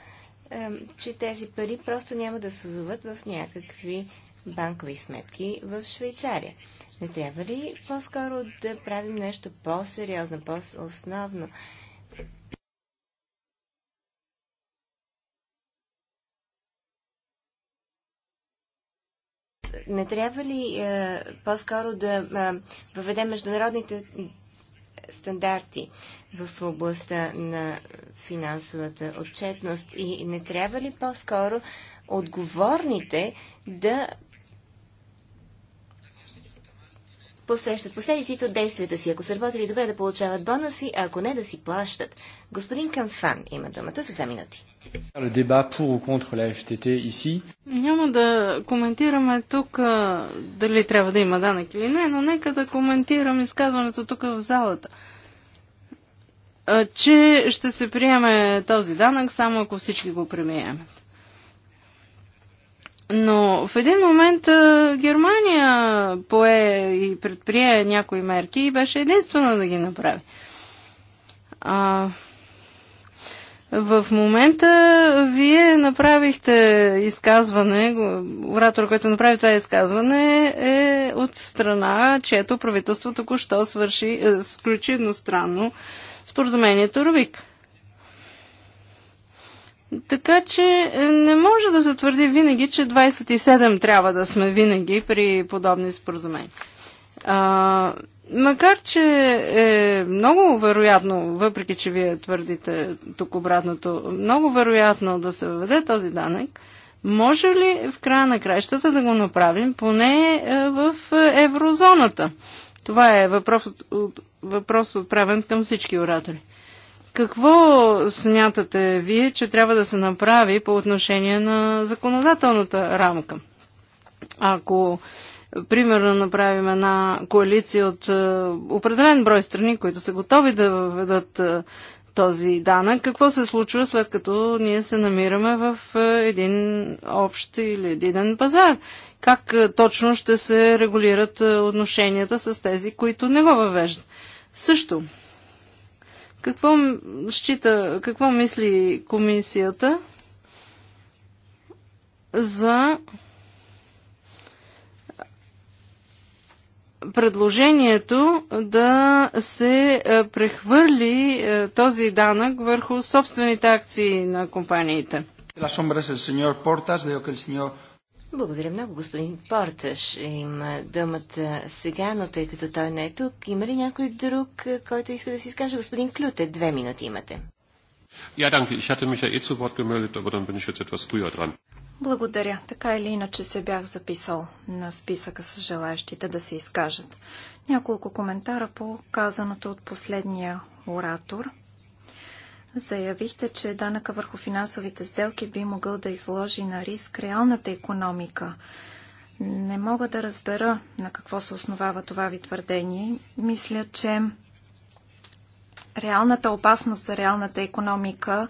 е, че тези пари просто няма да се озоват в някакви банкови сметки в Швейцария? Не трябва ли по-скоро да правим нещо по-сериозно, по-основно? Не трябва ли е, по-скоро да е, въведем международните стандарти в областта на финансовата отчетност и не трябва ли по-скоро отговорните да посрещат последиците от действията си. Ако са работили добре, да получават бонуси, а ако не, да си плащат. Господин Камфан има думата за две минути. Няма да коментираме тук дали трябва да има данък или не, но нека да коментирам изказването тук в залата. Че ще се приеме този данък, само ако всички го премиемат. Но в един момент Германия пое и предприе някои мерки и беше единствена да ги направи. А, в момента вие направихте изказване, оратор, който направи това изказване е от страна, чието правителство току-що свърши, е, сключи едностранно споразумението Рубик. Така че е, не може да се твърди винаги, че 27 трябва да сме винаги при подобни споразумения. Макар, че е много вероятно, въпреки че вие твърдите тук обратното, много вероятно да се въведе този данък, може ли в края на краищата да го направим поне е, в еврозоната? Това е въпрос, въпрос отправен към всички оратори. Какво смятате вие, че трябва да се направи по отношение на законодателната рамка? Ако примерно направим една коалиция от е, определен брой страни, които са готови да въведат е, този данък, какво се случва след като ние се намираме в е, един общ или единен пазар? Как точно ще се регулират отношенията с тези, които не го въвеждат? Също, какво, счита, какво мисли комисията за предложението да се е, прехвърли е, този данък върху собствените акции на компаниите. Благодаря много, господин Порташ. Има думата сега, но тъй като той не е тук, има ли някой друг, е, който иска да си изкаже? Господин Клюте, две минути имате. Ja, danke. Ich hatte mich ja eh zu Wort gemeldet, aber dann bin ich jetzt etwas früher dran. Благодаря. Така или иначе се бях записал на списъка с желаящите да се изкажат. Няколко коментара по казаното от последния оратор. Заявихте, че данъка върху финансовите сделки би могъл да изложи на риск реалната економика. Не мога да разбера на какво се основава това ви твърдение. Мисля, че реалната опасност за реалната економика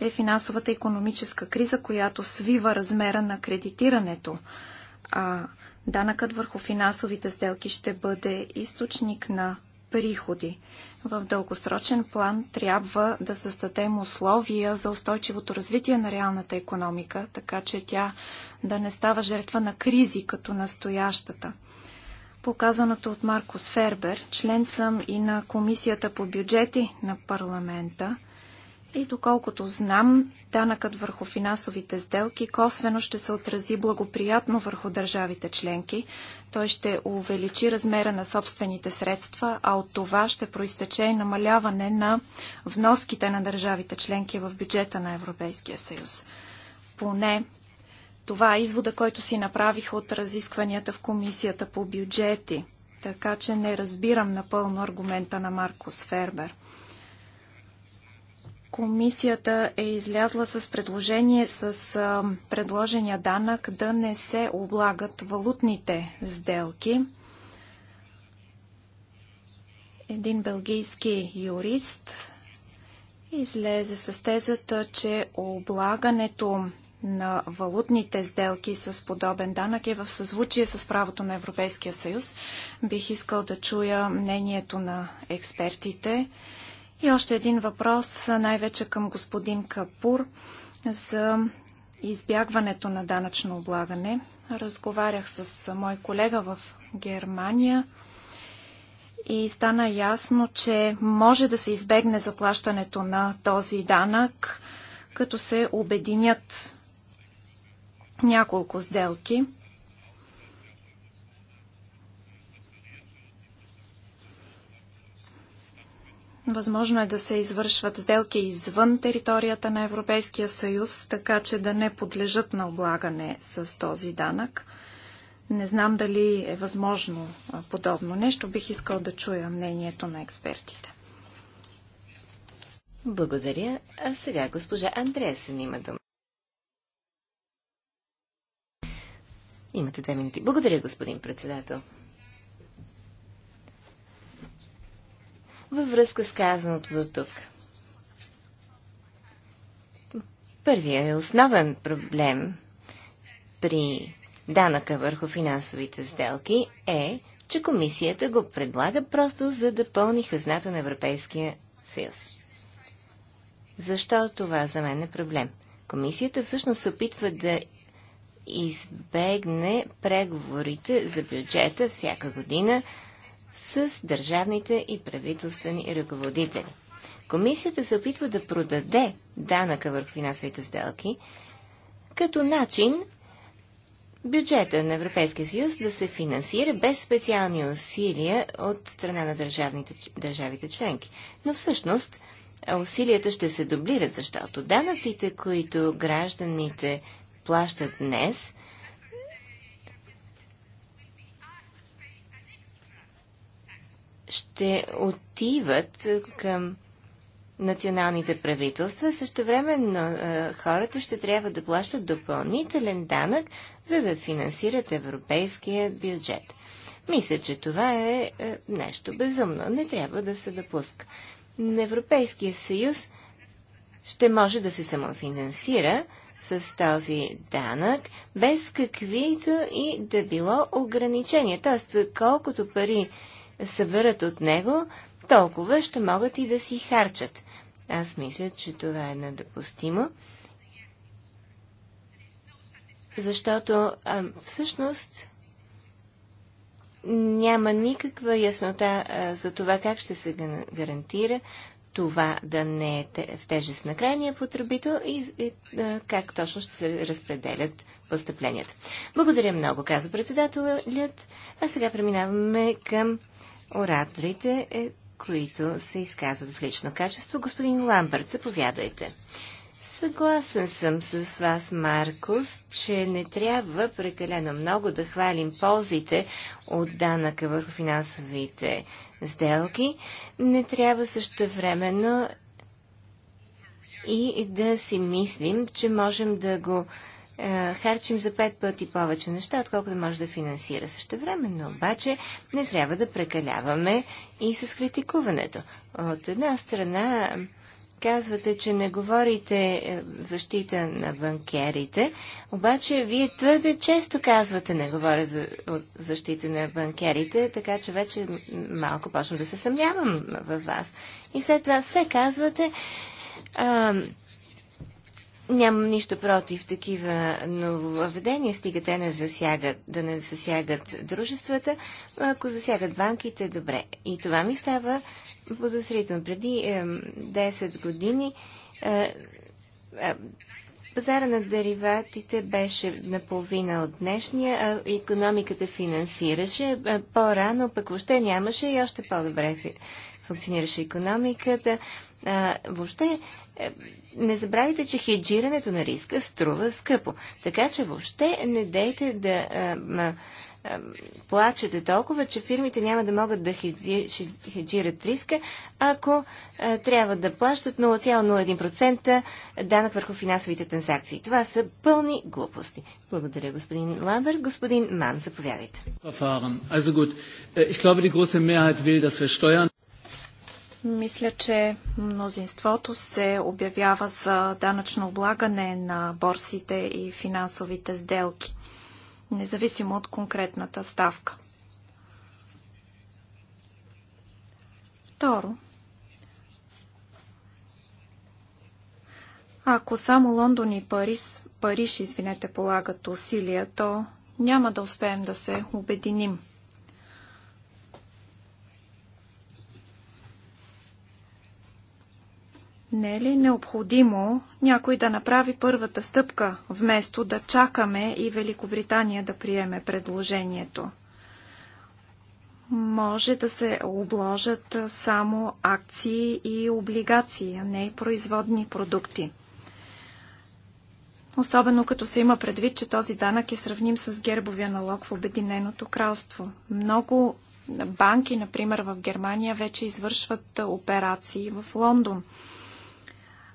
е финансовата економическа криза, която свива размера на кредитирането. А данъкът върху финансовите сделки ще бъде източник на приходи. В дългосрочен план трябва да създадем условия за устойчивото развитие на реалната економика, така че тя да не става жертва на кризи като настоящата показаното от Маркус Фербер. Член съм и на Комисията по бюджети на парламента. И доколкото знам, данъкът върху финансовите сделки косвено ще се отрази благоприятно върху държавите членки. Той ще увеличи размера на собствените средства, а от това ще проистече и намаляване на вноските на държавите членки в бюджета на Европейския съюз. Поне това е извода, който си направих от разискванията в комисията по бюджети. Така че не разбирам напълно аргумента на Маркус Фербер. Комисията е излязла с предложение с а, предложения данък да не се облагат валутните сделки. Един белгийски юрист излезе с тезата, че облагането на валутните сделки с подобен данък е в съзвучие с правото на Европейския съюз. Бих искал да чуя мнението на експертите. И още един въпрос, най-вече към господин Капур, за избягването на данъчно облагане. Разговарях с мой колега в Германия и стана ясно, че може да се избегне заплащането на този данък, като се обединят няколко сделки. Възможно е да се извършват сделки извън територията на Европейския съюз, така че да не подлежат на облагане с този данък. Не знам дали е възможно подобно нещо. Бих искал да чуя мнението на експертите. Благодаря. А сега госпожа Андреасен има дума. Имате две минути. Благодаря, господин председател. Във връзка с казаното до тук. Първият е основен проблем при данъка върху финансовите сделки е, че комисията го предлага просто за да пълни хазната на Европейския съюз. Защо това за мен е проблем? Комисията всъщност се опитва да избегне преговорите за бюджета всяка година с държавните и правителствени ръководители. Комисията се опитва да продаде данъка върху финансовите сделки като начин бюджета на Европейския съюз да се финансира без специални усилия от страна на държавните, държавите членки. Но всъщност усилията ще се дублират, защото данъците, които гражданите плащат днес, ще отиват към националните правителства, също времено хората ще трябва да плащат допълнителен данък, за да финансират европейския бюджет. Мисля, че това е, е нещо безумно. Не трябва да се допуска. Европейския съюз ще може да се самофинансира с този данък, без каквито и да било ограничения. Тоест, колкото пари съберат от него, толкова ще могат и да си харчат. Аз мисля, че това е недопустимо, защото а, всъщност няма никаква яснота а, за това как ще се гарантира това да не е в тежест на крайния потребител и, и как точно ще се разпределят постъпленията. Благодаря много, каза председателят. А сега преминаваме към ораторите, е, които се изказват в лично качество. Господин Ламбърт, заповядайте. Съгласен съм с вас, Маркус, че не трябва прекалено много да хвалим ползите от данъка върху финансовите сделки, не трябва също времено и да си мислим, че можем да го е, харчим за пет пъти повече неща, отколкото може да финансира също време, но обаче не трябва да прекаляваме и с критикуването. От една страна Казвате, че не говорите е, в защита на банкерите, обаче вие твърде често казвате не говоря за защита на банкерите, така че вече малко почвам да се съмнявам в вас. И след това все казвате, а, нямам нищо против такива нововведения, стига те не засягат, да не засягат дружествата. Ако засягат банките, добре. И това ми става подозрително. Преди 10 години е, е, пазара на дериватите беше наполовина от днешния, а економиката финансираше. Е, по-рано пък въобще нямаше и още по-добре функционираше економиката. въобще не забравяйте, че хеджирането на риска струва скъпо. Така че въобще не дейте да а, плачете толкова, че фирмите няма да могат да хеджират риска, ако трябва да плащат 0,01% данък върху финансовите транзакции. Това са пълни глупости. Благодаря, господин Ламбер. Господин Ман, заповядайте. Äh, Мисля, че мнозинството се обявява за данъчно облагане на борсите и финансовите сделки независимо от конкретната ставка. Второ, ако само Лондон и Париж, Париж извинете, полагат усилия, то няма да успеем да се обединим. Не е ли необходимо някой да направи първата стъпка, вместо да чакаме и Великобритания да приеме предложението? Може да се обложат само акции и облигации, а не и производни продукти. Особено като се има предвид, че този данък е сравним с гербовия налог в Обединеното кралство. Много банки, например в Германия, вече извършват операции в Лондон.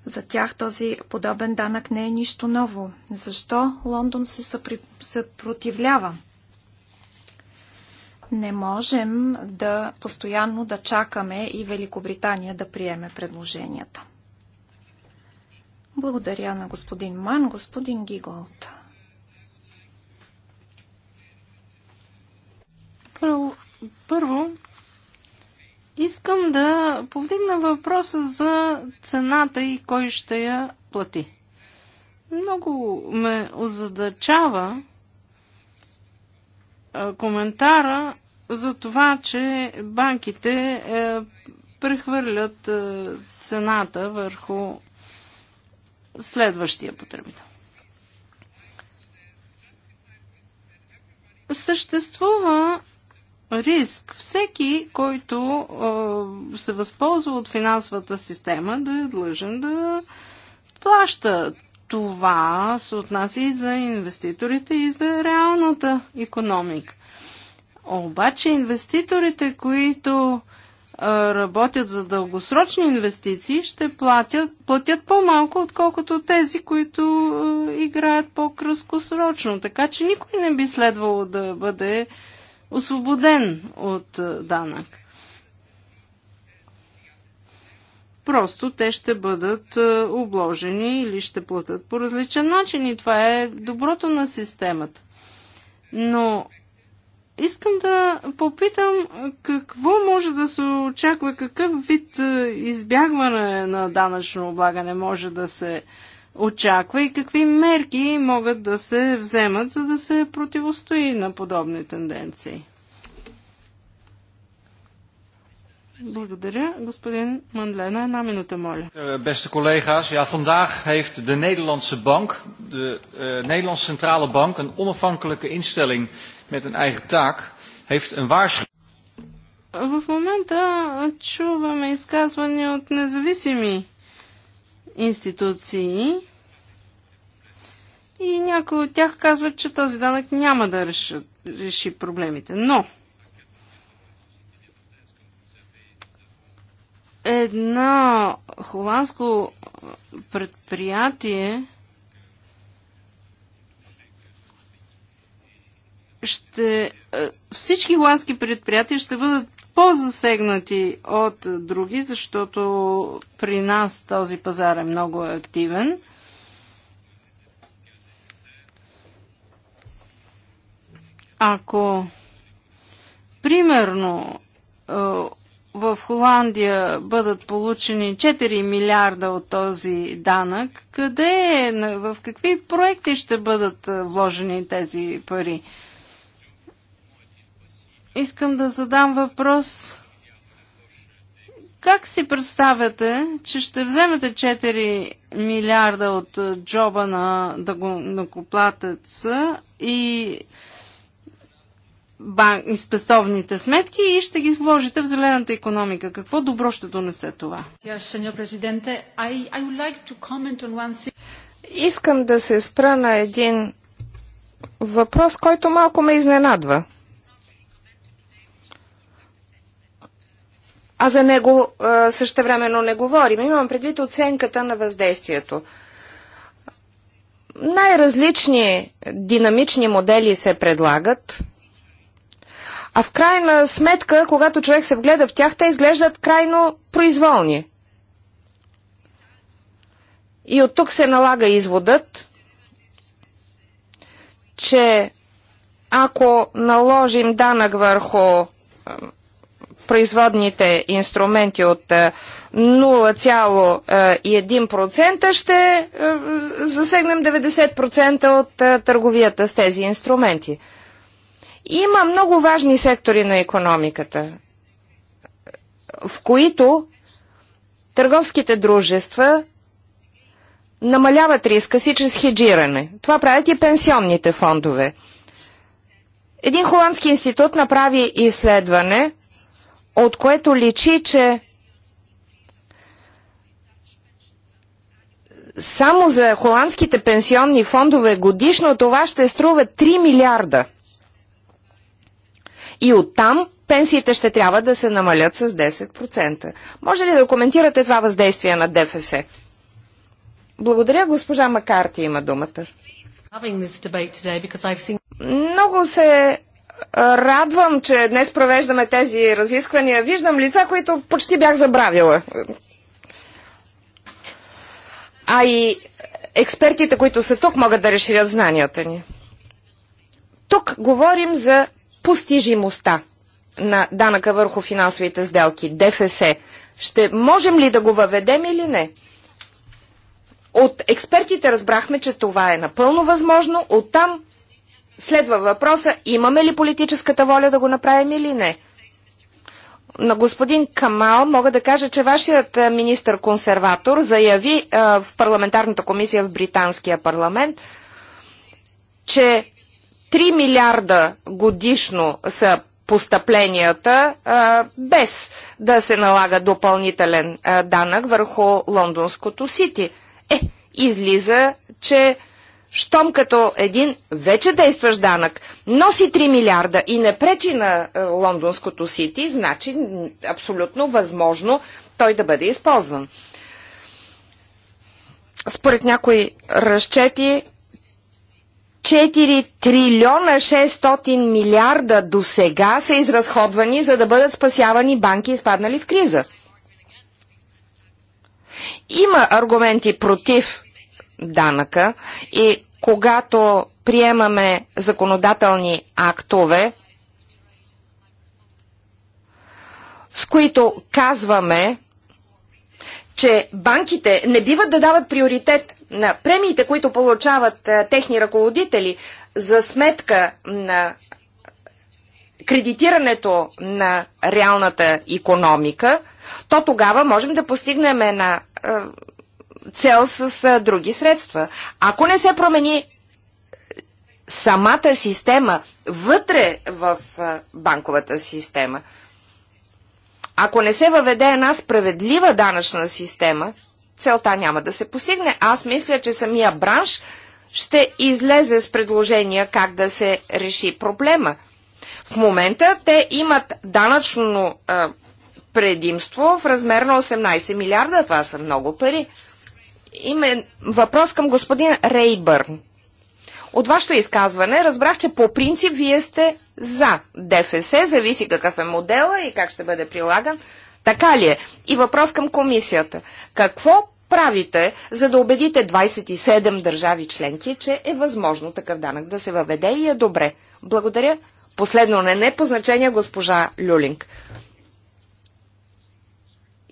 За тях този подобен данък не е нищо ново. Защо Лондон се съпротивлява? Не можем да постоянно да чакаме и Великобритания да приеме предложенията. Благодаря на господин Ман, господин Гиголт. Първо, първо Искам да повдигна въпроса за цената и кой ще я плати. Много ме озадачава коментара за това, че банките е, прехвърлят е, цената върху следващия потребител. Съществува риск всеки, който а, се възползва от финансовата система, да е длъжен да плаща. Това се отнася и за инвеститорите, и за реалната економика. Обаче инвеститорите, които работят за дългосрочни инвестиции, ще платят, платят по-малко, отколкото тези, които играят по-кръскосрочно. Така че никой не би следвало да бъде а, освободен от е, данък. Просто те ще бъдат е, обложени или ще платят по различен начин и това е доброто на системата. Но искам да попитам е, какво може да се очаква, какъв вид избягване на данъчно облагане може да се очаква и какви мерки могат да се вземат, за да се противостои на подобни тенденции? Благодаря. Господин Мандлена, една минута, моля. Beste е, collega's, ja, vandaag heeft de Nederlandse Bank, de uh, Nederlandse Centrale Bank, een onafhankelijke instelling met een eigen taak, heeft een waarschuwing. В момента чуваме изказвания от независими институции и някои от тях казват, че този данък няма да реши, реши проблемите. Но едно холандско предприятие ще е, всички холандски предприятия ще бъдат по-засегнати от други, защото при нас този пазар е много активен. Ако примерно е, в Холандия бъдат получени 4 милиарда от този данък, къде, е, в какви проекти ще бъдат е, вложени тези пари? искам да задам въпрос. Как си представяте, че ще вземете 4 милиарда от е, джоба на накоплатеца и бан... спестовните сметки и ще ги вложите в зелената економика. Какво добро ще донесе това? Искам да се спра на един въпрос, който малко ме изненадва. а за него същевременно не говорим. Имам предвид оценката на въздействието. Най-различни динамични модели се предлагат, а в крайна сметка, когато човек се вгледа в тях, те изглеждат крайно произволни. И от тук се налага изводът, че ако наложим данък върху производните инструменти от 0,1% е, е, ще е, засегнем 90% от търговията с тези инструменти. Има много важни сектори на економиката, в които търговските дружества намаляват риска си чрез хеджиране. Това правят и пенсионните фондове. Един холандски институт направи изследване – от което личи, че само за холандските пенсионни фондове годишно това ще струва 3 милиарда. И оттам пенсиите ще трябва да се намалят с 10%. Може ли да коментирате това въздействие на ДФС? Благодаря, госпожа Макарти има думата. Много се радвам, че днес провеждаме тези разисквания. Виждам лица, които почти бях забравила. А и експертите, които са тук, могат да разширят знанията ни. Тук говорим за постижимостта на данъка върху финансовите сделки, ДФС. Ще можем ли да го въведем или не? От експертите разбрахме, че това е напълно възможно. Оттам Следва въпроса, имаме ли политическата воля да го направим или не? На господин Камал мога да кажа, че вашият е, министр-консерватор заяви а, е, в парламентарната комисия в британския парламент, че 3 милиарда годишно са постъпленията, а, е, без да се налага допълнителен а, данък върху лондонското сити. Е, излиза, че щом като един вече действащ данък носи 3 милиарда и не пречи на е, лондонското сити, значи абсолютно възможно той да бъде използван. Според някои разчети, 4 трилиона 600 милиарда до сега са изразходвани, за да бъдат спасявани банки, изпаднали в криза. Има аргументи против данъка и когато приемаме законодателни актове, с които казваме, че банките не биват да дават приоритет на премиите, които получават а, е, техни ръководители за сметка на кредитирането на реалната економика, то тогава можем да постигнем една е, цел с а, други средства. Ако не се промени самата система вътре в а, банковата система, ако не се въведе една справедлива данъчна система, целта няма да се постигне. Аз мисля, че самия бранш ще излезе с предложения как да се реши проблема. В момента те имат данъчно а, предимство в размер на 18 милиарда. Това са много пари има въпрос към господин Рейбърн. От вашето изказване разбрах, че по принцип вие сте за ДФС, зависи какъв е модела и как ще бъде прилаган. Така ли е? И въпрос към комисията. Какво правите, за да убедите 27 държави членки, че е възможно такъв данък да се въведе и е добре? Благодаря. Последно не, не по значение госпожа Люлинг.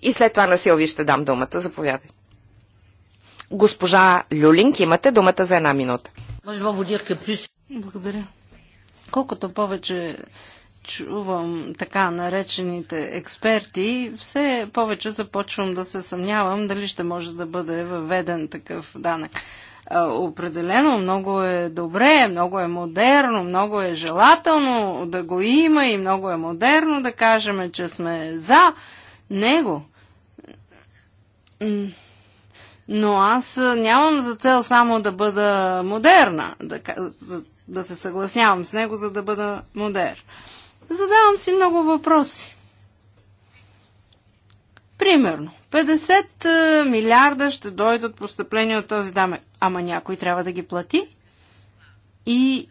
И след това на Силви ще дам думата. Заповядайте. Госпожа Люлинг, имате думата за една минута. Благодаря. Колкото повече чувам така наречените експерти, все повече започвам да се съмнявам дали ще може да бъде въведен такъв данък. Определено много е добре, много е модерно, много е желателно да го има и много е модерно да кажем, че сме за него но аз нямам за цел само да бъда модерна, да, да се съгласнявам с него, за да бъда модер. Задавам си много въпроси. Примерно, 50 милиарда ще дойдат постъпления от този даме, Ама някой трябва да ги плати. И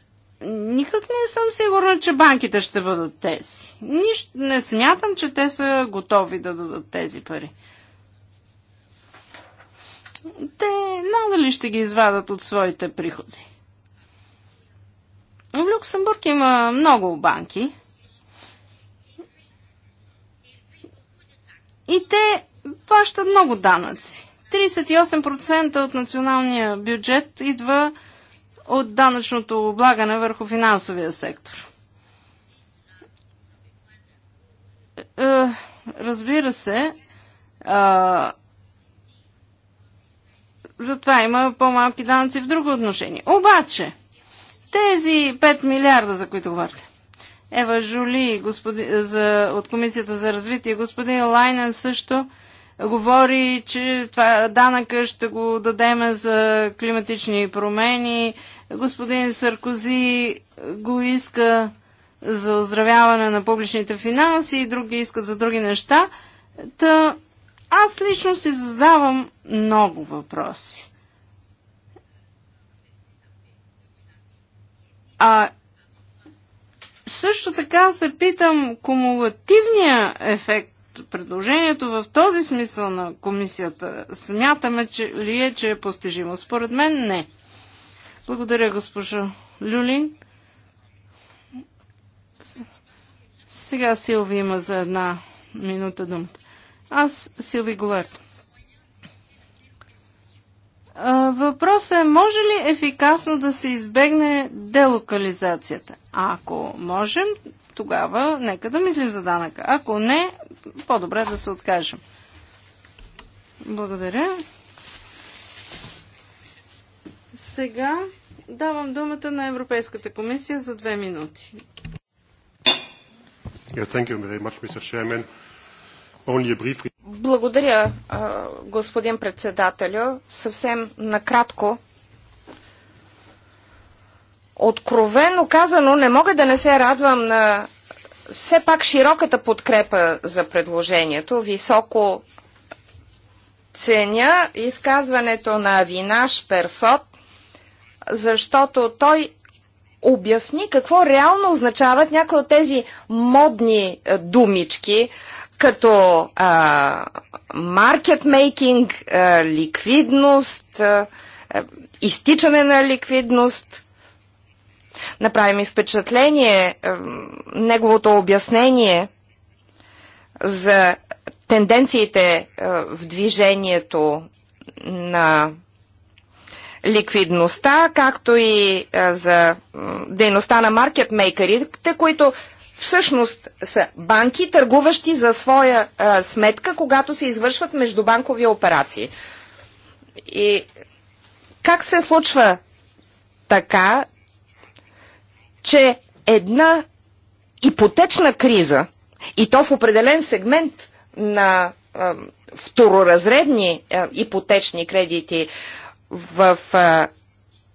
никак не съм сигурна, че банките ще бъдат тези. Нищо, не смятам, че те са готови да дадат тези пари те надали ще ги извадат от своите приходи. В Люксембург има много банки. И те плащат много данъци. 38% от националния бюджет идва от данъчното облагане върху финансовия сектор. Е, разбира се, затова има по-малки данъци в друго отношение. Обаче, тези 5 милиарда, за които говорите, Ева Жули господи, за, от Комисията за развитие, господин Лайнен също говори, че това данъка ще го дадеме за климатични промени. Господин Саркози го иска за оздравяване на публичните финанси и други искат за други неща. Та, аз лично си задавам много въпроси. А също така се питам кумулативния ефект предложението в този смисъл на комисията. Смятаме че ли е, че е постижимо? Според мен не. Благодаря, госпожо Люлин. Сега Силви има за една минута думата. Аз, Силви Голерт. Въпросът е, може ли ефикасно да се избегне делокализацията? Ако можем, тогава нека да мислим за данъка. Ако не, по-добре да се откажем. Благодаря. Сега давам думата на Европейската комисия за две минути. Yeah, thank you very much, Mr. Благодаря, господин председателю. Съвсем накратко. Откровено казано, не мога да не се радвам на все пак широката подкрепа за предложението. Високо ценя изказването на Авинаш Персот, защото той обясни какво реално означават някои от тези модни думички – като маркетмейкинг, ликвидност, изтичане на ликвидност. Направи ми впечатление а, неговото обяснение за тенденциите а, в движението на ликвидността, както и за дейността на маркетмейкерите, които всъщност са банки, търгуващи за своя а, сметка, когато се извършват междубанкови операции. И как се случва така, че една ипотечна криза, и то в определен сегмент на а, второразредни а, ипотечни кредити в а,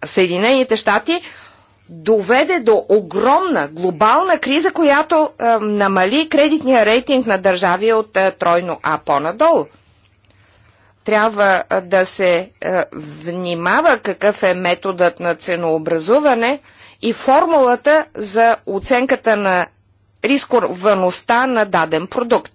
Съединените щати, доведе до огромна глобална криза, която е, намали кредитния рейтинг на държави от е, тройно А по-надолу. Трябва е, да се е, внимава какъв е методът на ценообразуване и формулата за оценката на рисковаността на даден продукт.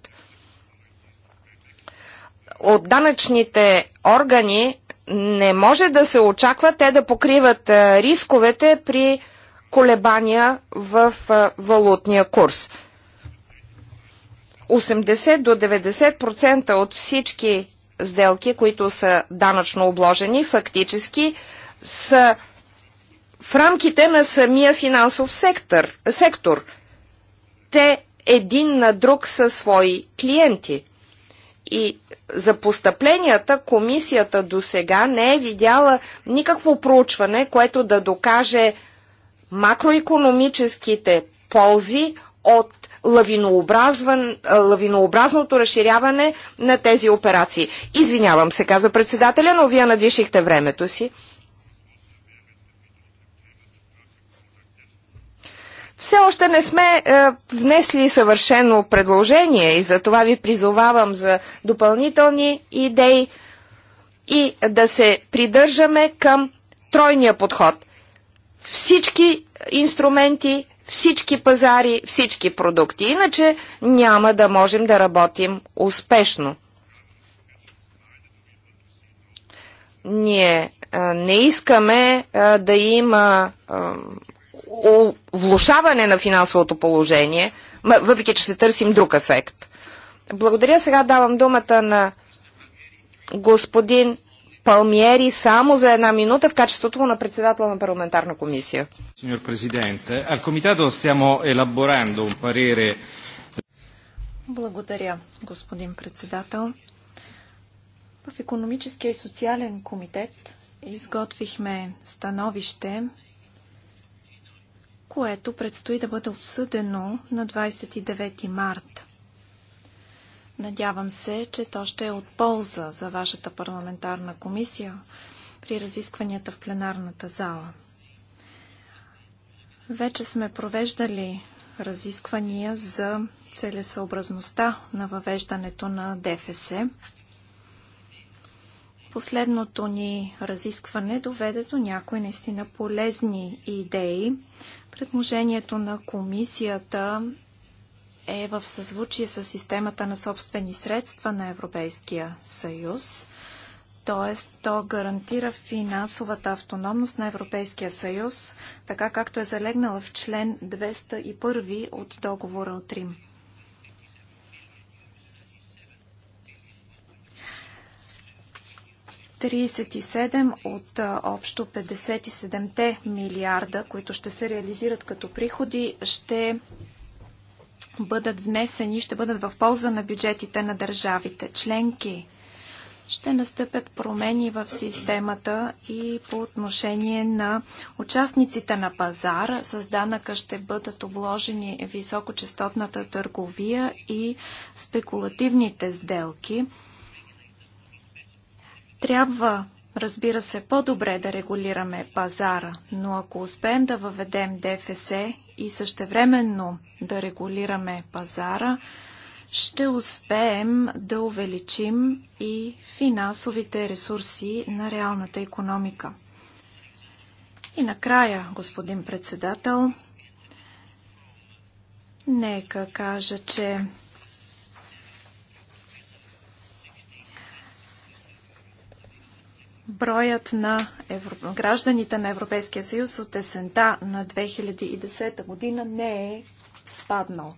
От данъчните органи не може да се очаква те да покриват рисковете при колебания в валутния курс. 80 до 90% от всички сделки, които са данъчно обложени, фактически са в рамките на самия финансов сектор. сектор. Те един на друг са свои клиенти. И за постъпленията комисията до сега не е видяла никакво проучване, което да докаже макроекономическите ползи от лавинообразното разширяване на тези операции. Извинявам се, каза председателя, но вие надвишихте времето си. Все още не сме е, внесли съвършено предложение и за това ви призовавам за допълнителни идеи и да се придържаме към тройния подход. Всички инструменти, всички пазари, всички продукти. Иначе няма да можем да работим успешно. Ние е, не искаме е, да има Е, влушаване на финансовото положение, въпреки че ще търсим друг ефект. Благодаря. Сега давам думата на господин Палмиери само за една минута в качеството му на председател на парламентарна комисия. Сеньор президент, ал комитето стямо елаборандо un parere... Благодаря, господин председател. В економическия и социален комитет изготвихме становище което предстои да бъде обсъдено на 29 март. Надявам се, че то ще е от полза за вашата парламентарна комисия при разискванията в пленарната зала. Вече сме провеждали разисквания за целесъобразността на въвеждането на ДФС. Последното ни разискване доведе до някои наистина полезни идеи, Предложението на комисията е в съзвучие с системата на собствени средства на Европейския съюз, т.е. то гарантира финансовата автономност на Европейския съюз, така както е залегнала в член 201 от договора от Рим. 37 от общо 57-те милиарда, които ще се реализират като приходи, ще бъдат внесени, ще бъдат в полза на бюджетите на държавите членки. Ще настъпят промени в системата и по отношение на участниците на пазар. С данъка ще бъдат обложени високочастотната търговия и спекулативните сделки. Трябва, разбира се, по-добре да регулираме пазара, но ако успеем да въведем ДФС и същевременно да регулираме пазара, ще успеем да увеличим и финансовите ресурси на реалната економика. И накрая, господин председател, нека кажа, че Броят на евро... гражданите на Европейския съюз от есента на 2010 година не е спаднал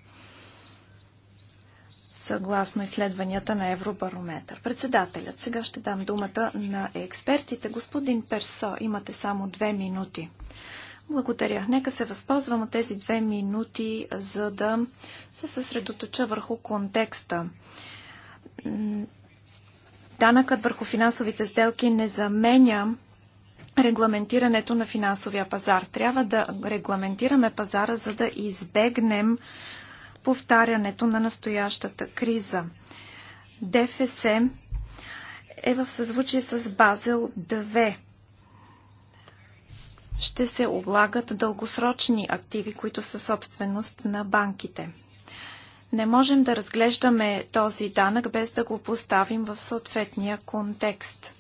съгласно изследванията на Евробарометър. Председателят, сега ще дам думата на експертите. Господин Персо, имате само две минути. Благодаря. Нека се възползвам от тези две минути, за да се съсредоточа върху контекста. Данъкът върху финансовите сделки не заменя регламентирането на финансовия пазар. Трябва да регламентираме пазара, за да избегнем повтарянето на настоящата криза. ДФС е в съзвучие с Базел 2. Ще се облагат дългосрочни активи, които са собственост на банките. Не можем да разглеждаме този данък без да го поставим в съответния контекст.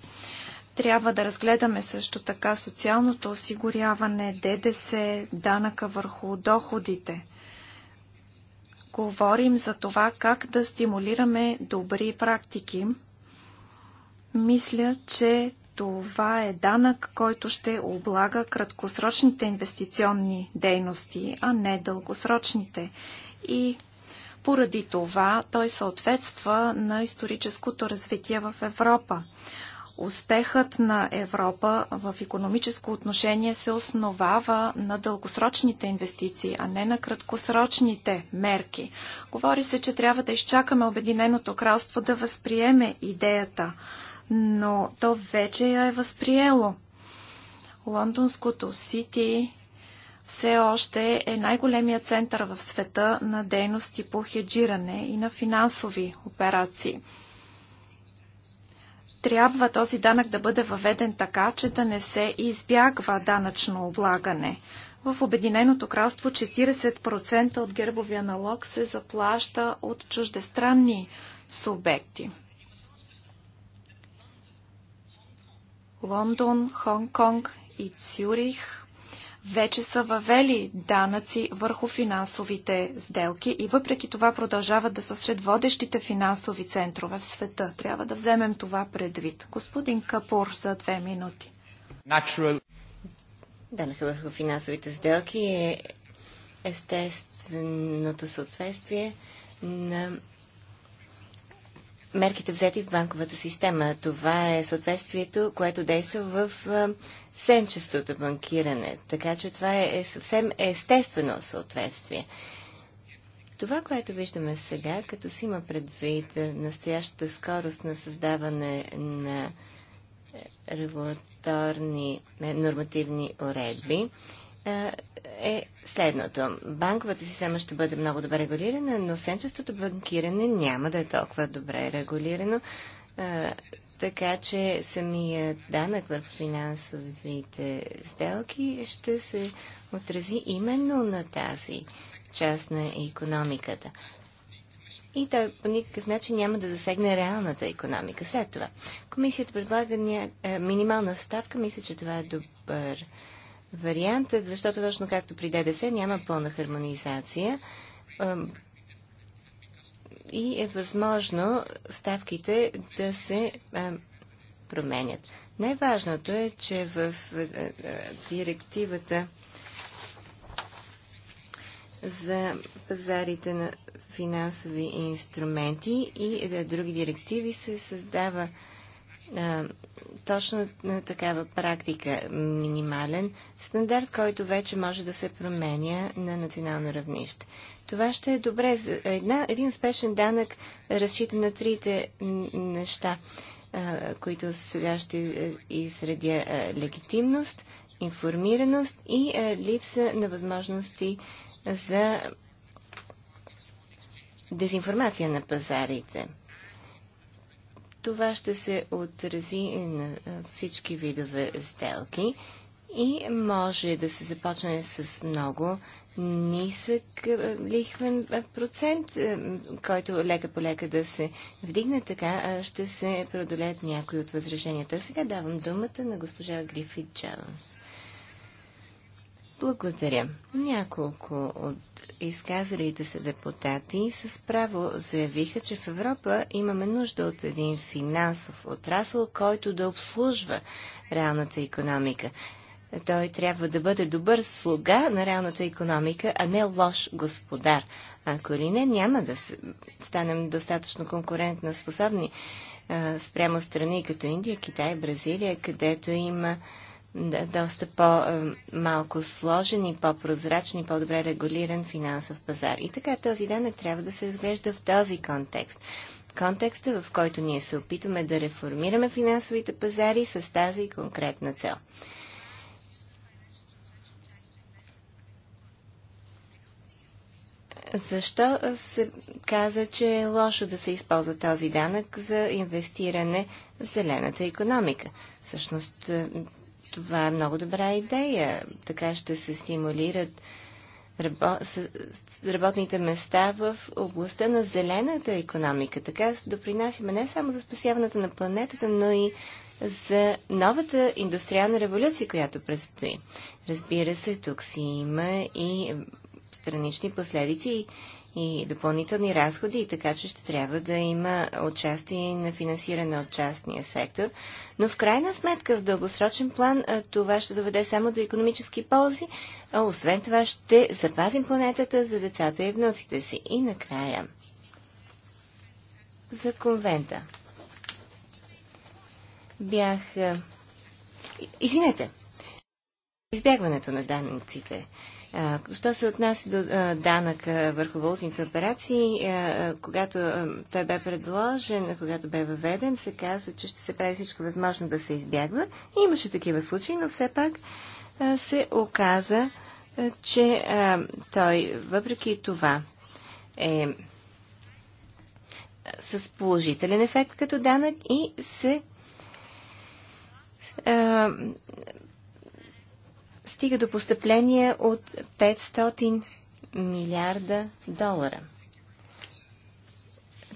Трябва да разгледаме също така социалното осигуряване, ДДС, данъка върху доходите. Говорим за това как да стимулираме добри практики. Мисля, че това е данък, който ще облага краткосрочните инвестиционни дейности, а не дългосрочните. И поради това той съответства на историческото развитие в Европа. Успехът на Европа в економическо отношение се основава на дългосрочните инвестиции, а не на краткосрочните мерки. Говори се, че трябва да изчакаме Обединеното кралство да възприеме идеята, но то вече я е възприело. Лондонското Сити все още е най-големият център в света на дейности по хеджиране и на финансови операции. Трябва този данък да бъде въведен така, че да не се избягва данъчно облагане. В Обединеното кралство 40% от гербовия налог се заплаща от чуждестранни субекти. Лондон, Хонг Конг и Цюрих вече са въвели данъци върху финансовите сделки и въпреки това продължават да са сред водещите финансови центрове в света. Трябва да вземем това предвид. Господин Капур за две минути. Natural. Данъка върху финансовите сделки е естественото съответствие на мерките взети в банковата система. Това е съответствието, което действа в сенчестото банкиране. Така че това е, е съвсем естествено съответствие. Това, което виждаме сега, като си има предвид настоящата скорост на създаване на е, регулаторни е, нормативни уредби, е, е следното. Банковата система ще бъде много добре регулирана, но сенчестото банкиране няма да е толкова добре регулирано така че самия данък върху финансовите сделки ще се отрази именно на тази част на економиката. И той по никакъв начин няма да засегне реалната економика. След това, комисията предлага ня... Е, минимална ставка. Мисля, че това е добър вариант, защото точно както при ДДС няма пълна хармонизация и е възможно ставките да се променят. Най-важното е, че в директивата за пазарите на финансови инструменти и други директиви се създава точно на такава практика минимален стандарт, който вече може да се променя на национално равнище. Това ще е добре. За една, един успешен данък разчита на трите неща, които сега ще изредя легитимност, информираност и липса на възможности за дезинформация на пазарите. Това ще се отрази на всички видове сделки и може да се започне с много нисък лихвен процент, който лека по лека да се вдигне, така ще се преодолеят някои от възраженията. Сега давам думата на госпожа Грифит Джонс. Благодаря. Няколко от изказалите се депутати с право заявиха, че в Европа имаме нужда от един финансов отрасъл, който да обслужва реалната економика. Той трябва да бъде добър слуга на реалната економика, а не лош господар. Ако ли не, няма да станем достатъчно конкурентно способни спрямо страни като Индия, Китай, Бразилия, където има да, доста по-малко сложен и по-прозрачен и по-добре регулиран финансов пазар. И така този данък трябва да се разглежда в този контекст. Контекста, в който ние се опитваме да реформираме финансовите пазари с тази конкретна цел. защо се каза, че е лошо да се използва този данък за инвестиране в зелената економика? Всъщност, е, това е много добра идея. Така ще се стимулират работните места в областта на зелената економика. Така допринасяме не само за спасяването на планетата, но и за новата индустриална революция, която предстои. Разбира се, тук си има и странични последици и допълнителни разходи, така че ще трябва да има участие на финансиране от частния сектор. Но в крайна сметка, в дългосрочен план, това ще доведе само до економически ползи, а освен това ще запазим планетата за децата и внуците си. И накрая. За конвента. Бях... Извинете. Избягването на данниците. Що се отнася до данъка върху валутните операции, когато той бе предложен, когато бе въведен, се каза, че ще се прави всичко възможно да се избягва. И имаше такива случаи, но все пак се оказа, че той въпреки това е с положителен ефект като данък и се стига до постъпления от 500 милиарда долара.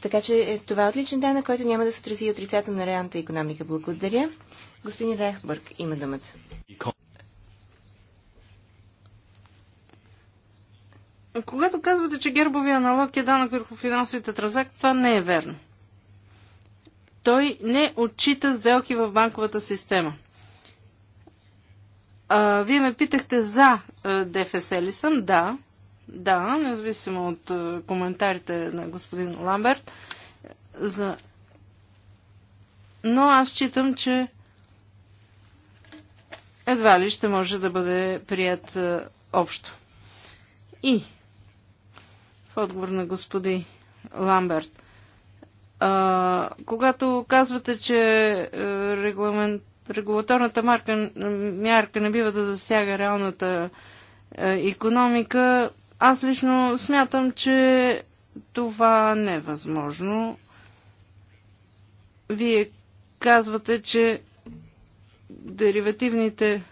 Така че е, това е отличен на който няма да се отрази отрицателно на реалната економика. Благодаря. Господин Рехбърг има думата. Когато казвате, че гербовия аналог е данък върху финансовите транзакции, това не е верно. Той не отчита сделки в банковата система. А, вие ме питахте за ДФС ли съм? Да. Да, независимо от коментарите на господин Ламберт. За... Но аз читам, че едва ли ще може да бъде прият а, общо. И в отговор на господин Ламберт, а, когато казвате, че регламент регулаторната марка, мярка не бива да засяга реалната економика. Аз лично смятам, че това не е възможно. Вие казвате, че деривативните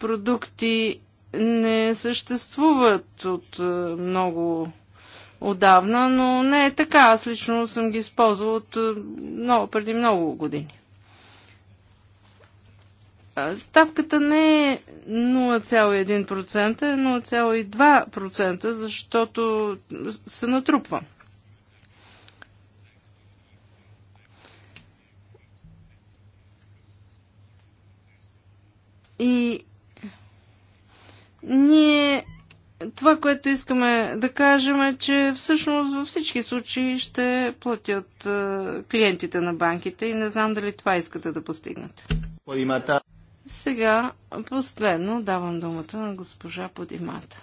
продукти не съществуват от е, много отдавна, но не е така. Аз лично съм ги използвал от е, много, преди много години. Ставката не е 0,1%, е 0,2%, защото се натрупва. И ние това, което искаме да кажем е, че всъщност във всички случаи ще платят клиентите на банките и не знам дали това искате да постигнете. Сега последно давам думата на госпожа Подимата.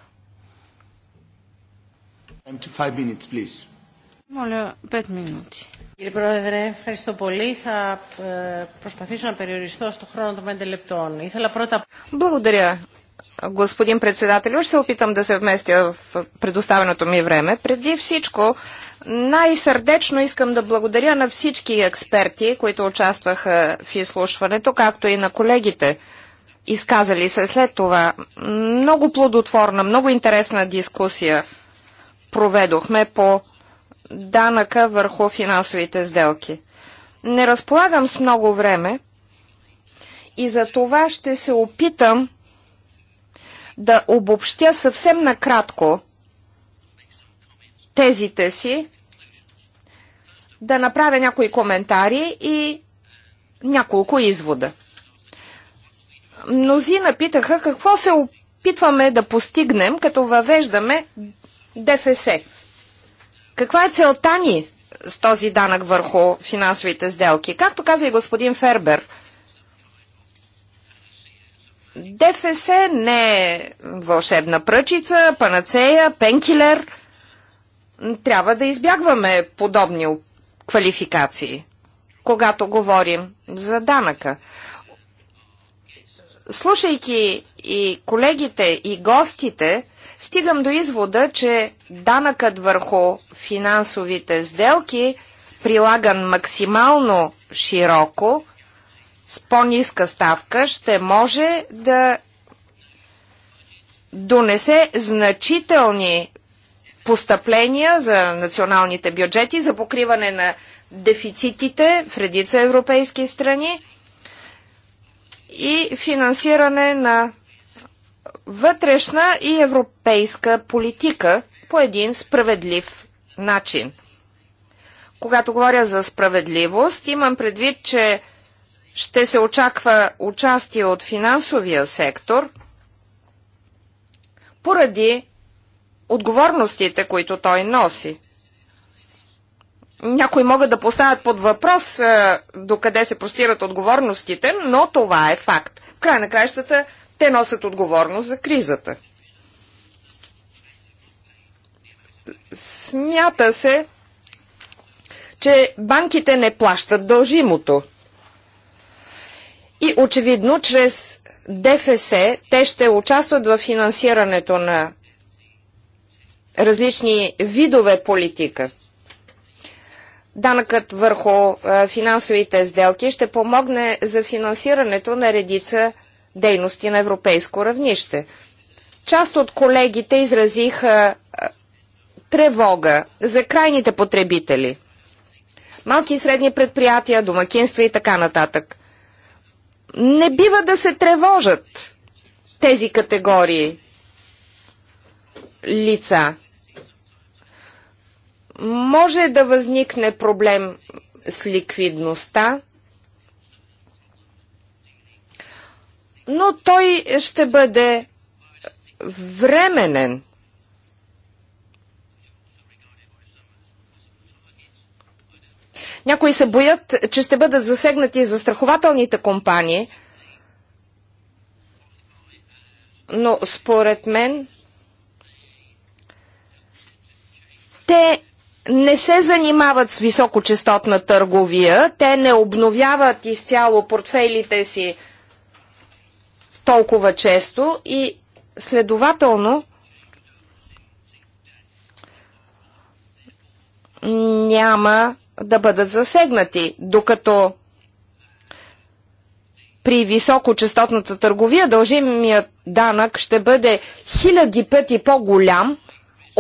Моля, пет минути. Κύριε Πρόεδρε, ευχαριστώ πολύ. Θα προσπαθήσω να περιοριστώ στο χρόνο των πέντε λεπτών. Ήθελα πρώτα... Благодаря, господин председател. Ще се опитам да се вместя в предоставеното ми време. Преди всичко, най-сърдечно искам да благодаря на всички експерти, които участваха в изслушването, както и на колегите, изказали се след това. Много плодотворна, много интересна дискусия проведохме по данъка върху финансовите сделки. Не разполагам с много време и за това ще се опитам да обобщя съвсем накратко тезите си, да направя някои коментари и няколко извода. Мнозина питаха какво се опитваме да постигнем, като въвеждаме ДФС. Каква е целта ни с този данък върху финансовите сделки? Както каза и господин Фербер, ДФС не е вълшебна пръчица, панацея, пенкилер – трябва да избягваме подобни квалификации, когато говорим за данъка. Слушайки и колегите, и гостите, стигам до извода, че данъкът върху финансовите сделки, прилаган максимално широко, с по-ниска ставка, ще може да донесе значителни постъпления за националните бюджети, за покриване на дефицитите в редица европейски страни и финансиране на вътрешна и европейска политика по един справедлив начин. Когато говоря за справедливост, имам предвид, че ще се очаква участие от финансовия сектор поради отговорностите, които той носи. Някои могат да поставят под въпрос докъде се простират отговорностите, но това е факт. В край на краищата те носят отговорност за кризата. Смята се, че банките не плащат дължимото. И очевидно, чрез ДФС те ще участват в финансирането на различни видове политика. Данъкът върху е, финансовите сделки ще помогне за финансирането на редица дейности на европейско равнище. Част от колегите изразиха е, тревога за крайните потребители. Малки и средни предприятия, домакинства и така нататък. Не бива да се тревожат тези категории лица може да възникне проблем с ликвидността, но той ще бъде временен. Някои се боят, че ще бъдат засегнати застрахователните компании, но според мен те не се занимават с високочастотна търговия, те не обновяват изцяло портфейлите си толкова често и следователно няма да бъдат засегнати, докато при високочастотната търговия дължимият данък ще бъде хиляди пъти по-голям –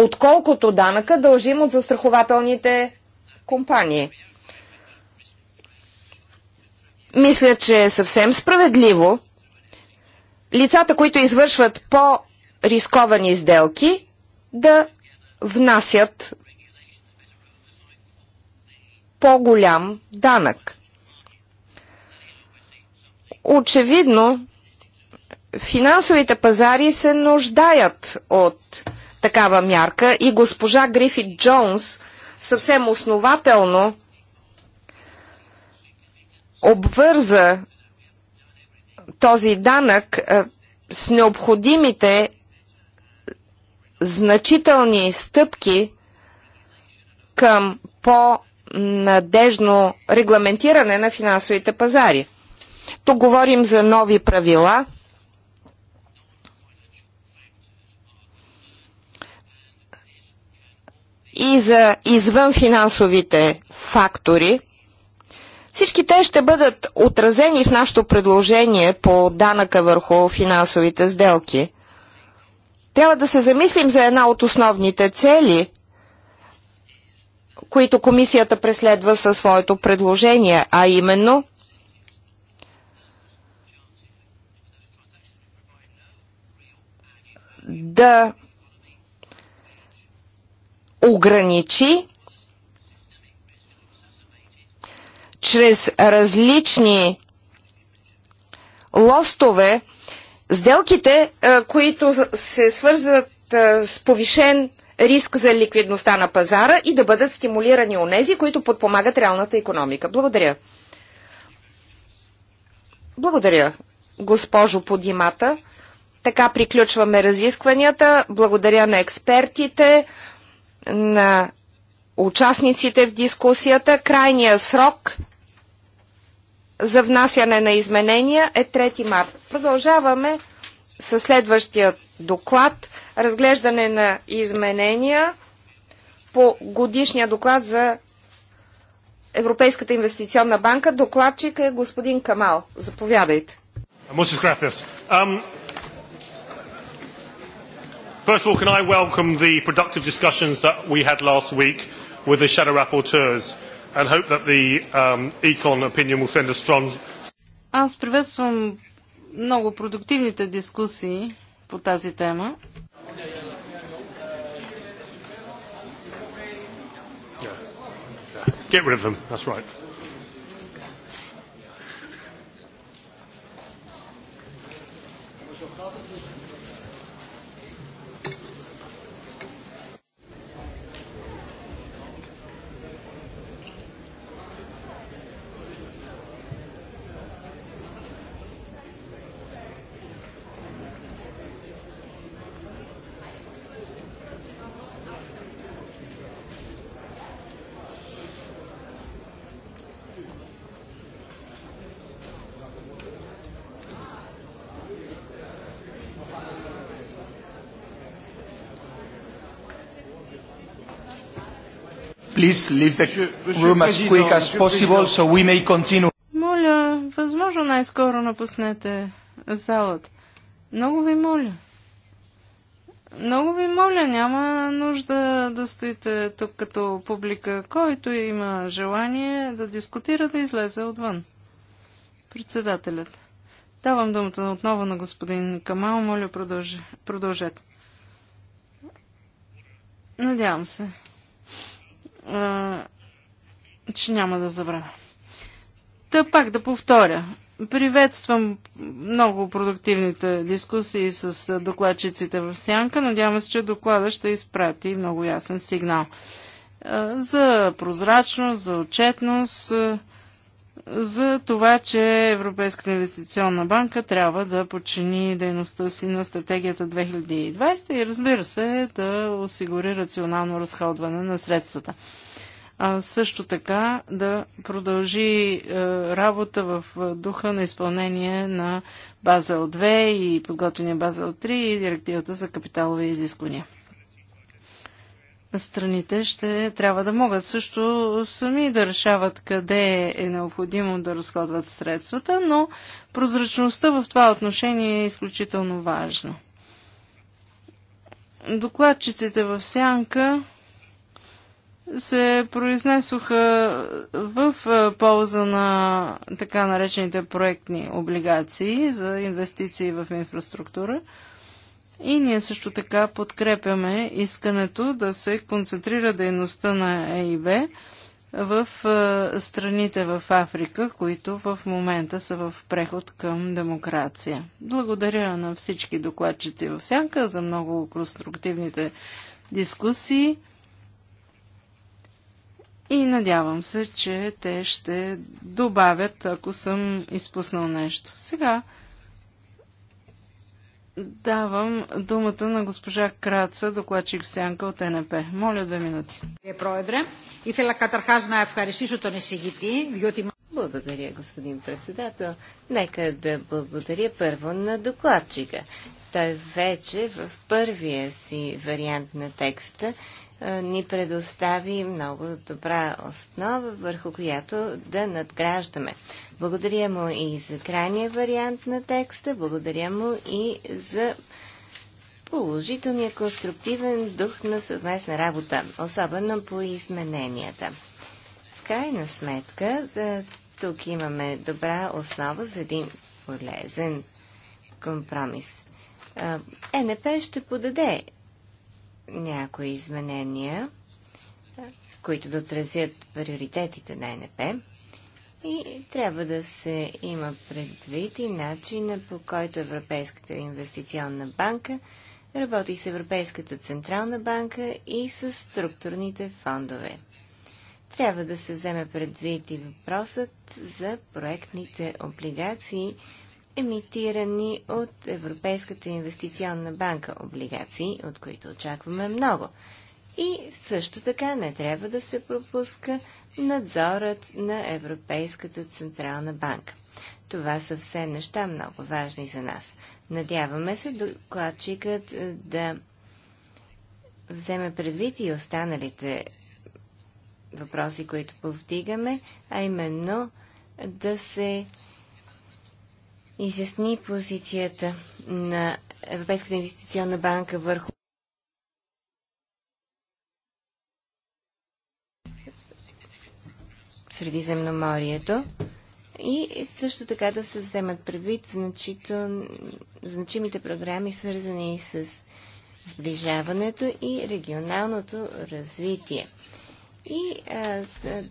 отколкото данъка дължим от застрахователните компании. Мисля, че е съвсем справедливо лицата, които извършват по-рисковани сделки, да внасят по-голям данък. Очевидно, финансовите пазари се нуждаят от такава мярка и госпожа Грифит Джонс съвсем основателно обвърза този данък е, с необходимите значителни стъпки към по-надежно регламентиране на финансовите пазари. Тук говорим за нови правила – и за извън финансовите фактори, всички те ще бъдат отразени в нашето предложение по данъка върху финансовите сделки. Трябва да се замислим за една от основните цели, които комисията преследва със своето предложение, а именно да ограничи чрез различни лостове сделките, е, които се свързват е, с повишен риск за ликвидността на пазара и да бъдат стимулирани у нези, които подпомагат реалната економика. Благодаря. Благодаря, госпожо Подимата. Така приключваме разискванията. Благодаря на експертите на участниците в дискусията. Крайния срок за внасяне на изменения е 3 март. Продължаваме със следващия доклад. Разглеждане на изменения по годишния доклад за Европейската инвестиционна банка. Докладчик е господин Камал. Заповядайте. Muchas gracias. Um, First of all, can I welcome the productive discussions that we had last week with the shadow rapporteurs and hope that the um, econ opinion will send a strong... Аз приветствам много продуктивните дискусии по тази тема. Get rid of them. That's right. Please leave the room as quick as possible so we may continue. Моля, възможно най-скоро напуснете залата. Много ви моля. Много ви моля, няма нужда да стоите тук като публика. Който има желание да дискутира, да излезе отвън. Председателят. Давам думата отново на господин Камал. Моля, продължете. Надявам се че няма да забравя. Та пак да повторя. Приветствам много продуктивните дискусии с докладчиците в Сянка. Надявам се, че доклада ще изпрати много ясен сигнал за прозрачност, за отчетност за това, че Европейска инвестиционна банка трябва да подчини дейността си на стратегията 2020 и разбира се да осигури рационално разходване на средствата. А също така да продължи е, работа в духа на изпълнение на Базел 2 и база Базел 3 и директивата за капиталови изисквания страните ще трябва да могат също сами да решават къде е необходимо да разходват средствата, но прозрачността в това отношение е изключително важна. Докладчиците в Сянка се произнесоха в полза на така наречените проектни облигации за инвестиции в инфраструктура – и ние също така подкрепяме искането да се концентрира дейността на ЕИБ в страните в Африка, които в момента са в преход към демокрация. Благодаря на всички докладчици в Сянка за много конструктивните дискусии и надявам се, че те ще добавят, ако съм изпуснал нещо. Сега Давам думата на госпожа Краца, докладчик Сянка от НП. Моля две минути. Е, благодаря, господин председател. Нека да благодаря първо на докладчика. Той вече в първия си вариант на текста ни предостави много добра основа, върху която да надграждаме. Благодаря му и за крайния вариант на текста, благодаря му и за положителния конструктивен дух на съвместна работа, особено по измененията. В крайна сметка, да, тук имаме добра основа за един полезен компромис. Е НП ще подаде някои изменения, които да отразят приоритетите на НП. И трябва да се има предвид и начина по който Европейската инвестиционна банка работи с Европейската централна банка и с структурните фондове. Трябва да се вземе предвид и въпросът за проектните облигации емитирани от Европейската инвестиционна банка облигации, от които очакваме много. И също така не трябва да се пропуска надзорът на Европейската централна банка. Това са все неща много важни за нас. Надяваме се докладчикът е, да вземе предвид и останалите въпроси, които повдигаме, а именно да се изясни позицията на Европейската инвестиционна банка върху Средиземноморието и също така да се вземат предвид значимите програми, свързани с сближаването и регионалното развитие. И а,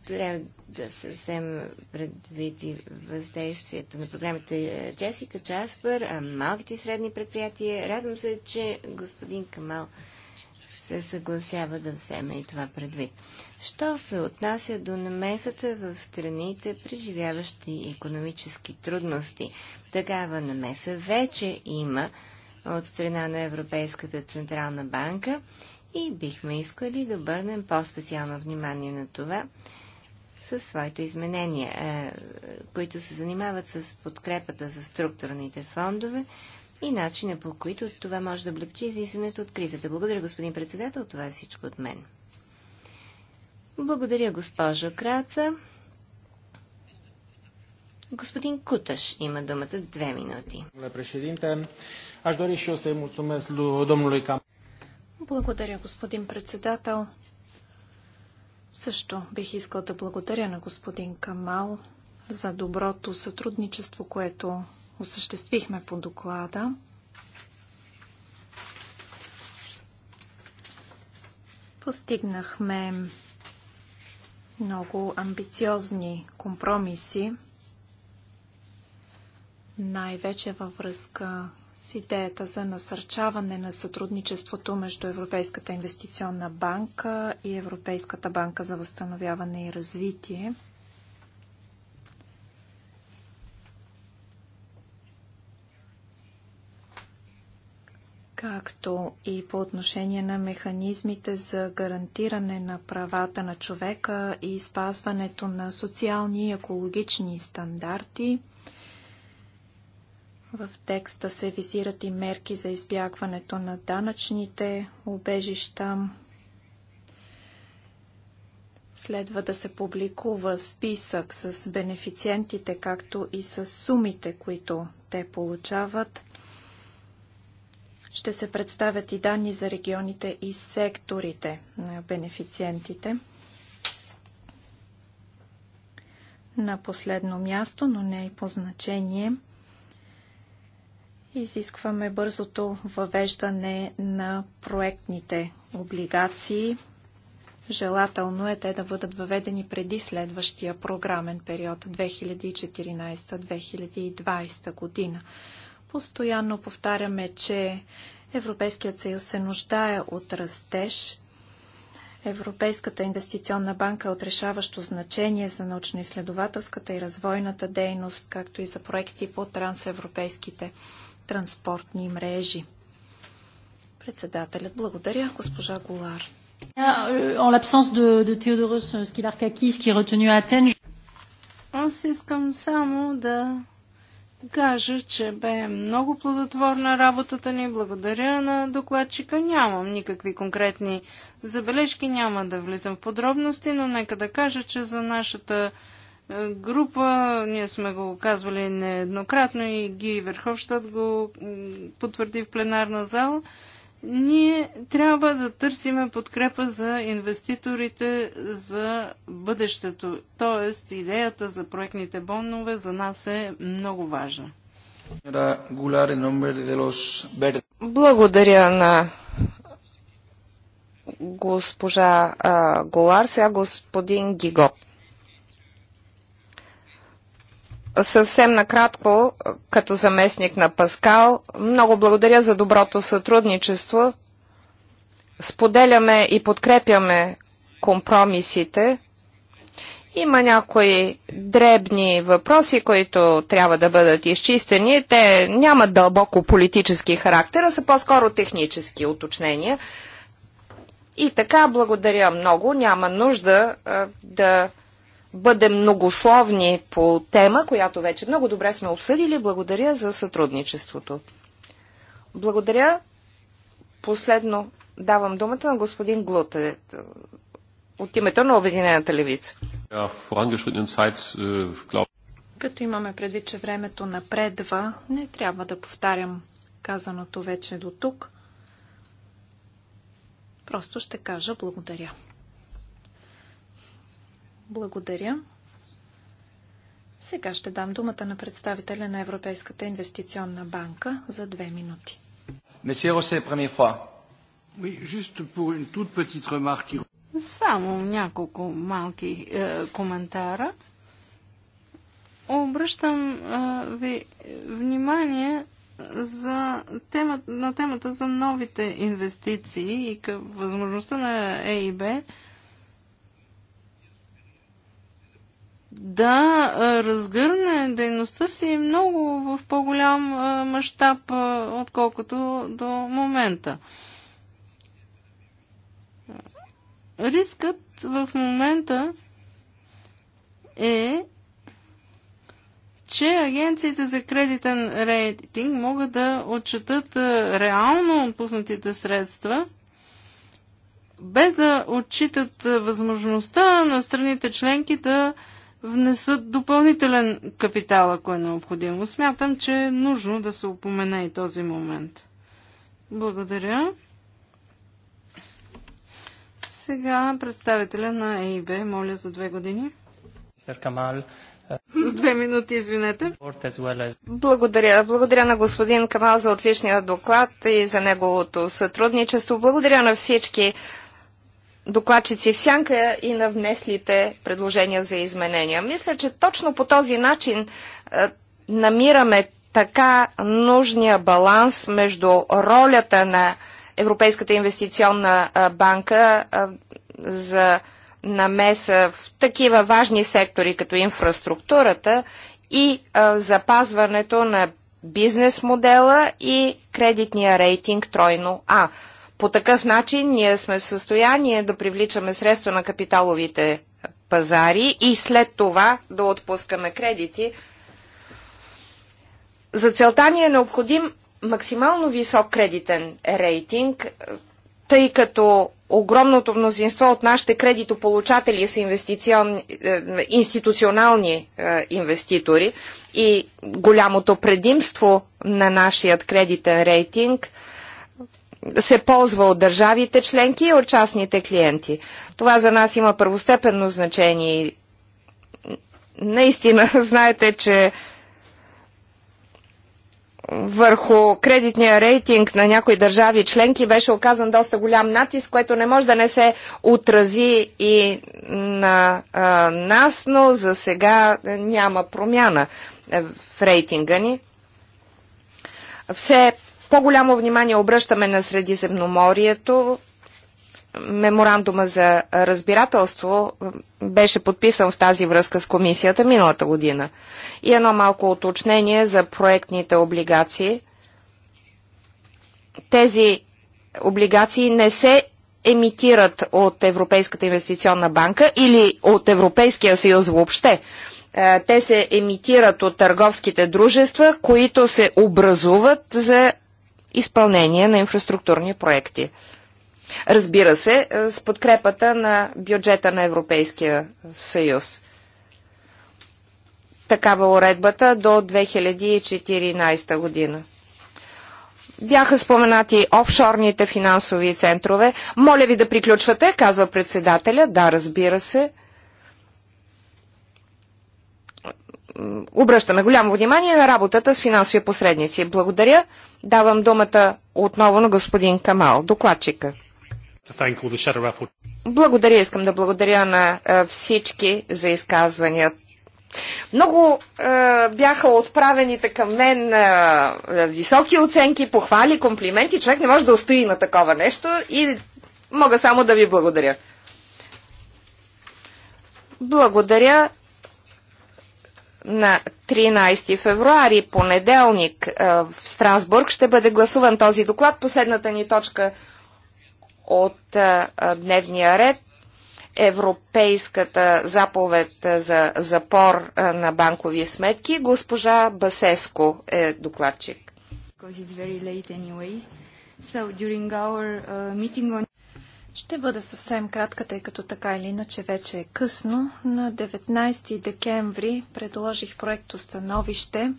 трябва да съвсем предвиди предвид въздействието на програмите Джесика Джаспер, малките и средни предприятия. Радвам се, че господин Камал се съгласява да вземе и това предвид. Що се отнася до намесата в страните, преживяващи економически трудности? Такава намеса вече има от страна на Европейската Централна банка и бихме искали да обърнем по-специално внимание на това със своите изменения, е, които се занимават с подкрепата за структурните фондове и начина по които това може да облегчи излизането от кризата. Благодаря, господин председател. Това е всичко от мен. Благодаря, госпожо Краца. Господин Куташ има думата две минути. Аз дори ще се до domnului Cam. Благодаря, господин председател. Също бих искал да благодаря на господин Камал за доброто сътрудничество, което осъществихме по доклада. Постигнахме много амбициозни компромиси, най-вече във връзка с идеята за насърчаване на сътрудничеството между Европейската инвестиционна банка и Европейската банка за възстановяване и развитие. както и по отношение на механизмите за гарантиране на правата на човека и спазването на социални и екологични стандарти – в текста се визират и мерки за избягването на данъчните убежища. Следва да се публикува списък с бенефициентите, както и с сумите, които те получават. Ще се представят и данни за регионите и секторите на бенефициентите. На последно място, но не и по значение – Изискваме бързото въвеждане на проектните облигации. Желателно е те да бъдат въведени преди следващия програмен период 2014-2020 година. Постоянно повтаряме, че Европейският съюз се нуждае от растеж. Европейската инвестиционна банка е от решаващо значение за научно-изследователската и развойната дейност, както и за проекти по трансевропейските транспортни мрежи. Председателят благодаря, госпожа Голар. Euh, Аз искам само да кажа, че бе много плодотворна работата ни. Благодаря на докладчика. Нямам никакви конкретни забележки, няма да влизам в подробности, но нека да кажа, че за нашата група. Ние сме го казвали нееднократно и Ги Верховщад го потвърди в пленарна зала. Ние трябва да търсиме подкрепа за инвеститорите за бъдещето. Тоест, идеята за проектните бонове за нас е много важна. Благодаря на госпожа а, Голар. Сега господин Гигот. съвсем накратко, като заместник на Паскал, много благодаря за доброто сътрудничество. Споделяме и подкрепяме компромисите. Има някои дребни въпроси, които трябва да бъдат изчистени. Те нямат дълбоко политически характер, а са по-скоро технически уточнения. И така, благодаря много. Няма нужда а, да бъдем многословни по тема, която вече много добре сме обсъдили. Благодаря за сътрудничеството. Благодаря. Последно давам думата на господин Глуте е, от името на Обединената левица. Äh, Като имаме предвид, че времето напредва, не трябва да повтарям казаното вече до тук. Просто ще кажа благодаря. Благодаря. Сега ще дам думата на представителя на Европейската инвестиционна банка за две минути. Месье Росе, премьер фуа. Само няколко малки е, коментара. Обръщам е, ви внимание за темата, на темата за новите инвестиции и възможността на ЕИБ да разгърне дейността си много в по-голям мащаб, отколкото до момента. Рискът в момента е, че агенциите за кредитен рейтинг могат да отчетат реално отпуснатите средства – без да отчитат възможността на страните членки да внесат допълнителен капитал, ако е необходимо. Смятам, че е нужно да се упомене и този момент. Благодаря. Сега представителя на ЕИБ, моля за две години. Е, за две минути, извинете. Благодаря. Благодаря на господин Камал за отличния доклад и за неговото сътрудничество. Благодаря на всички докладчици в сянка и на внеслите предложения за изменения. Мисля, че точно по този начин а, е, намираме така нужния баланс между ролята на Европейската инвестиционна е, банка а, е, за намеса в такива важни сектори, като инфраструктурата и а, запазването на бизнес модела и кредитния рейтинг тройно А. По такъв начин ние сме в състояние да привличаме средства на капиталовите пазари и след това да отпускаме кредити. За целта ни е необходим максимално висок кредитен рейтинг, тъй като огромното мнозинство от нашите кредитополучатели са е, институционални е, инвеститори и голямото предимство на нашият кредитен рейтинг – се ползва от държавите членки и от частните клиенти. Това за нас има първостепенно значение. Наистина, *laughs* знаете, че върху кредитния рейтинг на някои държави членки беше оказан доста голям натиск, което не може да не се отрази и на а, нас, но за сега е, няма промяна е, в рейтинга ни. Все по-голямо внимание обръщаме на Средиземноморието. Меморандума за разбирателство беше подписан в тази връзка с комисията миналата година. И едно малко уточнение за проектните облигации. Тези облигации не се емитират от Европейската инвестиционна банка или от Европейския съюз въобще. Е, те се емитират от търговските дружества, които се образуват за изпълнение на инфраструктурни проекти. Разбира се, е, с подкрепата на бюджета на Европейския съюз. Такава уредбата до 2014 година. Бяха споменати офшорните финансови центрове. Моля ви да приключвате, казва председателя. Да, разбира се. обръщаме голямо внимание на работата с финансови посредници. Благодаря. Давам думата отново на господин Камал, докладчика. Благодаря. Искам да благодаря на всички за изказванията. Много е, бяха отправените към мен е, високи оценки, похвали, комплименти. Човек не може да устои на такова нещо и мога само да ви благодаря. Благодаря на 13 февруари, понеделник, е, в Страсбург ще бъде гласуван този доклад. Последната ни точка от е, е, дневния ред Европейската заповед за запор на банкови сметки. Госпожа Басеско е докладчик. Ще бъда съвсем кратка, тъй като така или иначе вече е късно. На 19 декември предложих проекто становище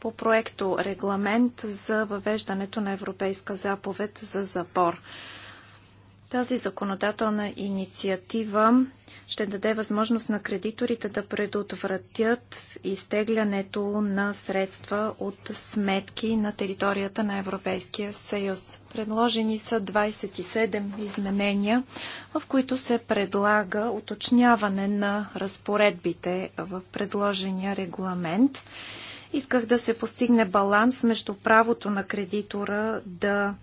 по проекто регламент за въвеждането на Европейска заповед за запор. Тази законодателна инициатива ще даде възможност на кредиторите да предотвратят изтеглянето на средства от сметки на територията на Европейския съюз. Предложени са 27 изменения, в които се предлага уточняване на разпоредбите в предложения регламент. Исках да се постигне баланс между правото на кредитора да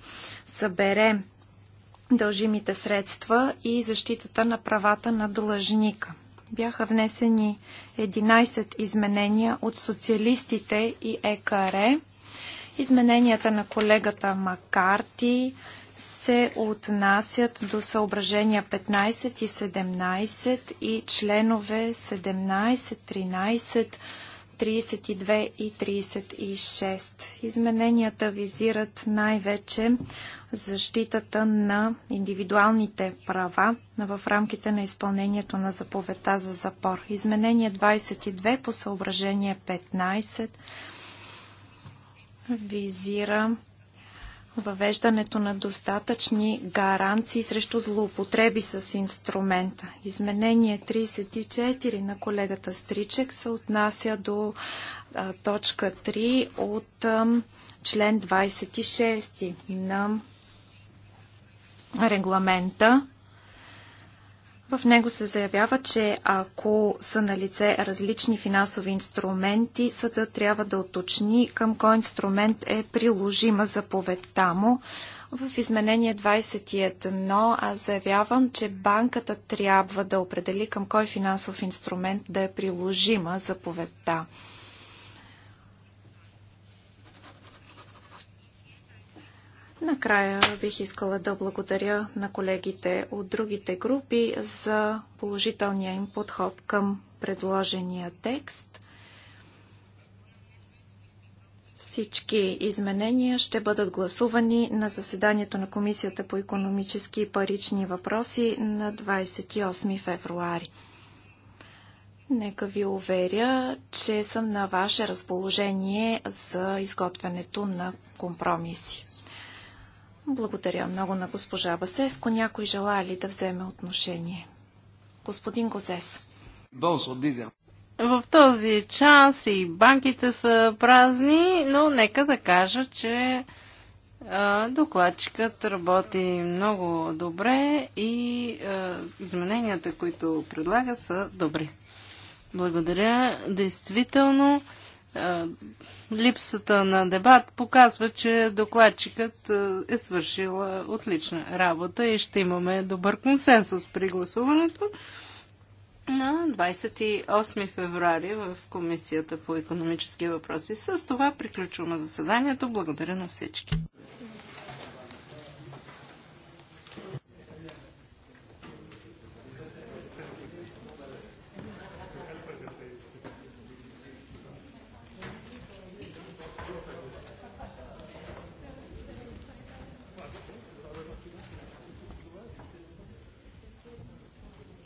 събере дължимите средства и защитата на правата на длъжника. Бяха внесени 11 изменения от социалистите и ЕКР. Измененията на колегата Макарти се отнасят до съображения 15 и 17 и членове 17, 13, 32 и 36. Измененията визират най-вече защитата на индивидуалните права в рамките на изпълнението на заповедта за запор. Изменение 22 по съображение 15 визира въвеждането на достатъчни гаранции срещу злоупотреби с инструмента. Изменение 34 на колегата Стричек се отнася до а, точка 3 от а, член 26 на регламента. В него се заявява, че ако са на лице различни финансови инструменти, съда трябва да уточни към кой инструмент е приложима заповедта му. В изменение 21 аз заявявам, че банката трябва да определи към кой финансов инструмент да е приложима заповедта. Накрая бих искала да благодаря на колегите от другите групи за положителния им подход към предложения текст. Всички изменения ще бъдат гласувани на заседанието на Комисията по економически и парични въпроси на 28 февруари. Нека ви уверя, че съм на ваше разположение за изготвянето на компромиси. Благодаря много на госпожа Басеско. Някой желая ли да вземе отношение? Господин Гозес. В този час и банките са празни, но нека да кажа, че докладчикът работи много добре и измененията, които предлагат, са добри. Благодаря. Действително, е, липсата на дебат показва, че докладчикът е, е свършил отлична работа и ще имаме добър консенсус при гласуването на 28 февруари в Комисията по економически въпроси. С това приключваме заседанието. Благодаря на всички.